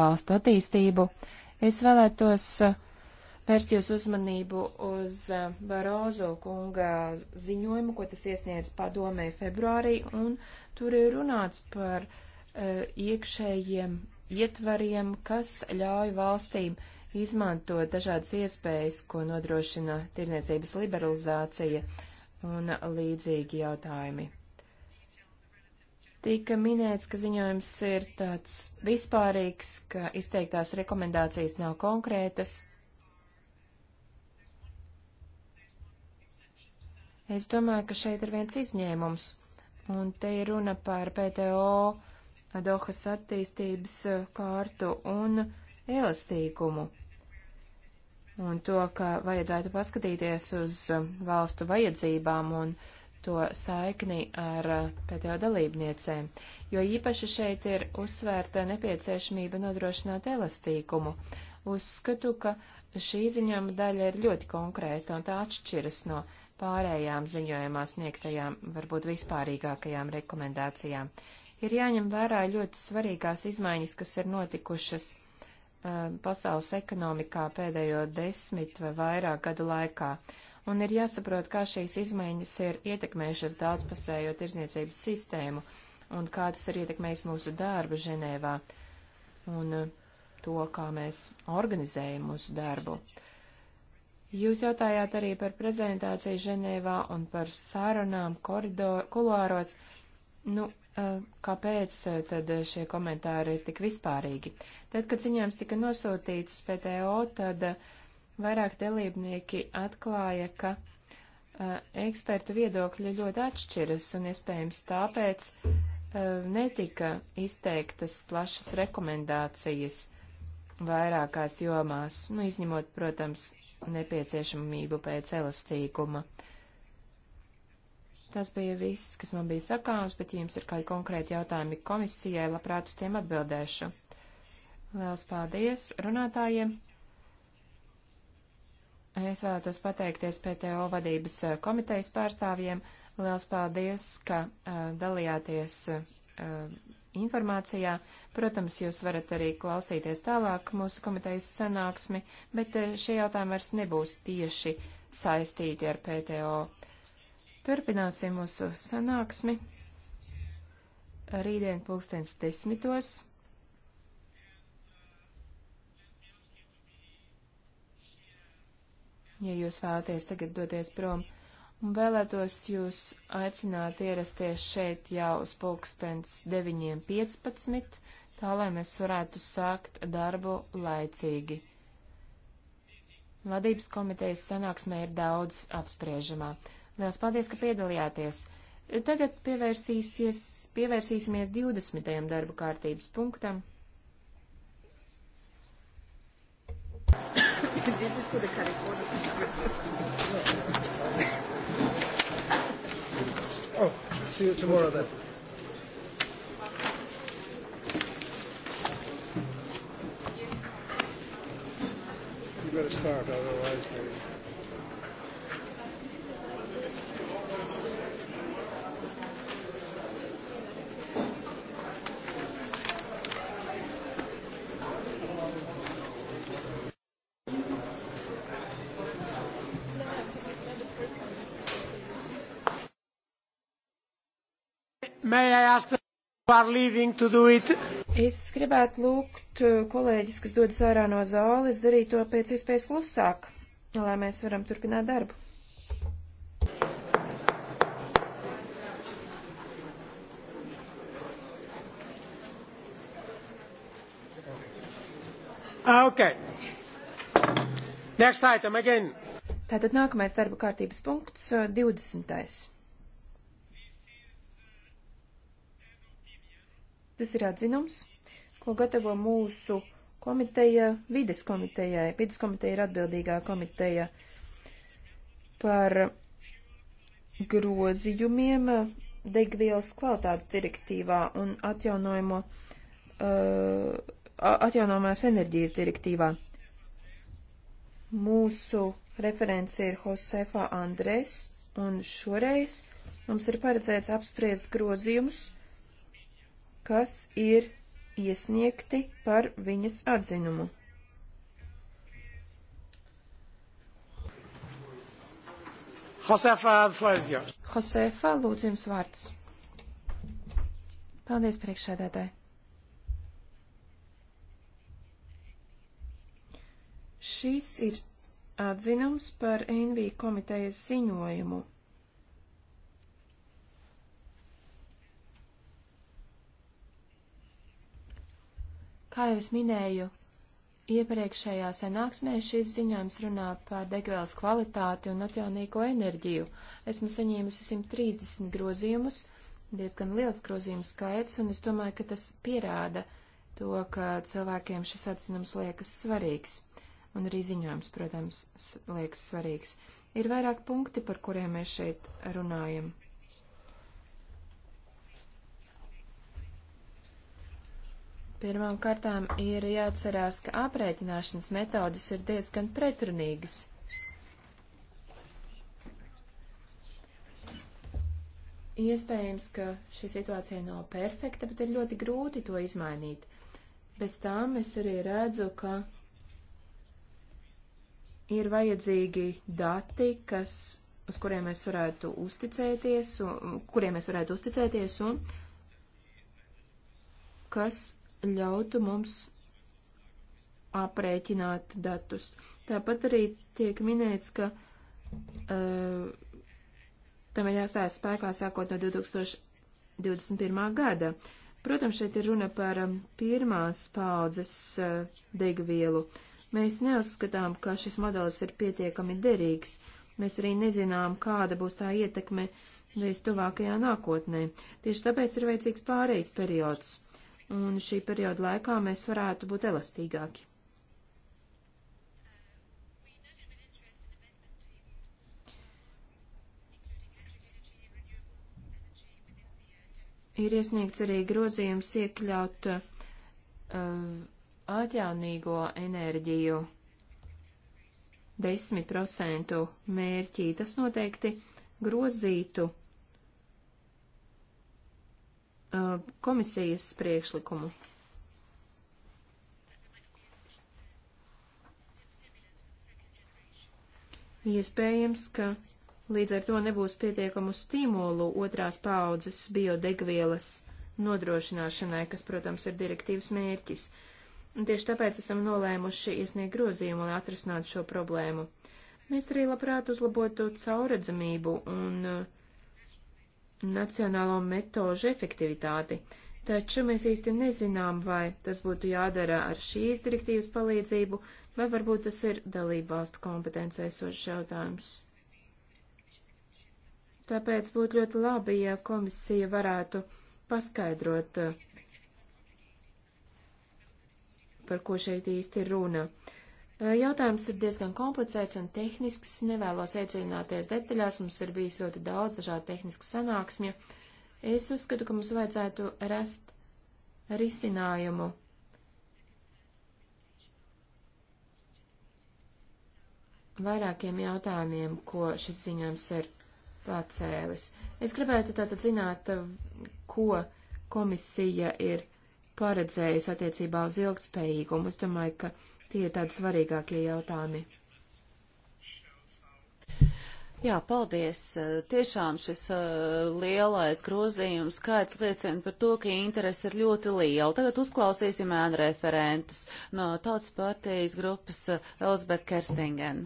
valstu attīstību. Es vēlētos uh, vērst jūs uzmanību uz eh, Barozo kunga ziņojumu, ko tas iesniedz padomē februārī, un tur ir runāts par uh, iekšējiem ietvariem, kas ļauj valstīm izmantot dažādas iespējas, ko nodrošina tirniecības liberalizācija un līdzīgi jautājumi. Tika minēts, ka ziņojums ir tāds vispārīgs, ka izteiktās rekomendācijas nav konkrētas, Es domāju, ka šeit ir viens izņēmums, un te ir runa par PTO, Dohas attīstības eh, kārtu un elastīgumu, un to, ka vajadzētu paskatīties uz eh, valstu vajadzībām un to saikni ar eh, pēdējo dalībniecēm, jo īpaši šeit ir uzsvērta nepieciešamība nodrošināt elastīgumu. Uzskatu, ka šī ziņojuma daļa ir ļoti konkrēta un tā atšķiras no pārējām ziņojumā sniegtajām, varbūt vispārīgākajām rekomendācijām. Ir jāņem vērā ļoti svarīgās izmaiņas, kas ir notikušas uh, pasaules ekonomikā pēdējo desmit vai vairāk gadu laikā, un ir jāsaprot, kā šīs izmaiņas ir ietekmējušas daudzpasējo tirzniecības sistēmu, un kā tas ir ietekmējis mūsu darbu Ženēvā, un uh, to, kā mēs organizējam mūsu darbu. Uh, Jūs jautājāt arī par prezentāciju Ženēvā un par sarunām kuluāros. Nu, e, kāpēc e, tad šie komentāri ir tik vispārīgi? Tad, kad ziņojums tika nosūtīts PTO, tad e, vairāk dalībnieki atklāja, ka ekspertu viedokļi ļoti atšķiras un iespējams tāpēc netika izteiktas plašas rekomendācijas vairākās jomās, nu, izņemot, protams, nepieciešamību pēc elastīguma. Tas bija viss, kas man bija sakāms, bet, ja jums ir kādi konkrēti jautājumi komisijai, labprāt uz tiem atbildēšu. Liels paldies runātājiem! Es vēlētos pateikties PTO vadības eh, komitejas pārstāvjiem. Liels paldies, ka uh, dalījāties uh, informācijā. Protams, jūs varat arī klausīties tālāk mūsu komitejas sanāksmi, bet eh, šie jautājumi vairs nebūs tieši saistīti ar PTO. Turpināsim mūsu sanāksmi. Rītdien pulkstens desmitos. Ja jūs vēlaties tagad doties prom, un vēlētos jūs aicināt ierasties šeit jau uz pulkstens 9.15, tā lai mēs varētu sākt darbu laicīgi. Vadības komitejas sanāksmē ir daudz apspriežamā. Lielas paldies, ka piedalījāties! Tagad pievērsīsimies 20. darba kārtības punktam. This is for the California. see you tomorrow then. You better start, otherwise they. Es gribētu lūgt uh, kolēģis, kas dodas ārā no zāles, darīt to pēc iespējas klusāk, lai mēs varam turpināt darbu. Ah, okay. Next item again. Tātad nākamais darba kārtības punkts uh, - 20. Tas ir atzinums, ko gatavo mūsu komiteja, vides komitejai. Vides komiteja ir atbildīgā komiteja par grozījumiem degvielas kvalitātes direktīvā un atjaunojamo, uh, atjaunojamās enerģijas direktīvā. Mūsu referents ir Josefa Andres, un šoreiz mums ir paredzēts apspriest grozījumus kas ir iesniegti par viņas atzinumu. Josefa, Josefa lūdzu jums vārds. Paldies, priekšsēdētāji. Šis ir atzinums par NV komitejas ziņojumu Kā jau es minēju, iepriekšējā sanāksmē šis ziņojums runā par degvielas kvalitāti un atjaunīgo enerģiju. Esmu saņēmusi 130 grozījumus, diezgan liels grozījumu skaits, un es domāju, ka tas pierāda to, ka cilvēkiem šis atzinums liekas svarīgs, un arī ziņojums, protams, liekas svarīgs. Ir vairāk punkti, par kuriem mēs šeit runājam. Pirmām kārtām ir jāatcerās, ka aprēķināšanas metodas ir diezgan pretrunīgas. Iespējams, ka šī situācija nav perfekta, bet ir ļoti grūti to izmainīt. Bez tām es arī redzu, ka ir vajadzīgi dati, kas, uz kuriem mēs varētu uzticēties, un, kuriem mēs varētu uzticēties un kas ļautu mums aprēķināt datus. Tāpat arī tiek minēts, ka uh, tam ir jāstājas spēkā sākot no 2021. gada. Protams, šeit ir runa par eh, pirmās paudzes uh, degvielu. Mēs neuzskatām, ka šis modelis ir pietiekami derīgs. Mēs arī nezinām, kāda būs tā ietekme līdz tuvākajā nākotnē. Tieši tāpēc ir vajadzīgs pārejas periods un šī perioda laikā mēs varētu būt elastīgāki. Ir iesniegts arī grozījums iekļaut uh, atjaunīgo enerģiju 10% mērķī. Tas noteikti grozītu Uh, komisijas priekšlikumu. Iespējams, ka līdz ar to nebūs pietiekamu stimulu otrās paaudzes biodegvielas nodrošināšanai, kas, protams, ir direktīvas mērķis. Un tieši tāpēc esam nolēmuši iesniegt grozījumu, lai atrisinātu šo problēmu. Mēs arī labprāt uzlabotu cauredzamību un uh, nacionālo metožu efektivitāti, taču mēs īsti nezinām, vai tas būtu jādara ar šīs direktīvas palīdzību, vai varbūt tas ir dalību valstu kompetencēs uz jautājums. Tāpēc būtu ļoti labi, ja komisija varētu paskaidrot, par ko šeit īsti ir runa. Uh, Jautājums ir diezgan komplicēts un tehnisks, nevēlos iedziļināties detaļās, mums ir bijis ļoti daudz dažādu tehnisku sanāksmju. Es uzskatu, ka mums vajadzētu rast risinājumu. Vairākiem jautājumiem, ko šis ziņojums ir pacēlis. Es gribētu tātad zināt, ko komisija ir paredzējusi attiecībā uz ilgspējīgumu. Es domāju, ka Tie ir tādi svarīgākie jautājumi. Jā, paldies. Tiešām šis uh, lielais grozījums skaits liecina par to, ka interesi ir ļoti liela. Tagad uzklausīsim ēnu referentus no Tautas partijas grupas uh, Elizabeth Kerstingen.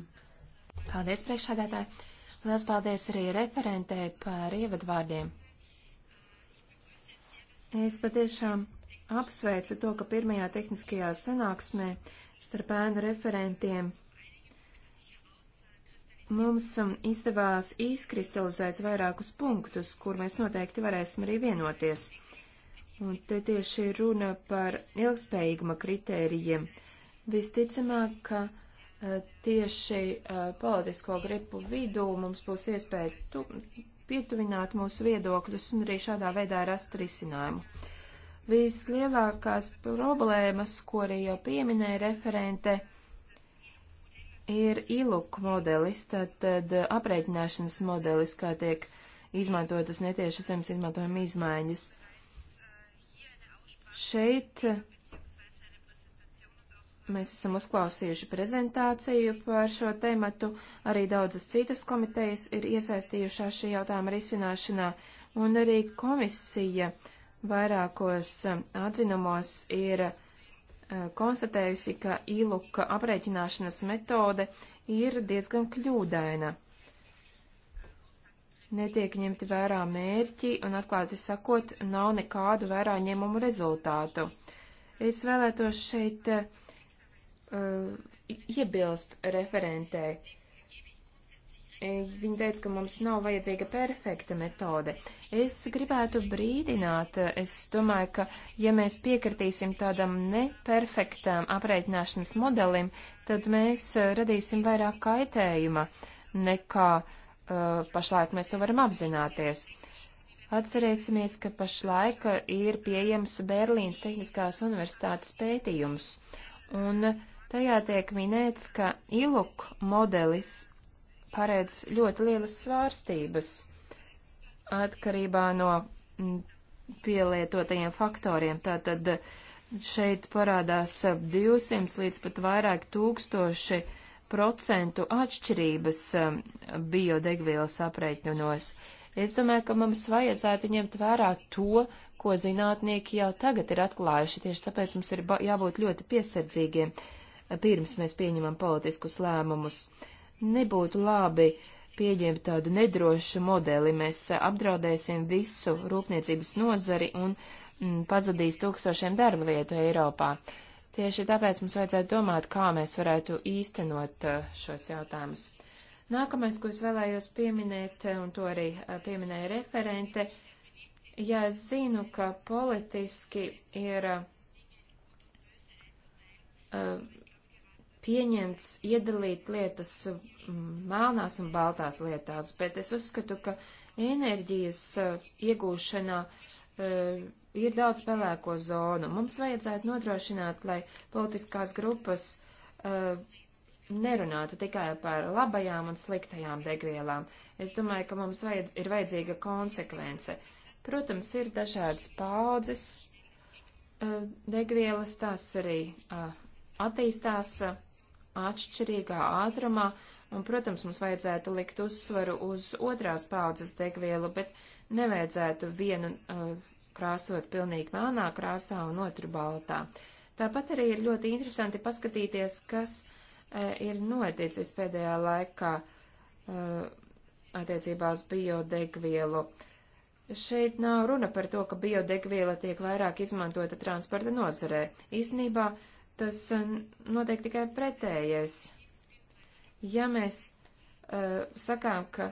Paldies, priekšādātāji. Liels paldies arī referentē par ievadvārdiem. Es patiešām apsveicu to, ka pirmajā tehniskajā sanāksmē uh, starp ēnu referentiem. Mums um, izdevās izkristalizēt vairākus punktus, kur mēs noteikti varēsim arī vienoties. Un te tieši runa par ilgspējīguma kritērijiem. Visticamāk, ka uh, tieši uh, politisko gripu vidū mums būs iespēja tu, pietuvināt mūsu viedokļus un arī šādā veidā rast risinājumu. Vislielākās problēmas, ko arī jau pieminēja referente, ir iluk modelis, tātad aprēķināšanas modelis, kā tiek izmantotas netieši zemes izmantojuma izmaiņas. Šeit mēs esam uzklausījuši prezentāciju par šo tematu, arī daudzas citas komitejas ir iesaistījušās šī jautājuma risināšanā, un arī komisija uh, vairākos um, atzinumos ir uh, konstatējusi, ka īluka aprēķināšanas metode ir diezgan kļūdaina. Netiek ņemti vērā mērķi un, atklāti sakot, nav nekādu vērā ņēmumu rezultātu. Es vēlētos šeit uh, iebilst referentei. E, Viņa teica, ka mums nav vajadzīga perfekta metode. Es gribētu brīdināt, es domāju, ka ja mēs piekritīsim tādam neperfektam aprēķināšanas modelim, tad mēs e, radīsim vairāk kaitējuma nekā uh, pašlaik mēs to varam apzināties. Atcerēsimies, ka pašlaik ir pieejams Berlīnas Tehniskās universitātes pētījums, un tajā tiek minēts, ka ILUK modelis paredz ļoti lielas svārstības atkarībā no pielietotajiem faktoriem. Tātad eh, šeit parādās 200 eh, līdz pat vairāk tūkstoši procentu atšķirības eh, biodegvielas aprēķinos. Es domāju, ka mums vajadzētu ņemt vērā to, ko zinātnieki jau tagad ir atklājuši, tieši tāpēc mums ir jābūt ļoti piesardzīgiem, pirms mēs pieņemam politiskus lēmumus. Uh, Nebūtu labi pieņemt tādu nedrošu modeli. Mēs eh, apdraudēsim visu rūpniecības nozari un mm, pazudīs tūkstošiem darba vietu Eiropā. Tieši tāpēc mums vajadzētu domāt, kā mēs varētu īstenot eh, šos jautājumus. Nākamais, ko es vēlējos pieminēt, eh, un to arī pieminēja referente, ja es zinu, ka politiski ir uh, pieņemts iedalīt lietas mm, melnās un baltās lietās, bet es uzskatu, ka enerģijas eh, iegūšanā uh, ir daudz pelēko zonu. Mums vajadzētu nodrošināt, lai politiskās grupas uh, nerunātu tikai par labajām un sliktajām degvielām. Es domāju, ka mums vajadz, ir vajadzīga konsekvence. Protams, ir dažādas paudzes uh, degvielas, tās arī attīstās atšķirīgā ātrumā, un, protams, mums vajadzētu likt uzsvaru uz otrās paudzes degvielu, bet nevajadzētu vienu uh, krāsot pilnīgi melnā krāsā un otru baltā. Tāpat arī ir ļoti interesanti paskatīties, kas uh, ir noticis pēdējā laikā uh, attiecībā uz biodegvielu. Uh, Šeit nav runa par to, ka biodegviela tiek vairāk izmantota transporta nozarē. Īsnībā tas eh, notiek tikai pretējais. Ja mēs uh, sakām, ka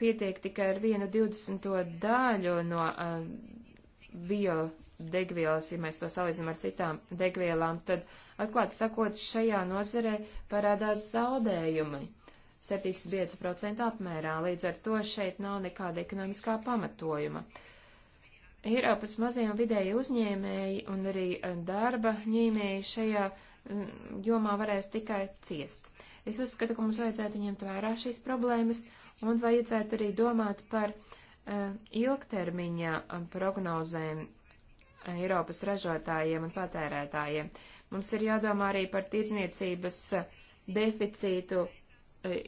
pietiek tikai ar vienu 20. daļu no uh, biodegvielas, ja mēs to salīdzinām ar citām degvielām, tad, atklāti sakot, šajā nozarē parādās zaudējumi 75% apmērā, līdz ar to šeit nav nekāda ekonomiskā pamatojuma. Uh, Eiropas mazie un vidēji uzņēmēji un arī eh, darba ņēmēji šajā mm, jomā varēs tikai ciest. Es uzskatu, ka mums vajadzētu ņemt vērā šīs problēmas un vajadzētu arī domāt par uh, ilgtermiņa eh, prognozēm Eiropas ražotājiem un patērētājiem. Mums ir jādomā arī par tirdzniecības deficītu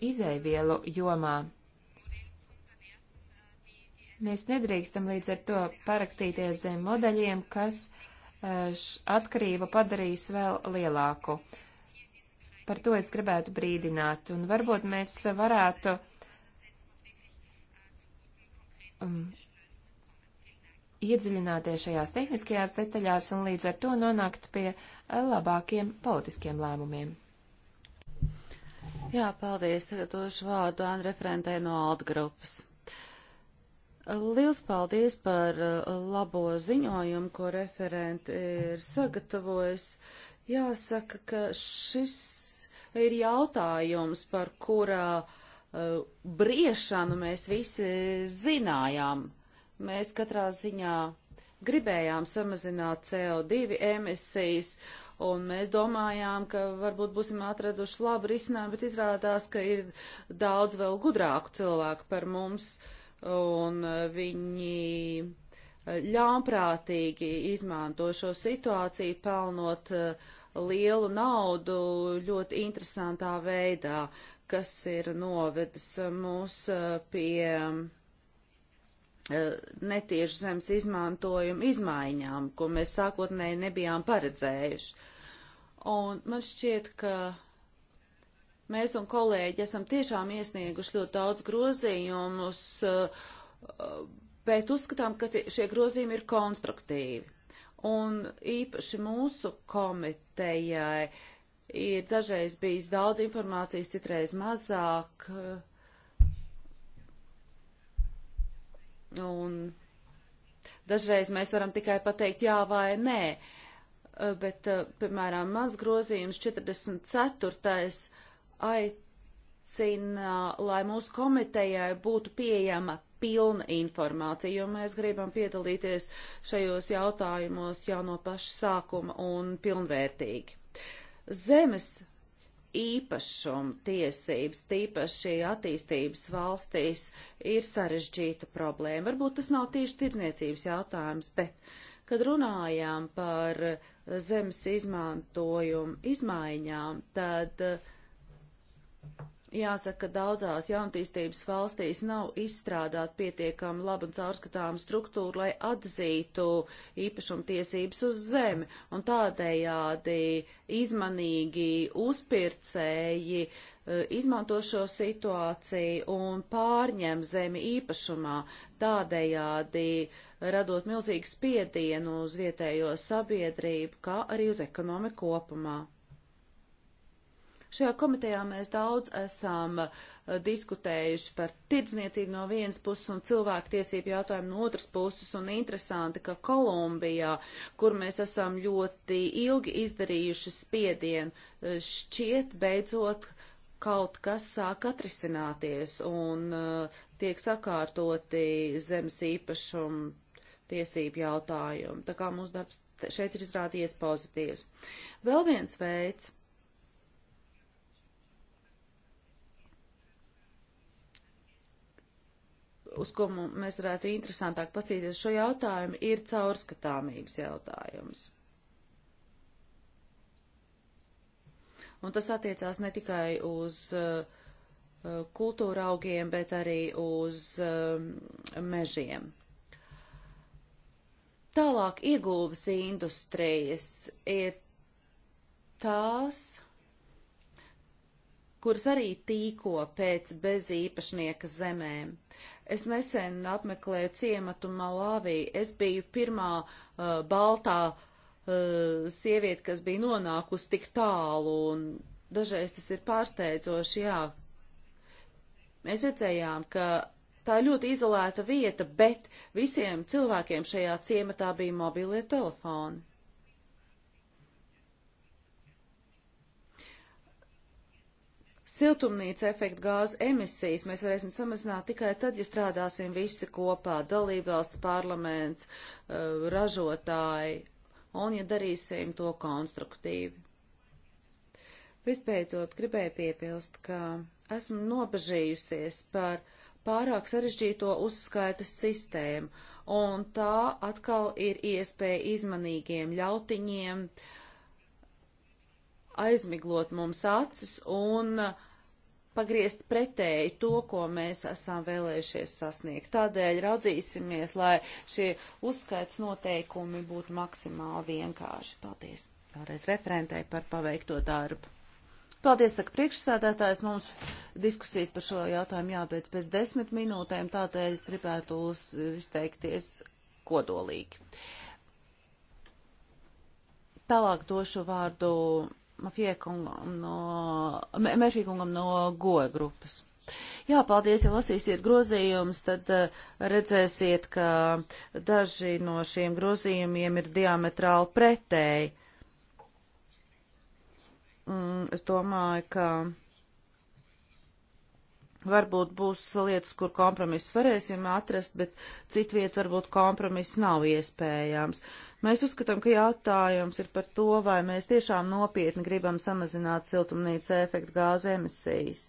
izēvielu jomā. Mēs nedrīkstam līdz ar to parakstīties zem modeļiem, kas eh, atkarību padarīs vēl lielāku. Par to es gribētu brīdināt, un varbūt mēs varētu um, iedziļināties šajās tehniskajās detaļās un līdz ar to nonākt pie eh, labākiem politiskiem lēmumiem. Jā, paldies. Tagad došu vārdu Anne referentē no Alta grupas. Liels paldies par uh, labo ziņojumu, ko referenti ir sagatavojis. Jāsaka, ka šis ir jautājums, par kurā uh, briešanu mēs visi zinājām. Mēs katrā ziņā gribējām samazināt CO2 emisijas, un mēs domājām, ka varbūt būsim atraduši labu risinājumu, bet izrādās, ka ir daudz vēl gudrāku cilvēku par mums. Uh, un eh, viņi eh, ļaunprātīgi izmanto šo situāciju, pelnot eh, lielu naudu ļoti interesantā veidā, kas ir novedis mūs pie netiešu zemes izmantojuma izmaiņām, ko mēs sākotnēji nebijām paredzējuši. Un man šķiet, ka Mēs un kolēģi esam tiešām iesnieguši ļoti daudz grozījumus, bet uzskatām, ka šie grozījumi ir konstruktīvi. Un īpaši mūsu komitejai ir dažreiz bijis daudz informācijas, citreiz mazāk. Un dažreiz mēs varam tikai pateikt jā vai nē, bet, piemēram, mans grozījums 44 aicina, lai mūsu komitejai būtu pieejama pilna informācija, jo mēs gribam piedalīties šajos jautājumos jau no paša sākuma un pilnvērtīgi. Zemes īpašuma tiesības, tīpaši attīstības valstīs, ir sarežģīta problēma. Varbūt tas nav tieši tirdzniecības jautājums, bet, kad runājām par zemes izmantojumu izmaiņām, tad uh, Jāsaka, ka daudzās jaunatīstības valstīs nav izstrādāt pietiekami labu un caurskatāmu struktūru, lai atzītu īpašumtiesības uz zemi, un tādējādi izmanīgi uzpircēji eh, izmanto šo situāciju un pārņem zemi īpašumā, tādējādi radot milzīgu spiedienu uz vietējo sabiedrību, kā arī uz ekonomiku kopumā. Šajā komitejā mēs daudz esam uh, diskutējuši par tirdzniecību no vienas puses un cilvēktiesību jautājumu no otras puses, un interesanti, ka Kolumbijā, kur mēs esam ļoti ilgi izdarījuši spiedienu, uh, šķiet beidzot kaut kas sāk atrisināties un uh, tiek sakārtoti zemes īpašumu tiesību jautājumu. Tā kā mūsu darbs šeit ir izrādījies pozitīvs. Vēl viens veids, uz ko mēs varētu interesantāk pastīties šo jautājumu, ir caurskatāmības jautājums. Un tas attiecās ne tikai uz uh, uh kultūra augiem, bet arī uz uh, mežiem. Tālāk ieguvas industrijas ir tās, kuras arī tīko pēc bezīpašnieka zemēm. Es nesen apmeklēju ciematu Malāvī. Es biju pirmā uh, baltā uh, sieviete, kas bija nonākusi tik tālu, un dažreiz tas ir pārsteidzoši, jā. Mēs redzējām, ka tā ir ļoti izolēta vieta, bet visiem cilvēkiem šajā ciematā bija mobilie telefoni. Siltumnīca efekta gāzu emisijas mēs varēsim samazināt tikai tad, ja strādāsim visi kopā - dalībvalsts parlaments, uh, ražotāji, un ja darīsim to konstruktīvi. Vispēcot, gribēju piepilst, ka esmu nobežījusies par pārāk sarežģīto uzskaitas sistēmu, un tā atkal ir iespēja izmanīgiem ļautiņiem aizmiglot mums acis un uh, pagriezt pretēji to, ko mēs esam vēlējušies sasniegt. Tādēļ raudzīsimies, lai šie uzskaits noteikumi būtu maksimāli vienkārši. Paldies vēlreiz referentei par paveikto darbu. Paldies, saka priekšsēdētājs. Mums diskusijas par šo jautājumu jābeidz pēc desmit minūtēm, tādēļ es gribētu izteikties kodolīgi. Tālāk došu vārdu Mafiekungam no, Mefīkungam no goja grupas. Jā, paldies, ja lasīsiet grozījumus, tad uh, redzēsiet, ka daži no šiem grozījumiem ir diametrāli pretēji. Mm, es domāju, ka Varbūt būs lietas, kur kompromiss varēsim atrast, bet citviet varbūt kompromiss nav iespējams. Mēs uzskatām, ka jautājums ir par to, vai mēs tiešām nopietni gribam samazināt siltumnīca efektu gāzu emisijas.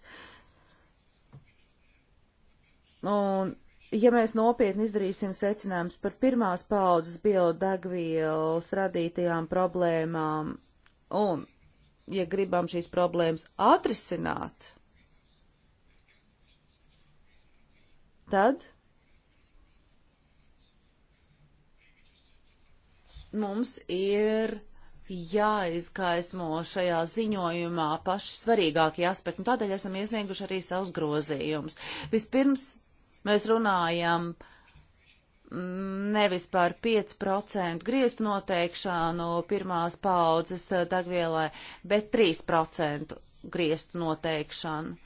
Un, ja mēs nopietni izdarīsim secinājumus par pirmās paudzes biodegvielas radītajām problēmām un, ja gribam šīs problēmas atrisināt, tad mums ir jāizgaismo šajā ziņojumā paši svarīgākie aspekti, un tādēļ esam iesnieguši arī savus grozījumus. Vispirms mēs runājam mm, nevis par 5% griestu noteikšanu pirmās paudzes dagvielai, bet 3% griestu noteikšanu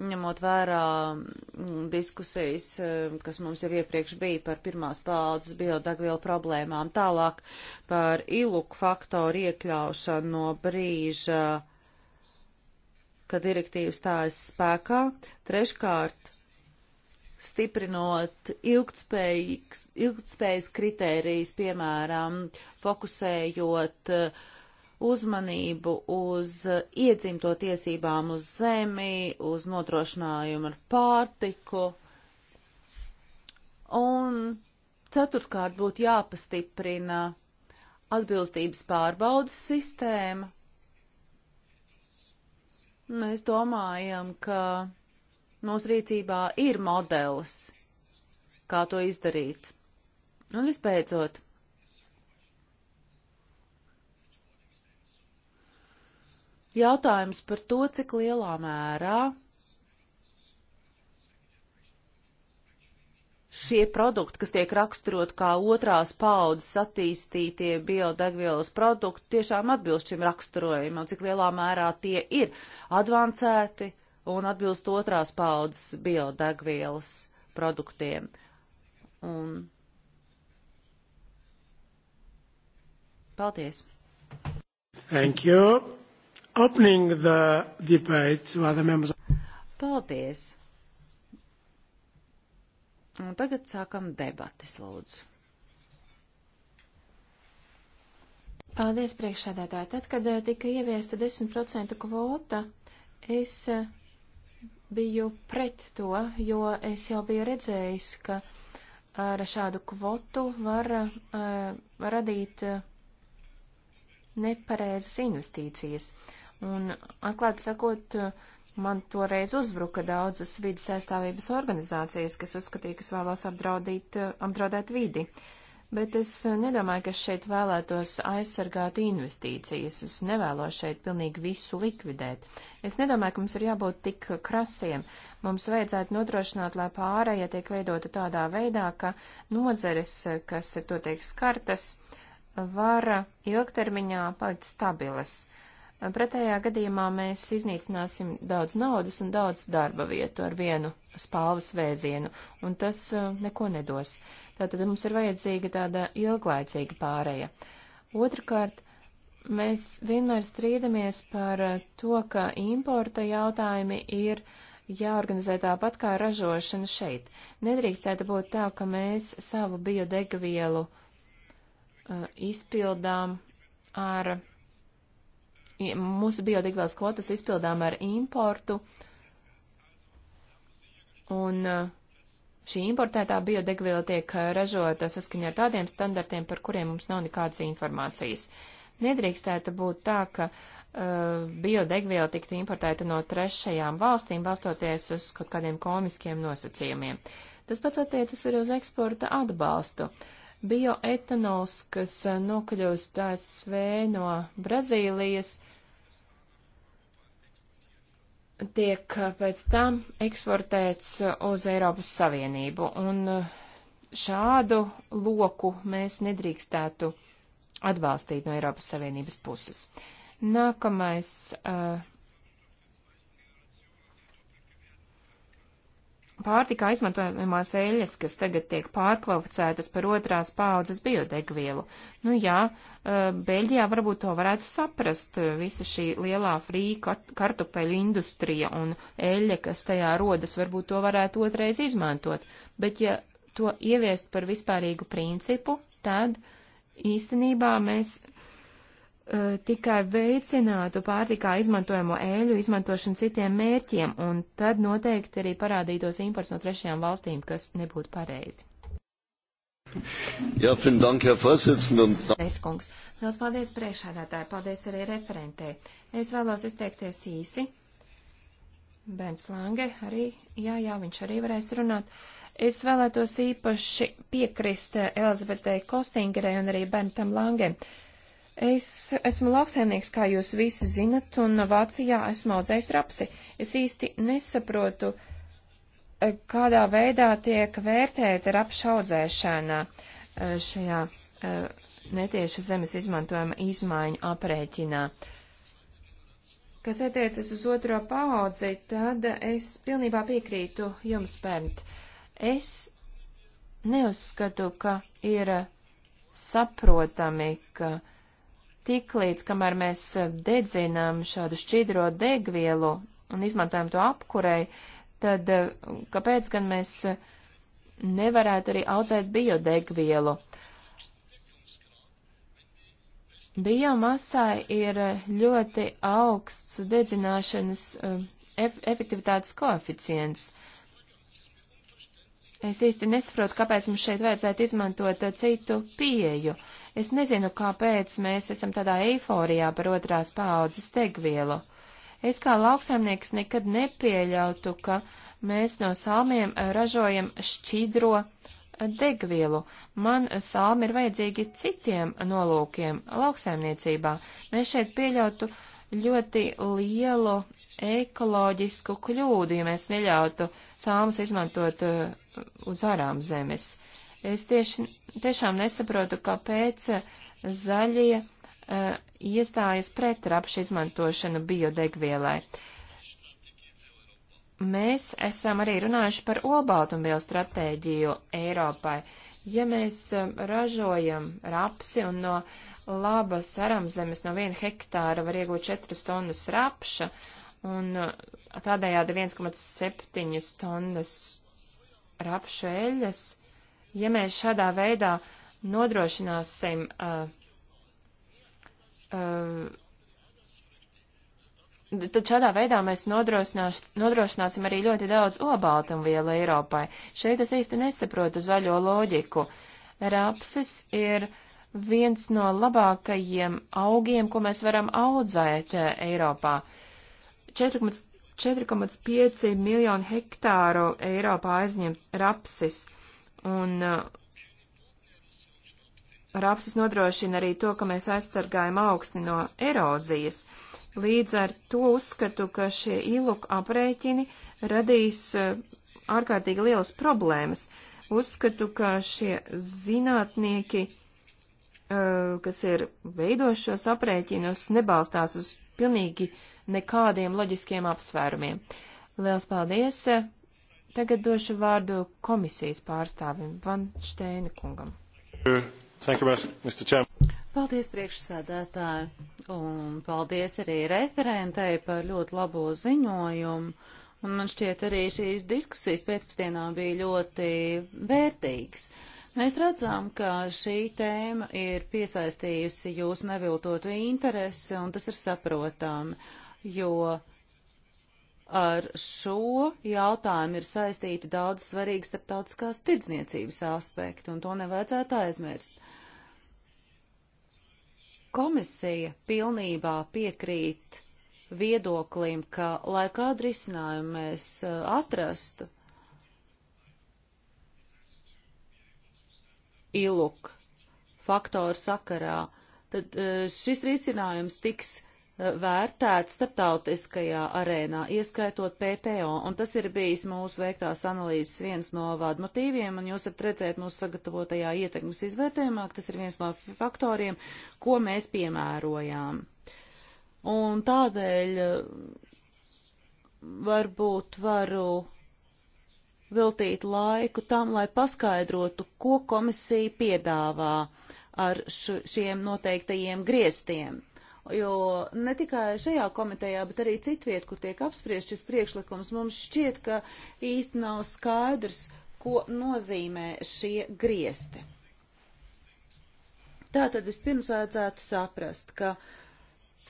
ņemot vērā mm, diskusijas, e, kas mums jau iepriekš bija par pirmās paudzes biodegvielu problēmām, tālāk par iluku faktoru iekļaušanu no brīža, kad direktīva stājas spēkā, treškārt stiprinot ilgtspējas kritērijas, piemēram, fokusējot uh, uzmanību uz eh, iedzimto tiesībām uz zemi, uz nodrošinājumu ar pārtiku. Un ceturtkārt būtu jāpastiprina atbilstības pārbaudas sistēma. Mēs domājam, ka mūsu rīcībā ir modelis, kā to izdarīt. Un visbeidzot, Jautājums par to, cik lielā mērā šie produkti, kas tiek raksturot kā otrās paudzes attīstītie biodegvielas produkti, tiešām atbilst šim raksturojumam, cik lielā mērā tie ir advancēti un atbilst otrās paudzes biodegvielas produktiem. Un... Paldies! Thank you opening the debate to other members. Paldies. Un tagad sākam debates, lūdzu. Paldies, priekšsēdētāji. Tad, kad eh, tika ieviesta 10% kvota, es eh, biju pret to, jo es jau biju redzējis, ka ar šādu kvotu var uh, radīt nepareizas investīcijas. Uh, Un, atklāt sakot, man toreiz uzbruka daudzas vidas aizstāvības organizācijas, kas uzskatīja, kas vēlos apdraudīt, apdraudēt vidi. Bet es nedomāju, ka šeit vēlētos aizsargāt investīcijas. Es nevēlos šeit pilnīgi visu likvidēt. Es nedomāju, ka mums ir jābūt tik krasiem. Mums vajadzētu nodrošināt, lai pārējie tiek veidota tādā veidā, ka nozeres, kas to tiek skartas, var ilgtermiņā palikt stabilas. Uh, Pretējā gadījumā mēs iznīcināsim daudz naudas un daudz darba vietu ar vienu spalvas vēzienu, un tas uh, neko nedos. Tātad mums ir vajadzīga tāda ilglaicīga pāreja. Otrakārt, mēs vienmēr strīdamies par uh, to, ka importa jautājumi ir jāorganizē tāpat kā ražošana šeit. Nedrīkstētu būt tā, ka mēs savu biodegvielu uh, izpildām ar mūsu biodegvielas kvotas izpildām ar importu, un uh, šī importētā biodegviela tiek uh, ražota saskaņā ar tādiem standartiem, par kuriem mums nav nekādas informācijas. Nedrīkstētu būt tā, ka uh, biodegviela tiktu importēta no trešajām valstīm, balstoties uz kaut kādiem komiskiem nosacījumiem. Tas pats attiecas arī uz eksporta atbalstu. Uh, bioetanols, kas uh, nokļūst ASV no Brazīlijas, tiek eh, pēc tam eksportēts eh, uz Eiropas Savienību, un eh, šādu loku mēs nedrīkstētu atbalstīt no Eiropas Savienības puses. Nākamais uh, pārtikā izmantojamās eļļas, kas tagad tiek pārkvalificētas par otrās paudzes biodegvielu. Nu jā, Beļģijā varbūt to varētu saprast, visa šī lielā frī kartupeļu industrija un eļļa, kas tajā rodas, varbūt to varētu otrais izmantot. Bet ja to ieviest par vispārīgu principu, tad īstenībā mēs E, tikai veicinātu pārtikā izmantojamo eļu izmantošanu citiem mērķiem, un tad noteikti arī parādītos imports no trešajām valstīm, kas nebūtu pareizi. Jā, fin dank, Herr Vorsitzender. Eskungs, liels paldies priekšādātāji, paldies arī referentē. Es vēlos izteikties īsi. Bens Lange arī, jā, jā, viņš arī varēs runāt. Es vēlētos īpaši piekrist Elizabetei Kostingerei un arī Bentam Langem. Uh, Es esmu lauksaimnieks, kā jūs visi zinat, un Vācijā esmu audzējis rapsi. Es īsti nesaprotu, e, kādā veidā tiek vērtēta rapša audzēšana e, šajā e, netieša zemes izmantojuma izmaiņu aprēķinā. Kas attiecas uz otro paudzi, tad es pilnībā piekrītu jums, Bernt. Es neuzskatu, ka ir saprotami, ka uh, tiklīdz, kamēr mēs eh, dedzinām šādu šķidro degvielu un izmantojam to apkurei, tad eh, kāpēc gan mēs eh, nevarētu arī audzēt biodegvielu? Biomasai ir ļoti augsts dedzināšanas ef efektivitātes koeficients. Uh, Es īsti nesaprotu, kāpēc mums šeit vajadzētu izmantot eh, citu pieju. Es nezinu, kāpēc mēs esam tādā eiforijā par otrās paaudzes tegvielu. Es kā lauksaimnieks nekad nepieļautu, ka mēs no salmiem eh, ražojam šķidro eh, degvielu. Man salmi ir vajadzīgi citiem nolūkiem lauksaimniecībā. Mēs šeit pieļautu ļoti lielu ekoloģisku kļūdu, ja mēs neļautu salmas izmantot uh, uz ārām zemes. Es tieši, tiešām nesaprotu, kāpēc zaļie uh, iestājas pret rapšu izmantošanu biodegvielai. Mēs esam arī runājuši par olbaltumvielu stratēģiju Eiropai. Ja mēs e, ražojam rapsi un no labas aramzemes no viena hektāra var iegūt 4 tonnas rapša, un e, tādējādi 1,7 tonnas rapšu eļļas, ja mēs šādā veidā nodrošināsim uh, uh, Tad šādā veidā mēs nodrošināsim arī ļoti daudz obaltumvielu Eiropai. Šeit es īsti nesaprotu zaļo loģiku. Rapses ir viens no labākajiem augiem, ko mēs varam audzēt uh, Eiropā. 14, 4,5 miljonu hektāru Eiropā aizņem rapsis, un uh, rapsis nodrošina arī to, ka mēs aizsargājam augsni no erozijas. Līdz ar to uzskatu, ka šie iluk aprēķini radīs uh, ārkārtīgi lielas problēmas. Uzskatu, ka šie zinātnieki, uh, kas ir veidojušos aprēķinus, nebalstās uz pilnīgi uh, nekādiem loģiskiem apsvērumiem. Liels paldies! Tagad došu vārdu komisijas pārstāvim Van Šteina kungam. Thank you, Mr. Chairman. Paldies priekšsēdētāji un paldies arī referentei par ļoti labo ziņojumu. Un man šķiet arī šīs diskusijas pēcpusdienā bija ļoti vērtīgas. Mēs redzam, ka šī tēma ir piesaistījusi jūsu neviltotu interesi, un tas ir saprotami jo ar šo jautājumu ir saistīti daudz svarīgi starptautiskās tirdzniecības aspekti, un to nevajadzētu aizmirst. Komisija pilnībā piekrīt viedoklim, ka, lai kādu risinājumu mēs e, atrastu, iluk faktoru sakarā, tad e, šis risinājums tiks vērtēts starptautiskajā arēnā, ieskaitot PPO, un tas ir bijis mūsu veiktās analīzes viens no vadmotīviem, un jūs varat redzēt mūsu sagatavotajā ietekmes izvērtējumā, ka tas ir viens no faktoriem, ko mēs piemērojām. Un tādēļ eh, varbūt varu veltīt laiku tam, lai paskaidrotu, ko komisija piedāvā ar šiem noteiktajiem griestiem jo ne tikai šajā komitejā, bet arī citviet, kur tiek apspriest šis priekšlikums, mums šķiet, ka īsti nav skaidrs, ko nozīmē šie griesti. Tātad vispirms vajadzētu saprast, ka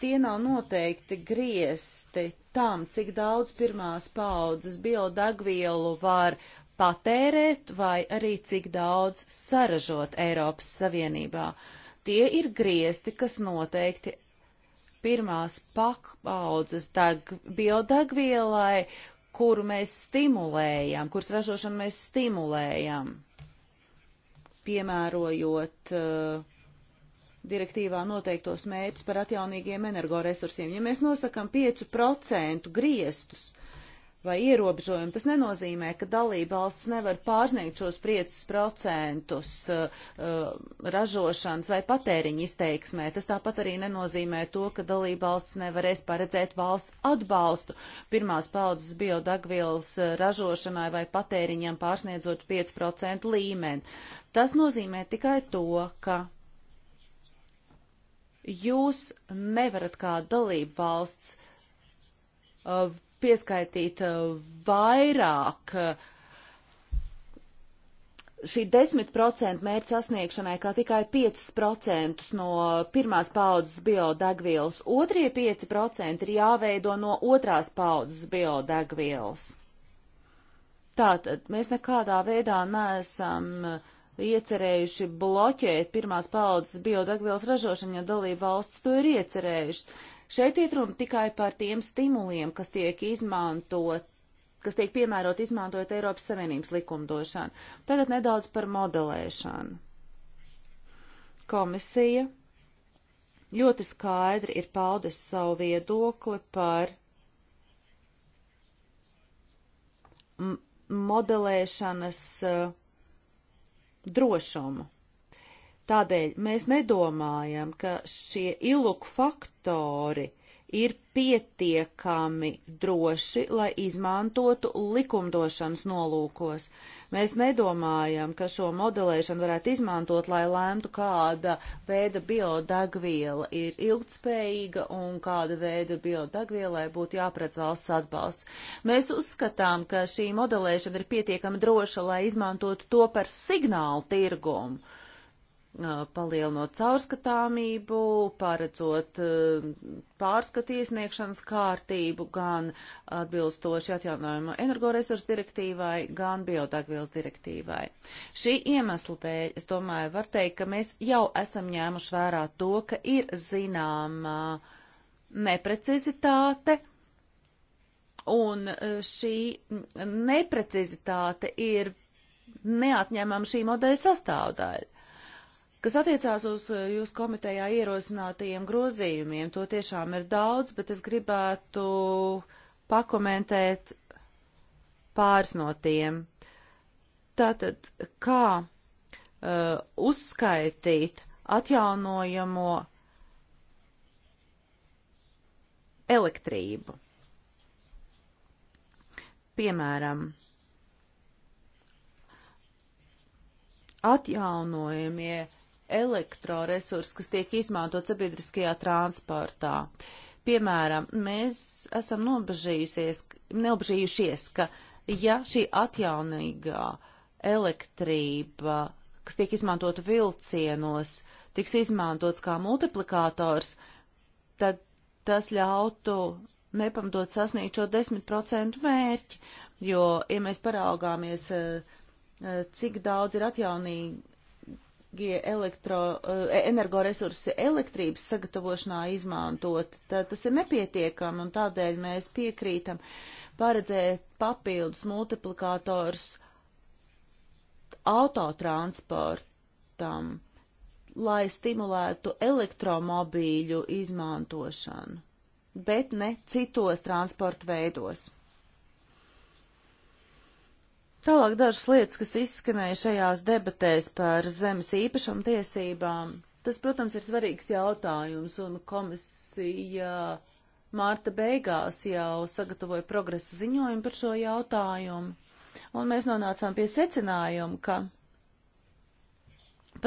tie nav noteikti griesti tam, cik daudz pirmās paudzes biodegvielu var patērēt vai arī cik daudz saražot Eiropas Savienībā. Tie ir griesti, kas noteikti pirmās pakaudzes deg, biodegvielai, kuru mēs stimulējam, kuras ražošanu mēs stimulējam, piemērojot uh, direktīvā noteiktos mērķus par atjaunīgiem energoresursiem. Ja mēs nosakam 5% griestus, vai ierobežojumi. Tas nenozīmē, ka dalība valsts nevar pārsniegt šos 5% uh, uh, ražošanas vai patēriņa izteiksmē. Tas tāpat arī nenozīmē to, ka dalība valsts nevarēs paredzēt valsts atbalstu pirmās paudzes biodagvielas uh, ražošanai vai patēriņam pārsniedzot 5% līmeni. Tas nozīmē tikai to, ka jūs nevarat kā dalība valsts pieskaitīt eh, vairāk eh, šī 10% mērķa sasniegšanai, kā tikai 5% no pirmās paudzes biodegvielas. Otrie 5% ir jāveido no otrās paudzes biodegvielas. Tātad mēs nekādā veidā neesam eh, iecerējuši bloķēt pirmās paudzes biodegvielas ražošanu, ja dalība valsts to ir iecerējuši. Šeit iet runa tikai par tiem stimuliem, kas tiek izmantot kas tiek piemērot izmantojot Eiropas Savienības likumdošanu. Tagad nedaudz par modelēšanu. Komisija ļoti skaidri ir paudis savu viedokli par modelēšanas eh, drošumu. Tādēļ mēs nedomājam, ka šie iluku faktori ir pietiekami droši, lai izmantotu likumdošanas nolūkos. Mēs nedomājam, ka šo modelēšanu varētu izmantot, lai lēmtu, kāda veida biodegviela ir ilgtspējīga un kāda veida biodegvielai būtu jāprec valsts atbalsts. Mēs uzskatām, ka šī modelēšana ir pietiekami droša, lai izmantotu to par signālu tirgumu palielinot caurskatāmību, paredzot pārskatu iesniegšanas kārtību gan atbilstoši atjaunojumu energoresursu direktīvai, gan biodegvielas direktīvai. Šī iemesla dēļ, es domāju, var teikt, ka mēs jau esam ņēmuši vērā to, ka ir zināma neprecizitāte Un šī neprecizitāte ir neatņemama šī modeļa sastāvdaļa. Kas attiecās uz eh, jūsu komitejā ierosinātajiem grozījumiem, to tiešām ir daudz, bet es gribētu pakomentēt pāris no tiem. Tātad, kā uh, uzskaitīt atjaunojamo elektrību? Piemēram, atjaunojamie elektroresursus, kas tiek izmantot sabiedriskajā transportā. Piemēram, mēs esam nobežījušies, ka ja šī atjaunīgā elektrība, kas tiek izmantota vilcienos, tiks izmantots kā multiplikators, tad tas ļautu nepamatot sasniegt šo 10% mērķi, jo, ja mēs paraugāmies, eh, eh, cik daudz ir atjaunīgi, elektro, eh, energoresursi elektrības sagatavošanā izmantot, tad tas ir nepietiekami un tādēļ mēs piekrītam paredzēt papildus multiplikators autotransportam, lai stimulētu elektromobīļu izmantošanu, bet ne citos transporta veidos. Tālāk dažas lietas, kas izskanēja šajās debatēs par zemes īpašumu tiesībām. Tas, protams, ir svarīgs jautājums, un komisija mārta beigās jau sagatavoja progresa ziņojumu par šo jautājumu, un mēs nonācām pie secinājuma, ka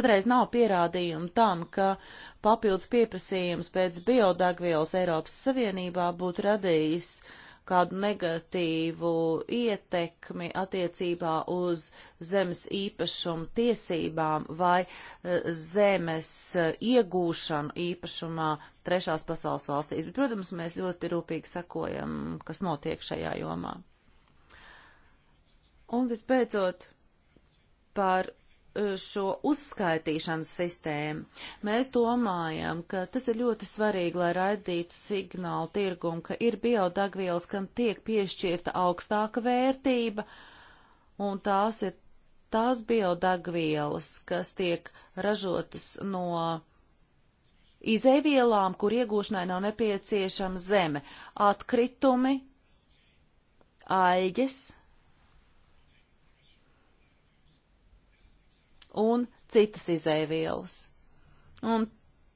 patreiz nav pierādījumu tam, ka papildus pieprasījums pēc biodegvielas Eiropas Savienībā būtu radījis uh, kādu negatīvu ietekmi attiecībā uz zemes īpašumu tiesībām vai eh, zemes eh, iegūšanu īpašumā trešās pasaules valstīs. Bet, protams, mēs ļoti rūpīgi sekojam, kas notiek šajā jomā. Un visbeidzot par Eh, šo uzskaitīšanas sistēmu. Mēs domājam, ka tas ir ļoti svarīgi, lai raidītu signālu tirgumu, ka ir biodegvielas, kam tiek piešķirta augstāka vērtība, un tās ir tās biodegvielas, kas tiek ražotas no izēvielām, kur iegūšanai nav nepieciešama zeme, atkritumi, aļģes, un citas izēvielas. Un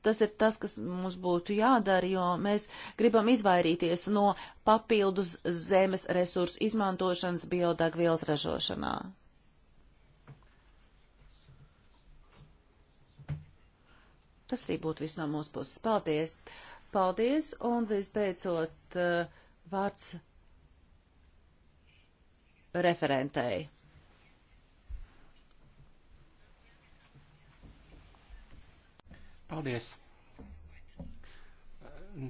tas ir tas, kas mums būtu jādara, jo mēs gribam izvairīties no papildus zemes resursu izmantošanas biodegvielas ražošanā. Tas arī būtu viss no mūsu puses. Paldies! Paldies! Un visbeidzot, uh, vārds referentei. Paldies!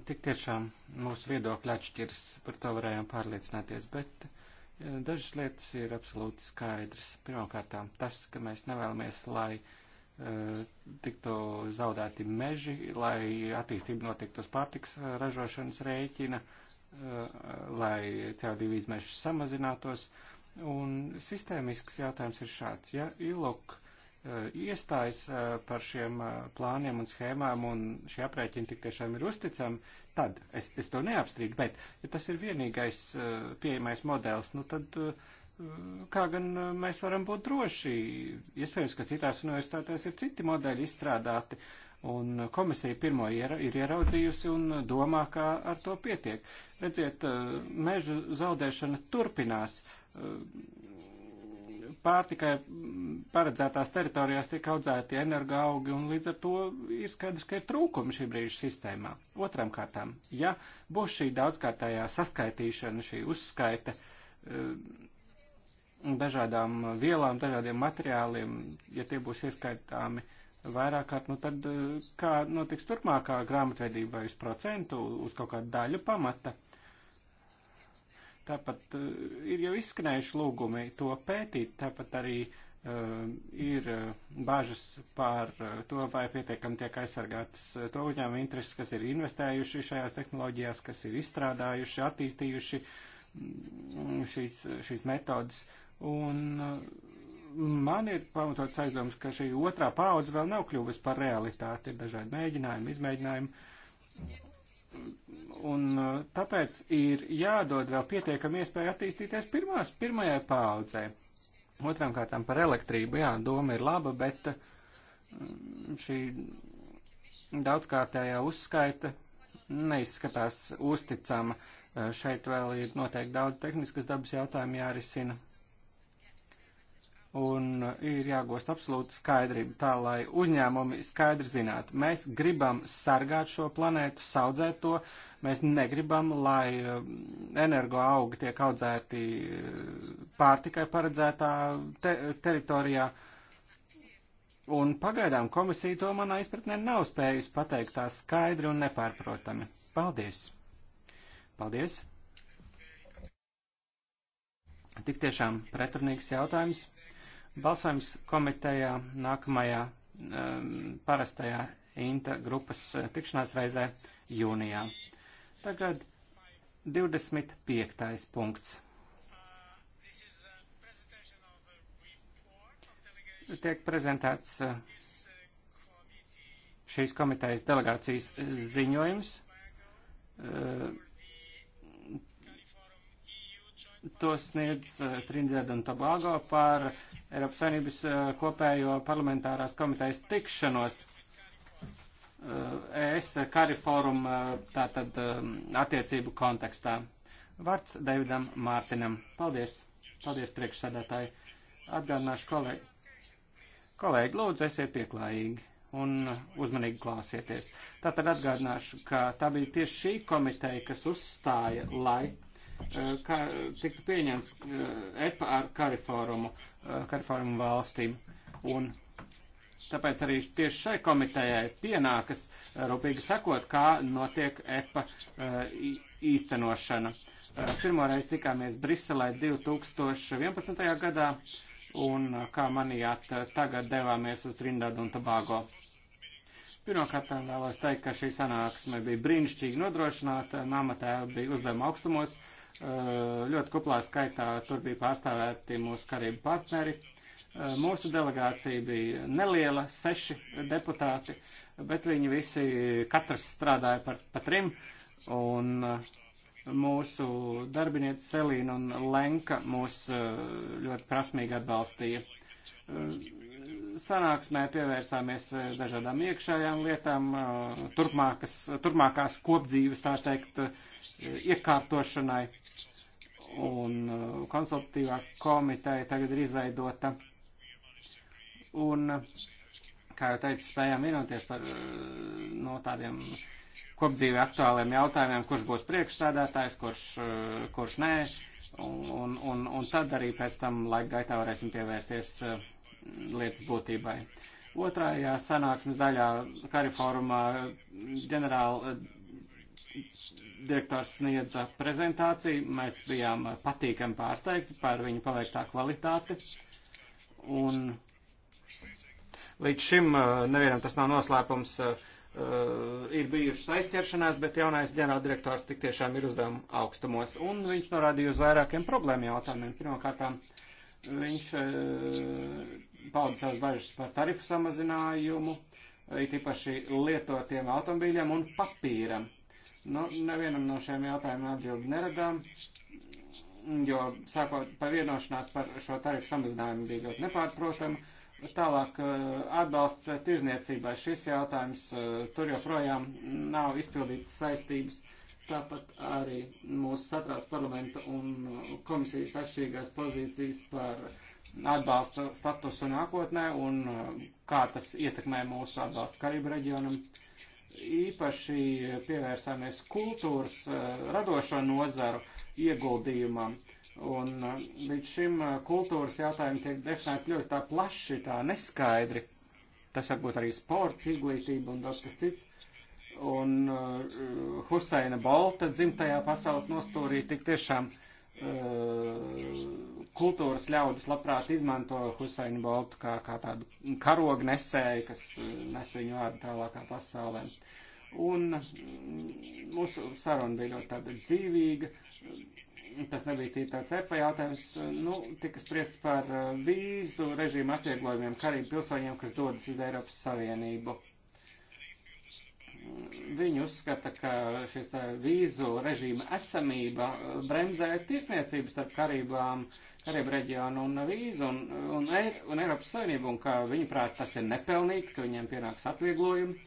Tik tiešām mūsu viedokļi atšķiras, par to varējām pārliecināties, bet eh, dažas lietas ir absolūti skaidras. Pirmkārt, tas, ka mēs nevēlamies, lai uh, tiktu zaudēti meži, lai attīstība notiktu uz pārtiks eh, ražošanas rēķina, uh, lai CO2 izmešas samazinātos. Un sistēmisks jautājums ir šāds. Ja ILOK Eh, iestājas eh, par šiem eh, plāniem un schēmām un šie aprēķini tik tiešām ir uzticami, tad es, es to neapstrīdu, bet ja tas ir vienīgais pieejamais modelis, nu tad kā gan mēs varam būt droši? Iespējams, ka citās universitātēs ir citi modeļi izstrādāti. Un komisija pirmo iera, ir ieraudzījusi un domā, kā ar to pietiek. Redziet, mežu zaudēšana turpinās pārtikai paredzētās teritorijās tiek audzēti energoaugi, un līdz ar to ir skaidrs, ka ir trūkumi šī brīža sistēmā. Otram kārtām, ja būs šī daudzkārtējā saskaitīšana, šī uzskaita eh, dažādām vielām, dažādiem materiāliem, ja tie būs ieskaitāmi vairāk kārt, nu tad eh, kā notiks turpmākā grāmatvedība vai uz procentu, uz kaut kādu daļu pamata – Tāpat eh, ir jau izskanējuši lūgumi to pētīt, tāpat arī eh, ir eh, bažas pār to, vai pietiekami tiek aizsargātas to uzņēmumu intereses, kas ir investējuši šajās tehnoloģijās, kas ir izstrādājuši, attīstījuši mm, šīs, šīs metodas. Un man ir pamatots aizdoms, ka šī otrā paudze vēl nav kļuvusi par realitāti. Ir dažādi mēģinājumi, izmēģinājumi. Un uh, tāpēc ir jādod vēl pietiekami iespēja attīstīties pirmās, pirmajai paaudzē. Otram kārtām par elektrību, jā, doma ir laba, bet um, šī daudzkārtējā uzskaita neizskatās uzticama. Uh, šeit vēl ir noteikti daudz tehniskas dabas jautājumu jārisina un ir jāgūst absolūta skaidrība tā, lai uzņēmumi skaidri zinātu. Mēs gribam sargāt šo planētu, saudzēt to, mēs negribam, lai um, energoaugi tiek audzēti uh, pārtikai paredzētā te teritorijā. Un pagaidām komisija to manā izpratnē nav spējusi pateikt tā skaidri un nepārprotami. Paldies! Paldies! Tik tiešām pretrunīgs jautājums. Balsojums komitejā nākamajā um, parastajā Inta grupas uh, tikšanās reizē jūnijā. Tagad 25. punkts. Tiek prezentēts uh, šīs komitejas delegācijas ziņojums. Uh, To sniedz eh, Trinidad un Tobago par Eiropas Savienības eh, kopējo parlamentārās komitejas tikšanos. Eh, ES Kariforum tātad attiecību kontekstā. Vārds Davidam Mārtinam. Paldies. Paldies priekšsēdētāji. Atgādināšu kolēģi. Kolēģi, lūdzu, esiet pieklājīgi un uzmanīgi klausieties. Tātad atgādināšu, ka tā bija tieši šī komiteja, kas uzstāja, lai Eh, kā tiktu pieņemts eh, EPA ar kariforumu, eh, kariforumu valstīm. Un tāpēc arī tieši šai komitejai pienākas rūpīgi sekot, kā notiek EPA īstenošana. Pirmoreiz tikāmies Briselē 2011. gadā un, kā manījāt, tagad devāmies uz Trindadu un Tobago. Pirmkārt, vēlos teikt, ka šī sanāksme bija brīnišķīgi nodrošināta, māmatēva bija uzdevuma augstumos, uh, Eh, ļoti kuplā skaitā tur bija pārstāvēti mūsu karību partneri. Eh, mūsu delegācija bija neliela, seši deputāti, bet viņi visi, katrs strādāja par, par trim, un eh, mūsu darbinieci Selīna un Lenka mūs ļoti prasmīgi atbalstīja. Sanāksmē pievērsāmies dažādām iekšējām lietām, turpmākas, turpmākās kopdzīves, tā teikt, iekārtošanai un uh, konsultatīvā komiteja tagad ir izveidota. Un, kā jau teicu, spējām vienoties par uh, no tādiem kopdzīvi aktuāliem jautājumiem, kurš būs priekšsēdētājs, kurš, uh, kurš nē. Un, un, un, un tad arī pēc tam laika gaitā varēsim pievērsties lietas būtībai. Otrajā sanāksmes daļā Kariforumā ģenerāla direktors sniedza uh, prezentāciju. Mēs bijām uh, patīkami pārsteigti par viņu paveiktā kvalitāti. Un līdz šim uh, nevienam tas nav noslēpums. Ir bijušas aizķeršanās, bet jaunais ģenerāldirektors tik tiešām ir uzdevuma augstumos. Un viņš norādīja uz vairākiem problēmu jautājumiem. Pirmkārtām, viņš pauda savas bažas par tarifu samazinājumu, it īpaši lietotiem automobīļiem un papīram Nu, nevienam no šiem jautājumiem atbildi neradām, jo sākot par vienošanās par šo tarifu samazinājumu bija ļoti nepārprotama. Tālāk eh, atbalsts eh, tirzniecībai šis jautājums, eh, tur joprojām nav izpildītas saistības. Tāpat arī mūsu satrauc parlamenta un komisijas atšķirīgās pozīcijas par atbalsta statusu nākotnē un kā tas ietekmē mūsu atbalstu Karību reģionam īpaši pievērsāmies kultūras eh, radošo nozaru ieguldījumam. Un eh, līdz šim eh, kultūras jautājumi tiek definēti ļoti tā plaši, tā neskaidri. Tas var būt arī sports, izglītība un daudz kas cits. Un uh, Huseina Balta dzimtajā pasaules nostūrī tik tiešām Eh, kultūras ļaudis labprāt izmanto Husainu Boltu kā, kā tādu karogu nesēju, kas eh, nes viņu vārdu tālākā pasaulē. Un mm, mūsu saruna bija ļoti tāda dzīvīga. Tas nebija tīri tāds epa jautājums. Nu, tika spriests par eh, vīzu režīmu atvieglojumiem karību pilsoņiem, kas dodas uz Eiropas Savienību. Viņi uzskata, ka šis vīzu režīma esamība bremzē tirsniecības starp Karībām, Karību reģionu un vīzu un, un, Eir un Eiropas Savienību, un ka viņi prāt tas ir nepelnīgi, ka viņiem pienāks atvieglojumi.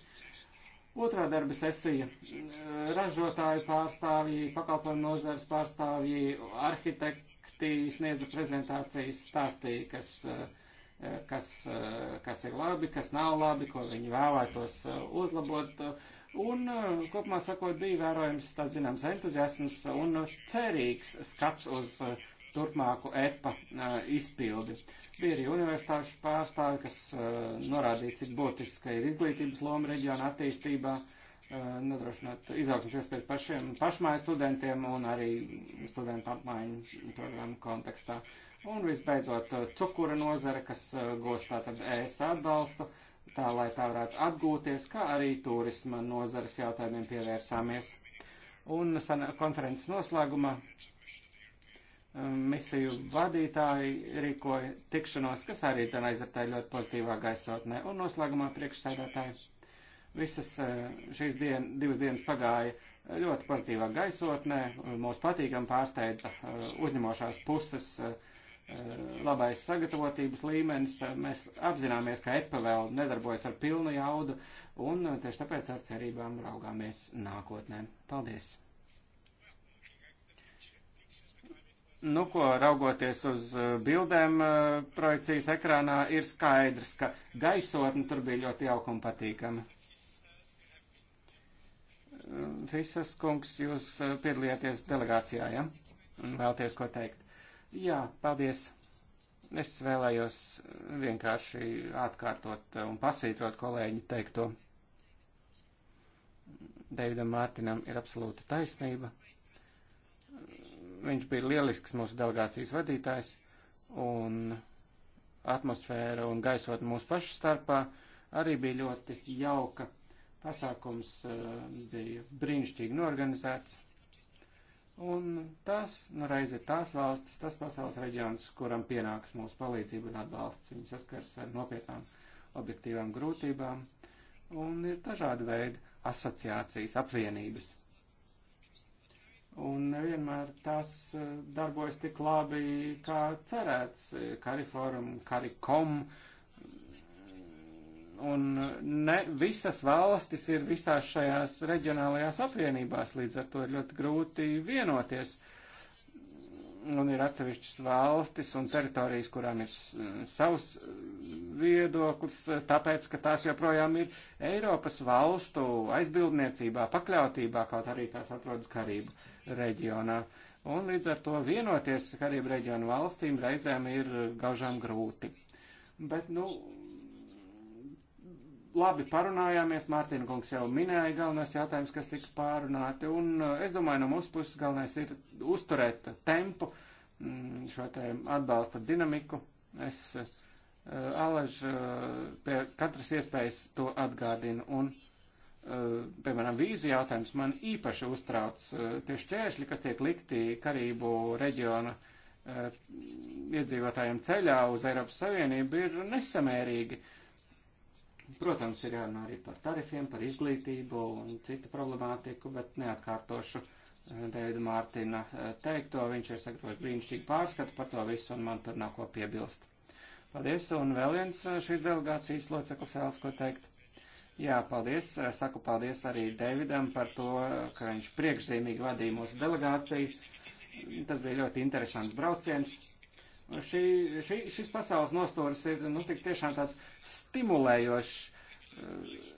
Otrā darba sesija - ražotāju pārstāvji, pakalpojumu nozares pārstāvji, arhitekti sniedza prezentācijas, stāstīja, kas uh, kas, kas ir labi, kas nav labi, ko viņi vēlētos eh, uzlabot. Un, eh, kopumā sakot, bija vērojams tāds zināms entuziasms un cerīgs skats uz eh, turpmāku EPA izpildi. Bija arī universitāšu pārstāvi, kas norādīja, cik būtiska ir izglītības loma reģiona attīstībā. Uh, Uh, nodrošināt izaugsmes iespējas pašiem pašmāju studentiem un arī studentu apmaiņu programmu kontekstā. Un visbeidzot, uh, cukura nozare, kas uh, gūst tātad ES atbalstu, tā lai tā varētu atgūties, kā arī turisma nozares jautājumiem pievērsāmies. Un konferences noslēgumā um, misiju vadītāji rīkoja tikšanos, kas arī dzēna aizvērtēja ļoti pozitīvā gaisotnē. Un noslēgumā priekšsēdētāji Visas eh, šīs dien, divas dienas pagāja ļoti pozitīvā gaisotnē, mūs patīkam pārsteidza eh, uzņemošās puses eh, labais sagatavotības līmenis. Mēs apzināmies, ka EPA vēl nedarbojas ar pilnu jaudu un tieši tāpēc ar cerībām raugāmies nākotnē. Paldies! Nu, ko raugoties uz bildēm projekcijas ekrānā, ir skaidrs, ka gaisotne tur bija ļoti jauka un patīkama. Fisas kungs, jūs eh, piedalījāties delegācijā, ja? Un vēlties ko teikt. Jā, paldies. Es vēlējos eh, vienkārši atkārtot eh, un pasītrot kolēģi teikto. Davidam Mārtinam ir absolūta taisnība. Viņš bija lielisks mūsu delegācijas vadītājs un atmosfēra un gaisot mūsu pašu starpā arī bija ļoti jauka Pasākums eh, bija brīnišķīgi norganizēts. Un tas, nu reiz ir tās valstis, tas pasaules reģions, kuram pienāks mūsu palīdzība un atbalsts. Viņi saskars ar nopietnām objektīvām grūtībām. Un ir dažādi veidi asociācijas, apvienības. Un nevienmēr tās eh, darbojas tik labi, kā cerēts. Kariforum, eh, Karikom. Uh, un ne visas valstis ir visās šajās reģionālajās apvienībās, līdz ar to ir ļoti grūti vienoties. Un ir atsevišķas valstis un teritorijas, kurām ir savs viedoklis, tāpēc, ka tās joprojām ir Eiropas valstu aizbildniecībā, pakļautībā, kaut arī tās atrodas Karību reģionā. Un līdz ar to vienoties Karību reģionu valstīm reizēm ir gaužām grūti. Bet, nu, labi parunājāmies, Mārtiņa kungs jau minēja galvenos jautājumus, kas tika pārunāti, un eh, es domāju, no mūsu puses galvenais ir uzturēt tempu, mm, šo te atbalsta dinamiku. Es eh, Alež eh, pie katras iespējas to atgādinu, un, piemēram, vīzu jautājums man īpaši uztrauc tie šķēršļi, kas tiek likti Karību reģiona iedzīvotājiem ceļā uz Eiropas Savienību ir nesamērīgi. Uh, Protams, ir jārunā arī par tarifiem, par izglītību un citu problemātiku, bet neatkārtošu eh, Davida Mārtina eh, teikto. Viņš ir sagatavojis brīnišķīgu pārskatu par to visu un man tur nav ko piebilst. Paldies, un vēl viens eh, šīs delegācijas loceklis vēlas ko teikt. Jā, paldies. Saku paldies arī Davidam par to, ka viņš priekšzīmīgi vadīja mūsu delegāciju. Tas bija ļoti interesants brauciens šī, šī, šis pasaules nostūris ir nu, tiešām tāds stimulējošs, eh,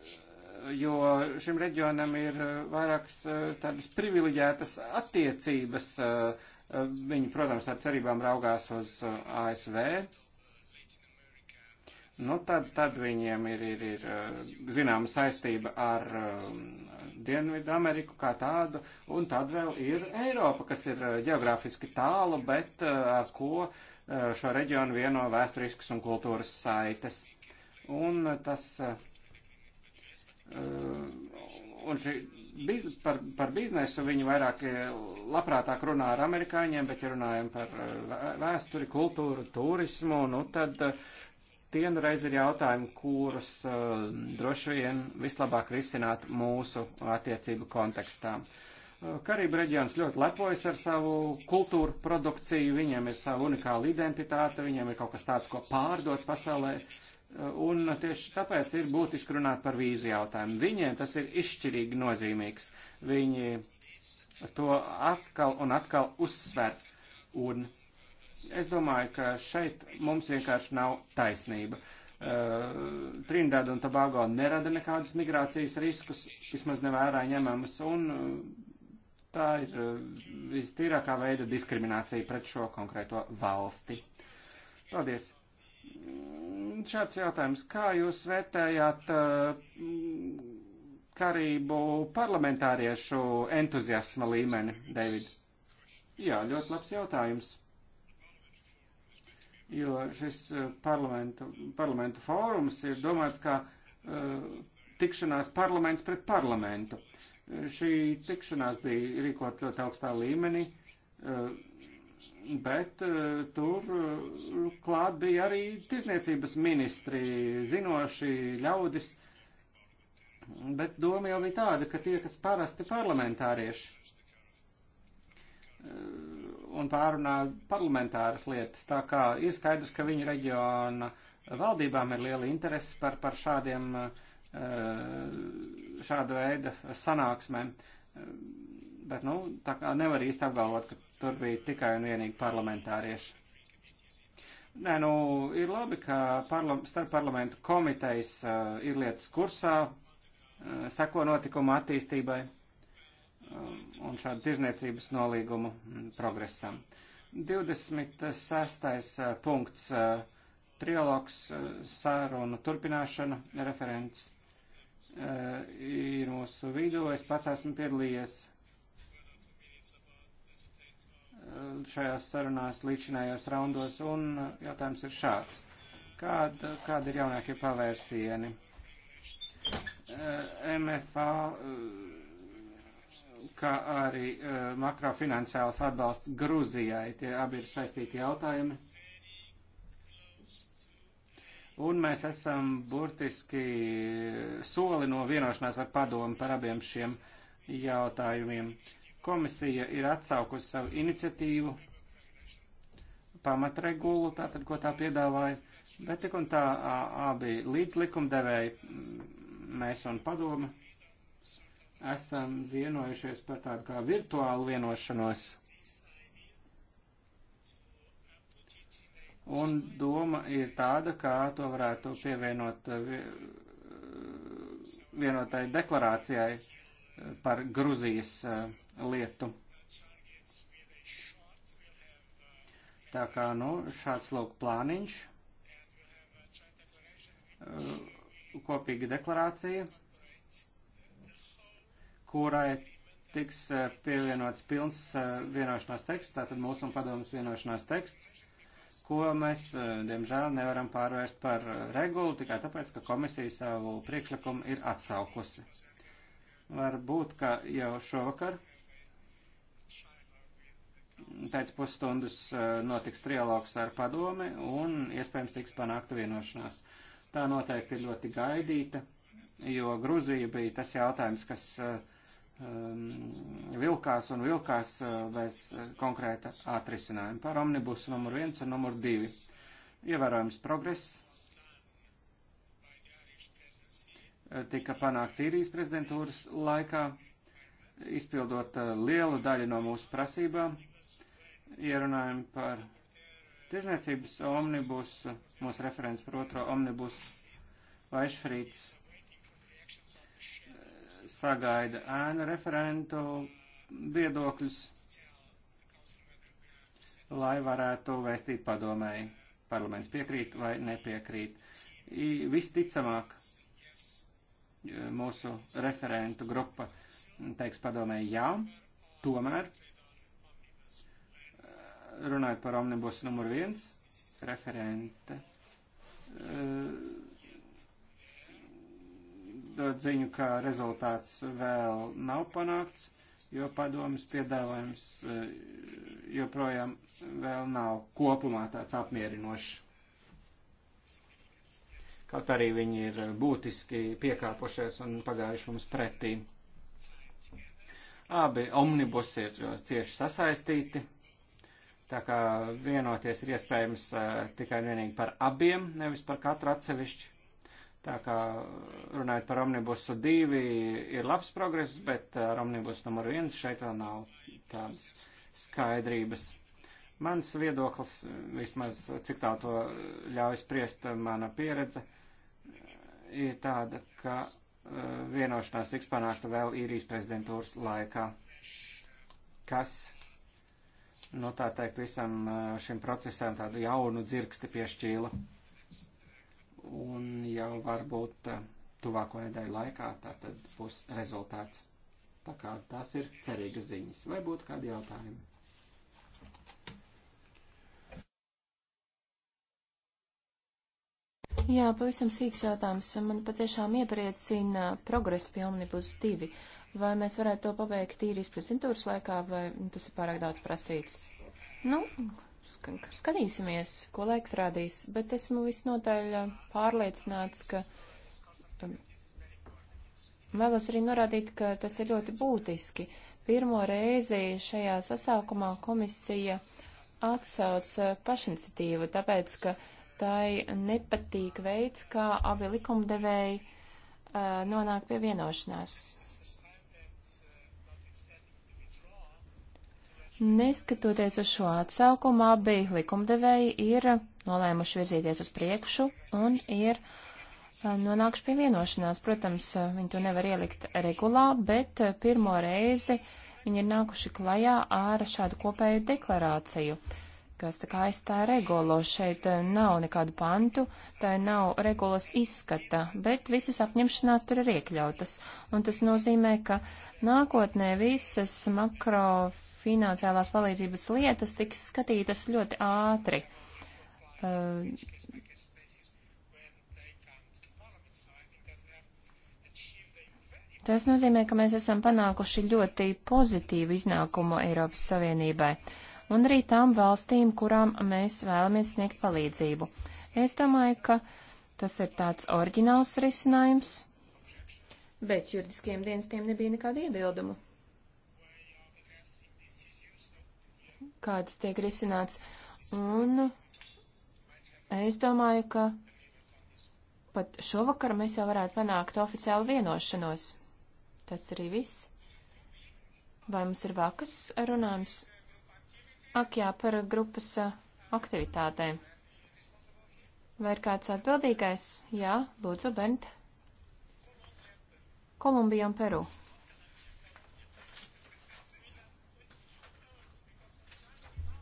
jo šim reģionam ir eh, vairākas eh, tādas privileģētas attiecības. Viņi, protams, ar cerībām raugās uz ASV. Nu, tad, tad viņiem ir, ir, ir zināma saistība ar um, Dienvidu Ameriku kā tādu, un tad vēl ir Eiropa, kas ir geogrāfiski tālu, bet ar uh, ko uh, šo reģionu vieno vēsturiskas un kultūras saites. Un tas. Un šī, biz, par, par biznesu viņi vairāk labprātāk runā ar amerikāņiem, bet ja runājam par vēsturi, kultūru, turismu, nu tad tie nu reiz ir jautājumi, kurus uh, droši vien vislabāk risināt mūsu attiecību kontekstā. Uh, Karību reģions ļoti lepojas ar savu kultūru produkciju, viņiem ir sava unikāla identitāte, viņiem ir kaut kas tāds, ko pārdot pasaulē. Un tieši tāpēc ir būtiski runāt par vīzu jautājumu. Viņiem tas ir izšķirīgi nozīmīgs. Viņi to atkal un atkal uzsver. Un es domāju, ka šeit mums vienkārši nav taisnība. Uh, Trindāda un Tobago nerada nekādus migrācijas riskus, vismaz nevērā ņemamus, un uh, tā ir eh, vistīrākā veida diskriminācija pret šo konkrēto valsti. Paldies! Mm, šāds jautājums. Kā jūs vērtējāt eh, karību parlamentāriešu entuziasma līmeni, David? Jā, ļoti labs jautājums. Jo šis eh, parlamentu, parlamentu fórums ir domāts kā uh, tikšanās parlaments pret parlamentu. Uh, Šī tikšanās bija rīkot ļoti augstā līmenī, bet eh, tur eh, klāt bija arī tirzniecības ministri, zinoši ļaudis, bet doma jau bija tāda, ka tie, kas parasti parlamentārieši, eh, un pārunā parlamentāras lietas. Tā kā ir skaidrs, ka viņa reģiona valdībām ir liela interese par, par šādiem uh, Eh, šāda veida sanāksmēm. Eh, bet, nu, tā kā nevar īsti apgalvot, ka tur bija tikai un vienīgi parlamentārieši. Nē, nu, ir labi, ka parla starp parlamentu komitejas uh, ir lietas kursā, uh, seko notikuma attīstībai um, un šādu tirzniecības nolīgumu mm, progresam. 26. punkts uh, trialogs, uh, sarunu turpināšana, referents Eh, ir mūsu vidū. Es pats esmu piedalījies eh, šajās sarunās līdzinājos raundos, un jautājums ir šāds. Kāda, kāda ir jaunākie pavērsieni? Eh, MFA, kā arī makrofinansiāls atbalsts Gruzijai, tie abi ir saistīti jautājumi un mēs esam burtiski soli no vienošanās ar padomu par abiem šiem jautājumiem. Komisija ir atsaukusi savu iniciatīvu, pamatregulu, tātad, ko tā piedāvāja, bet tik un tā abi līdzlikumdevēji, mēs un padome, esam vienojušies par tādu kā virtuālu vienošanos Un doma ir tāda, kā to varētu pievienot eh, vienotai deklarācijai eh, par Gruzijas eh, lietu. Tā kā, nu, šāds lūk plāniņš, kopīga deklarācija, kurai tiks pievienots pilns vienošanās teksts, tātad mūsu un padomus vienošanās teksts ko mēs, eh, diemžēl, nevaram pārvērst par eh, regulu tikai tāpēc, ka komisija savu priekšlikumu ir atsaukusi. Varbūt, ka jau šovakar pēc pusstundas eh, notiks trialogs ar padomi un iespējams tiks panākta vienošanās. Tā noteikti ir ļoti gaidīta, jo Gruzija bija tas jautājums, kas uh, Um, vilkās un vilkās uh, bez uh, konkrēta atrisinājuma. Par omnibusu numur viens un numur divi. Ievērojams progress uh, tika panākts īrijas prezidentūras laikā, izpildot lielu daļu no mūsu prasībām. Ierunājam par tirzniecības omnibusu, mūsu referents par otro omnibusu Vaišfrīds sagaida ēnu referentu viedokļus, lai varētu vēstīt padomēji, parlaments piekrīt vai nepiekrīt. Visticamāk, mūsu referentu grupa teiks padomēji jā, tomēr, runājot par omnibus numur viens, referente. Uh, dod ziņu, ka rezultāts vēl nav panākts, jo padomas piedāvājums eh, joprojām vēl nav kopumā tāds apmierinošs. Kaut arī viņi ir būtiski piekāpušies un pagājuši mums pretī. Abi omnibus ir cieši sasaistīti, tā kā vienoties ir iespējams eh, tikai un vienīgi par abiem, nevis par katru atsevišķi Tā kā runājot par omnibusu divi, ir labs progress, bet uh, ar omnibusu numur viens šeit vēl nav tādas skaidrības. Mans viedoklis, vismaz cik tā to ļauj spriest uh, mana pieredze, uh, ir tāda, ka vienošanās tiks panākta vēl īrijas prezidentūras laikā, kas, nu tā teikt, visam šim procesam tādu jaunu dzirksti piešķīla un jau varbūt eh, tuvāko nedēļu laikā tātad būs rezultāts. Tā kā tās ir cerīgas ziņas. Vai būtu kādi jautājumi? Jā, pavisam sīks jautājums. Man patiešām iepriecina progress pie Omnibus 2. Vai mēs varētu to pabeigt tīri prezentūras laikā, vai tas ir pārāk daudz prasīts? Nu, skatīsimies, ko laiks rādīs, bet esmu visnotaļ pārliecināts, ka vēlos arī norādīt, ka tas ir ļoti būtiski. Pirmo reizi šajā sasaukumā komisija atsauc pašiniciatīvu, tāpēc, ka tai nepatīk veids, kā abi likumdevēji uh, nonāk pie vienošanās. Neskatoties uz šo atsaukumu, abi likumdevēji ir nolēmuši virzīties uz priekšu un ir nonākuši pie vienošanās. Protams, viņi to nevar ielikt regulā, bet pirmo reizi viņi ir nākuši klajā ar šādu kopēju deklarāciju. Uh, kas tā kā aizstāja regulu. Šeit eh, nav nekādu pantu, tā nav regulas izskata, bet visas apņemšanās tur ir iekļautas. Un tas nozīmē, ka nākotnē visas makrofinanciālās palīdzības lietas tiks skatītas ļoti ātri. Uh, Tas nozīmē, ka mēs esam panākuši ļoti pozitīvu iznākumu Eiropas Savienībai un arī tām valstīm, kurām mēs vēlamies sniegt palīdzību. Es domāju, ka tas ir tāds oriģināls risinājums, bet juridiskiem dienestiem nebija nekādu iebildumu. Kā tas tiek risināts? Un es domāju, ka pat šovakar mēs jau varētu panākt oficiālu vienošanos. Tas arī viss. Vai mums ir vēl kas runājums? Ak jā, par grupas aktivitātēm. Vai ir kāds atbildīgais? Jā, lūdzu, Bent. Kolumbija un Peru.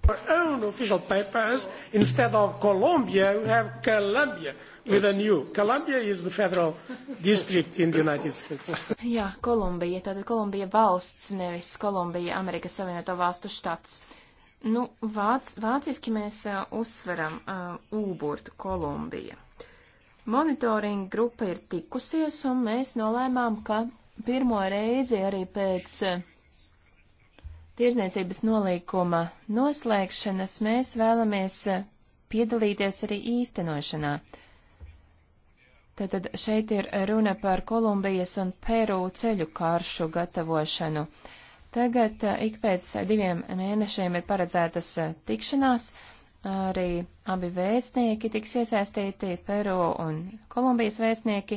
Our own official papers, instead of Colombia, you have Colombia with a new. Colombia is the federal district in the United States. Jā, Kolumbija. Tātad Kolumbija valsts, nevis Kolumbija Amerikas Savienoto valstu štats. Nu, vāc, vāciski mēs uh, uzsveram uh, ūburtu Kolumbija. Monitoringa grupa ir tikusies, un mēs nolēmām, ka pirmo reizi arī pēc tirzniecības nolīkuma noslēgšanas mēs vēlamies piedalīties arī īstenošanā. Tātad šeit ir runa par Kolumbijas un Peru ceļu karšu gatavošanu. Uh, Tagad eh, ik pēc diviem mēnešiem ir paredzētas eh, tikšanās, arī abi vēstnieki tiks iesaistīti, Peru un Kolumbijas vēstnieki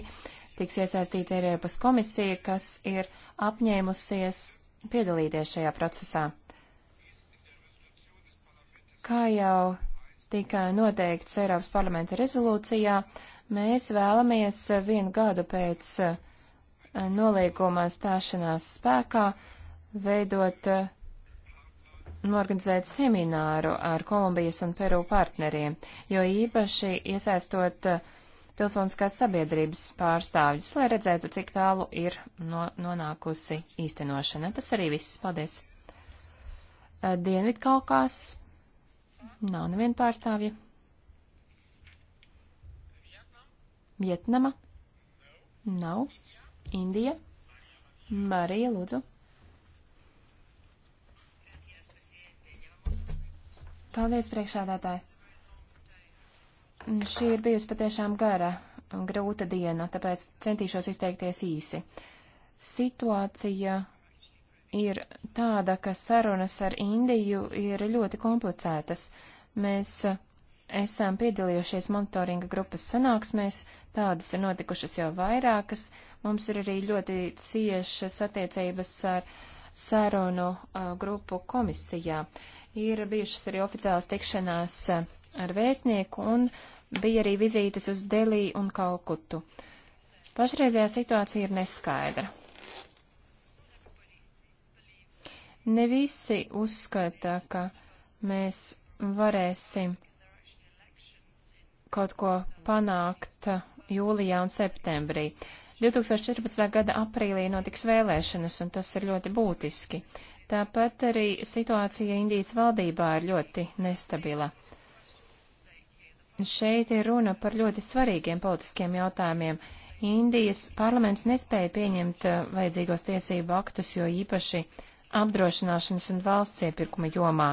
tiks iesaistīti arī Eiropas komisija, kas ir apņēmusies piedalīties šajā procesā. Kā jau tika noteikts Eiropas parlamenta rezolūcijā, mēs vēlamies vienu gadu pēc eh, nolīguma stāšanās spēkā uh, veidot, eh, norganizēt semināru ar Kolumbijas un Peru partneriem, jo īpaši iesaistot eh, pilsoniskās sabiedrības pārstāvjus, lai redzētu, cik tālu ir no, nonākusi īstenošana. Tas arī viss. Paldies! Eh, Dienvidkaukās nav neviena pārstāvja. Vietnama? Nav. Indija? Marija, lūdzu. Paldies, priekšādātāji. Šī ir bijusi patiešām gara un grūta diena, tāpēc centīšos izteikties īsi. Situācija ir tāda, ka sarunas ar Indiju ir ļoti komplicētas. Mēs esam piedalījušies monitoringa grupas sanāksmēs, tādas ir notikušas jau vairākas. Mums ir arī ļoti ciešas attiecības ar sarunu uh, grupu komisijā. Ir bijušas arī oficiālas tikšanās eh, ar vēstnieku un bija arī vizītes uz Delī un Kalkutu. Pašreizējā situācija ir neskaidra. Ne visi uzskata, ka mēs varēsim kaut ko panākt eh, jūlijā un septembrī. 2014. gada aprīlī notiks vēlēšanas, un tas ir ļoti būtiski. Tāpat arī situācija Indijas valdībā ir ļoti nestabila. Šeit ir runa par ļoti svarīgiem politiskiem jautājumiem. Indijas parlaments nespēja pieņemt eh, vajadzīgos tiesību aktus, jo īpaši apdrošināšanas un valsts iepirkuma jomā.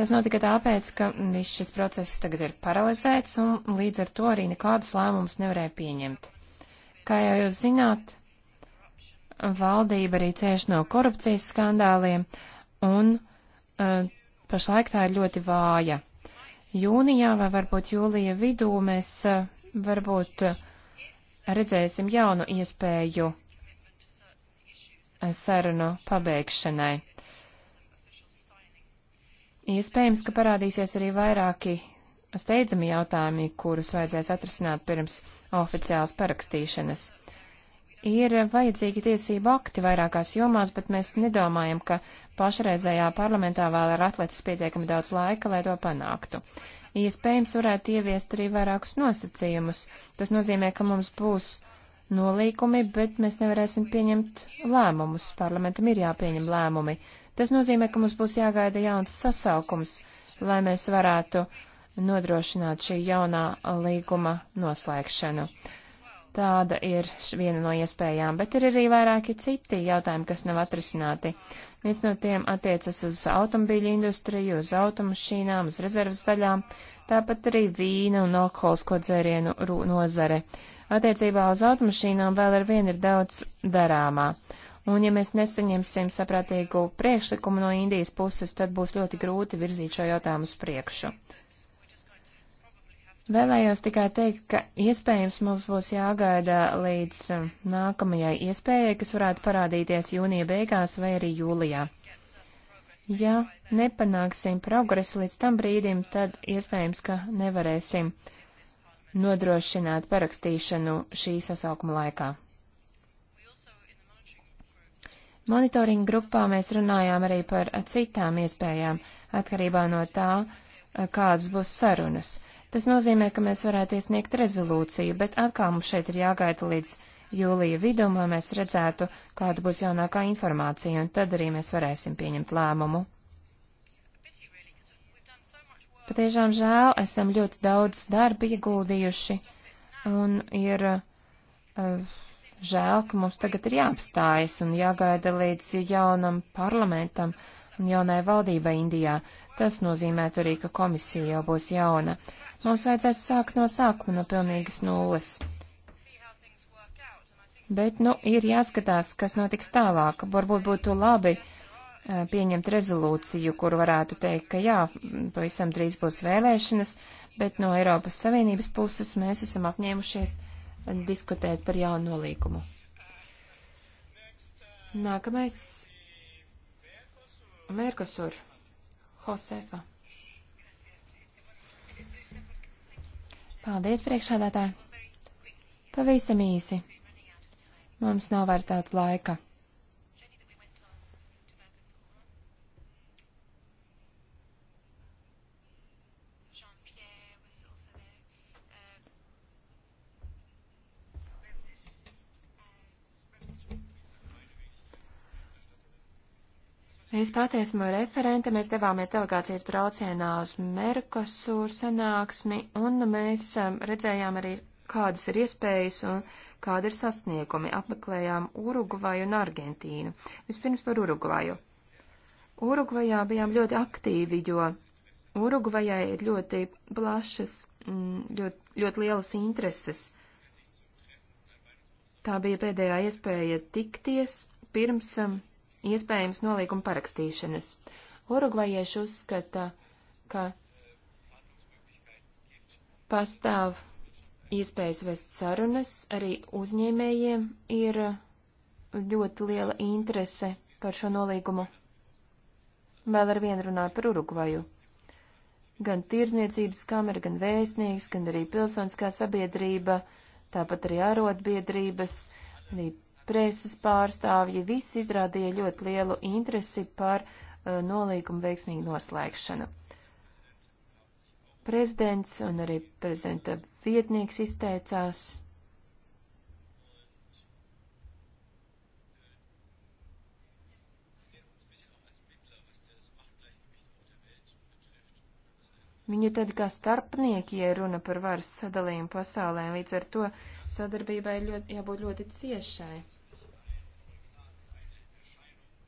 Tas notika tāpēc, ka viss šis process tagad ir paralizēts un līdz ar to arī nekādus lēmumus nevarēja pieņemt. Kā jau jūs zināt, valdība arī cieš no korupcijas skandāliem, un uh, pašlaik tā ir ļoti vāja. Jūnijā vai varbūt jūlija vidū mēs uh, varbūt uh, redzēsim jaunu iespēju sarunu pabeigšanai. Iespējams, ka parādīsies arī vairāki steidzami jautājumi, kurus vajadzēs atrisināt pirms oficiāls parakstīšanas. Ir vajadzīgi tiesību akti vairākās jomās, bet mēs nedomājam, ka pašreizējā parlamentā vēl ir atlicis pietiekami daudz laika, lai to panāktu. Iespējams, varētu ieviest arī vairākus nosacījumus. Tas nozīmē, ka mums būs nolīkumi, bet mēs nevarēsim pieņemt lēmumus. Parlamentam ir jāpieņem lēmumi. Tas nozīmē, ka mums būs jāgaida jauns sasaukums, lai mēs varētu nodrošināt šī jaunā līguma noslēgšanu. Tāda ir viena no iespējām, bet ir arī vairāki citi jautājumi, kas nav atrisināti. Viens no tiem attiecas uz automobīļu industriju, uz automašīnām, uz rezervas daļām, tāpat arī vīna un alkoholisko dzērienu nozare. Attiecībā uz automašīnām vēl ar vienu ir daudz darāmā. Un ja mēs nesaņemsim saprātīgu priekšlikumu no Indijas puses, tad būs ļoti grūti virzīt šo jautājumu uz priekšu. Vēlējos tikai teikt, ka iespējams mums būs jāgaida līdz um, nākamajai iespējai, kas varētu parādīties jūnija beigās vai arī jūlijā. Ja nepanāksim progresu līdz tam brīdim, tad iespējams, ka nevarēsim nodrošināt parakstīšanu šī sasaukuma laikā. Monitoringa grupā mēs runājām arī par citām iespējām, atkarībā no tā, kādas būs sarunas. Tas nozīmē, ka mēs varētu iesniegt rezolūciju, bet atkal mums šeit ir jāgaida līdz jūlija vidum, lai mēs redzētu, kāda būs jaunākā informācija, un tad arī mēs varēsim pieņemt lēmumu. Patiešām žēl, esam ļoti daudz darba ieguldījuši, un ir uh, žēl, ka mums tagad ir jāapstājas un jāgaida līdz jaunam parlamentam un jaunai valdībai Indijā. Tas nozīmētu arī, ka komisija jau būs jauna. Mums vajadzēs sākt no sākuma, no pilnīgas nulles. Bet, nu, ir jāskatās, kas notiks tālāk. Varbūt būtu labi pieņemt rezolūciju, kur varētu teikt, ka jā, pavisam drīz būs vēlēšanas, bet no Eiropas Savienības puses mēs esam apņēmušies diskutēt par jaunu nolīkumu. Nākamais. Merkosur. Josefa. Paldies, priekšādātāji! Pavisam īsi. Mums nav vairs daudz laika. Es pati esmu referente, mēs devāmies delegācijas braucienā uz Merkosūru sanāksmi, un mēs um, redzējām arī, kādas ir iespējas un kāda ir sasniegumi. Apmeklējām Urugvaju un Argentīnu. Vispirms par Urugvaju. Urugvajā bijām ļoti aktīvi, jo Urugvajai ir ļoti plašas, mm, ļoti, ļoti lielas intereses. Tā bija pēdējā iespēja tikties pirms um, iespējams nolīguma parakstīšanas. Urugvajieši uzskata, ka pastāv iespējas vest sarunas, arī uzņēmējiem ir ļoti liela interese par šo nolīgumu. Vēl ar vienu runāju par Urugvaju. Gan tirzniecības kamera, gan vēstnieks, gan arī pilsoniskā sabiedrība, tāpat arī arotbiedrības, arī preses pārstāvji visi izrādīja ļoti lielu interesi par uh, nolīgumu veiksmīgu noslēgšanu. Prezidents un arī prezidenta vietnieks izteicās. Viņi ir tādi kā starpnieki, ja runa par varas sadalījumu pasaulē, līdz ar to sadarbībai ļoti, jābūt ļoti ciešai.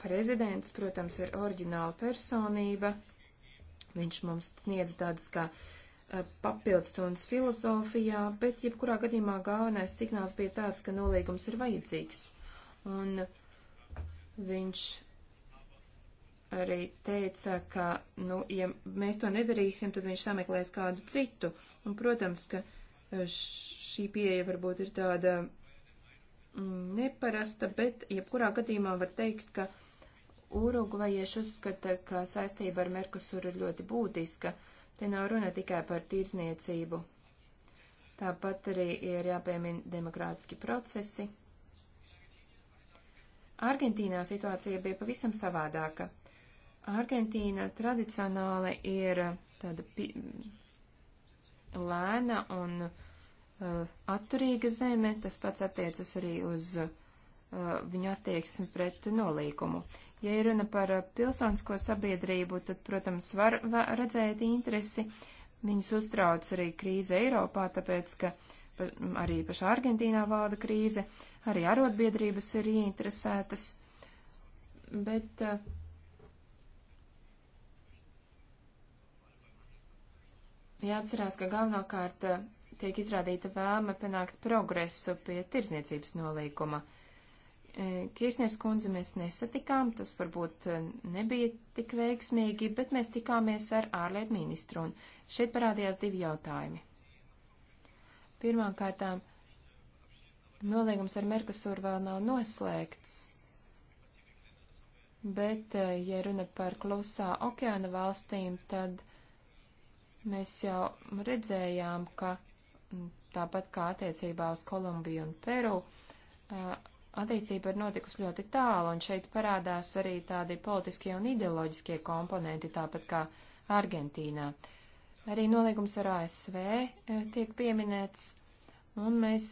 Prezidents, protams, ir oriģināla personība. Viņš mums sniedz tādas kā eh, papildstundas filozofijā, bet jebkurā gadījumā galvenais signāls bija tāds, ka nolīgums ir vajadzīgs. Un viņš arī teica, ka, nu, ja mēs to nedarīsim, tad viņš sameklēs kādu citu. Un, protams, ka e, šī pieeja varbūt ir tāda mm, neparasta, bet jebkurā gadījumā var teikt, ka Urugvajieši uzskata, ka saistība ar Merkusuru ir ļoti būtiska. Te nav runa tikai par tīrzniecību. Tāpat arī ir jāpiemina demokrātiski procesi. Argentīnā situācija bija pavisam savādāka. Argentīna tradicionāli ir uh, tāda lēna un uh, atturīga zeme, tas pats attiecas arī uz uh, viņu attieksmi pret nolīkumu. Ja ir runa par uh, pilsonisko sabiedrību, tad, protams, var, var redzēt interesi. Viņus uztrauc arī krīze Eiropā, tāpēc, ka pa, arī pašā Argentīnā valda krīze, arī arotbiedrības ir ieinteresētas. Bet uh, jāatcerās, ka galvenokārt eh, tiek izrādīta vēlme panākt progresu pie tirzniecības nolīguma. Eh, Kirchneris kundze mēs nesatikām, tas varbūt eh, nebija tik veiksmīgi, bet mēs tikāmies ar ārlietu ministru, un šeit parādījās divi jautājumi. Pirmkārtām, nolīgums ar Merkusuru vēl nav noslēgts, bet, ja runa par klusā okeāna valstīm, tad Mēs jau redzējām, ka tāpat kā attiecībā uz Kolumbiju un Peru, attīstība ir notikusi ļoti tālu, un šeit parādās arī tādi politiskie un ideoloģiskie komponenti, tāpat kā Argentīnā. Arī nolīgums ar ASV tiek pieminēts, un mēs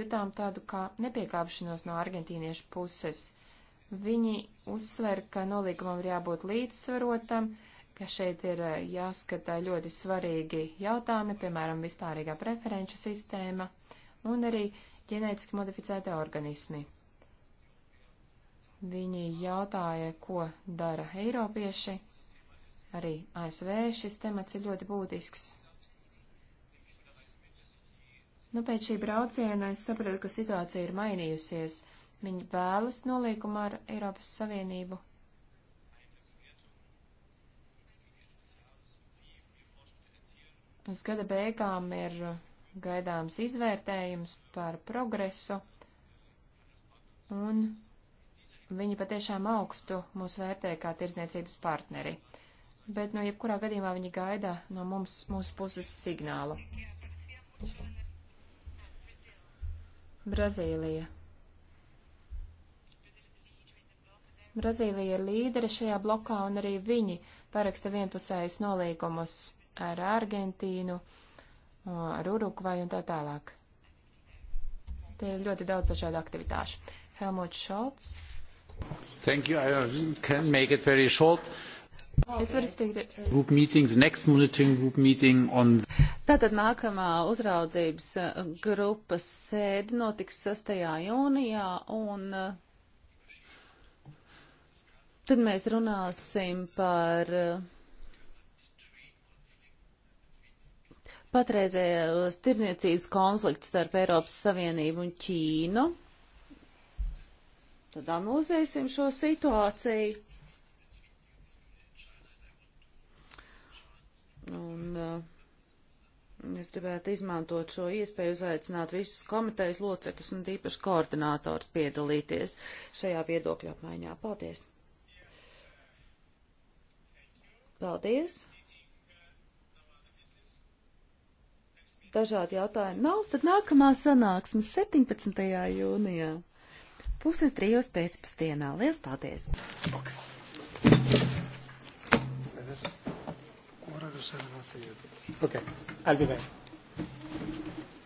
jutām tādu kā nepiekāpšanos no argentīniešu puses. Viņi uzsver, ka nolīgumam ir jābūt līdzsvarotam, ka šeit ir eh, jāskatā ļoti svarīgi jautājumi, piemēram, vispārīgā preferenču sistēma un arī ģenētiski modificēti organismi. Viņi jautāja, ko dara eiropieši. Arī ASV šis temats ir ļoti būtisks. Nu, pēc šī brauciena es sapratu, ka situācija ir mainījusies. Viņi vēlas nolīgumu ar Eiropas Savienību, Pēc gada beigām ir uh, gaidāms izvērtējums par progresu, un viņi patiešām augstu mūs vērtē kā tirdzniecības partneri. Bet no nu, jebkurā gadījumā viņi gaida no mums, mūsu puses signālu. Brazīlija. Brazīlija ir līdere šajā blokā, un arī viņi paraksta vienpusējus nolīgumus ar Argentīnu, ar Urugvaju un tā tālāk. Te ir ļoti daudz dažādu aktivitāšu. Helmuts Šolts. Thank you. I uh, can make it very short. Group meetings, next monitoring group meeting on. Tātad nākamā uzraudzības uh, grupas sēde notiks 6. jūnijā un uh, tad mēs runāsim par patreizējos tirniecības konflikts starp Eiropas Savienību un Ķīnu. Tad analizēsim šo situāciju. Un uh, es gribētu izmantot šo iespēju uzaicināt visus komitejas locekļus un īpaši koordinātors piedalīties šajā viedokļa apmaiņā. Paldies! Paldies! dažādi jautājumi nav, tad nākamā sanāksme 17. jūnijā. Puses trijos pēcpusdienā. Lielas paldies! Okay. okay, I'll be there.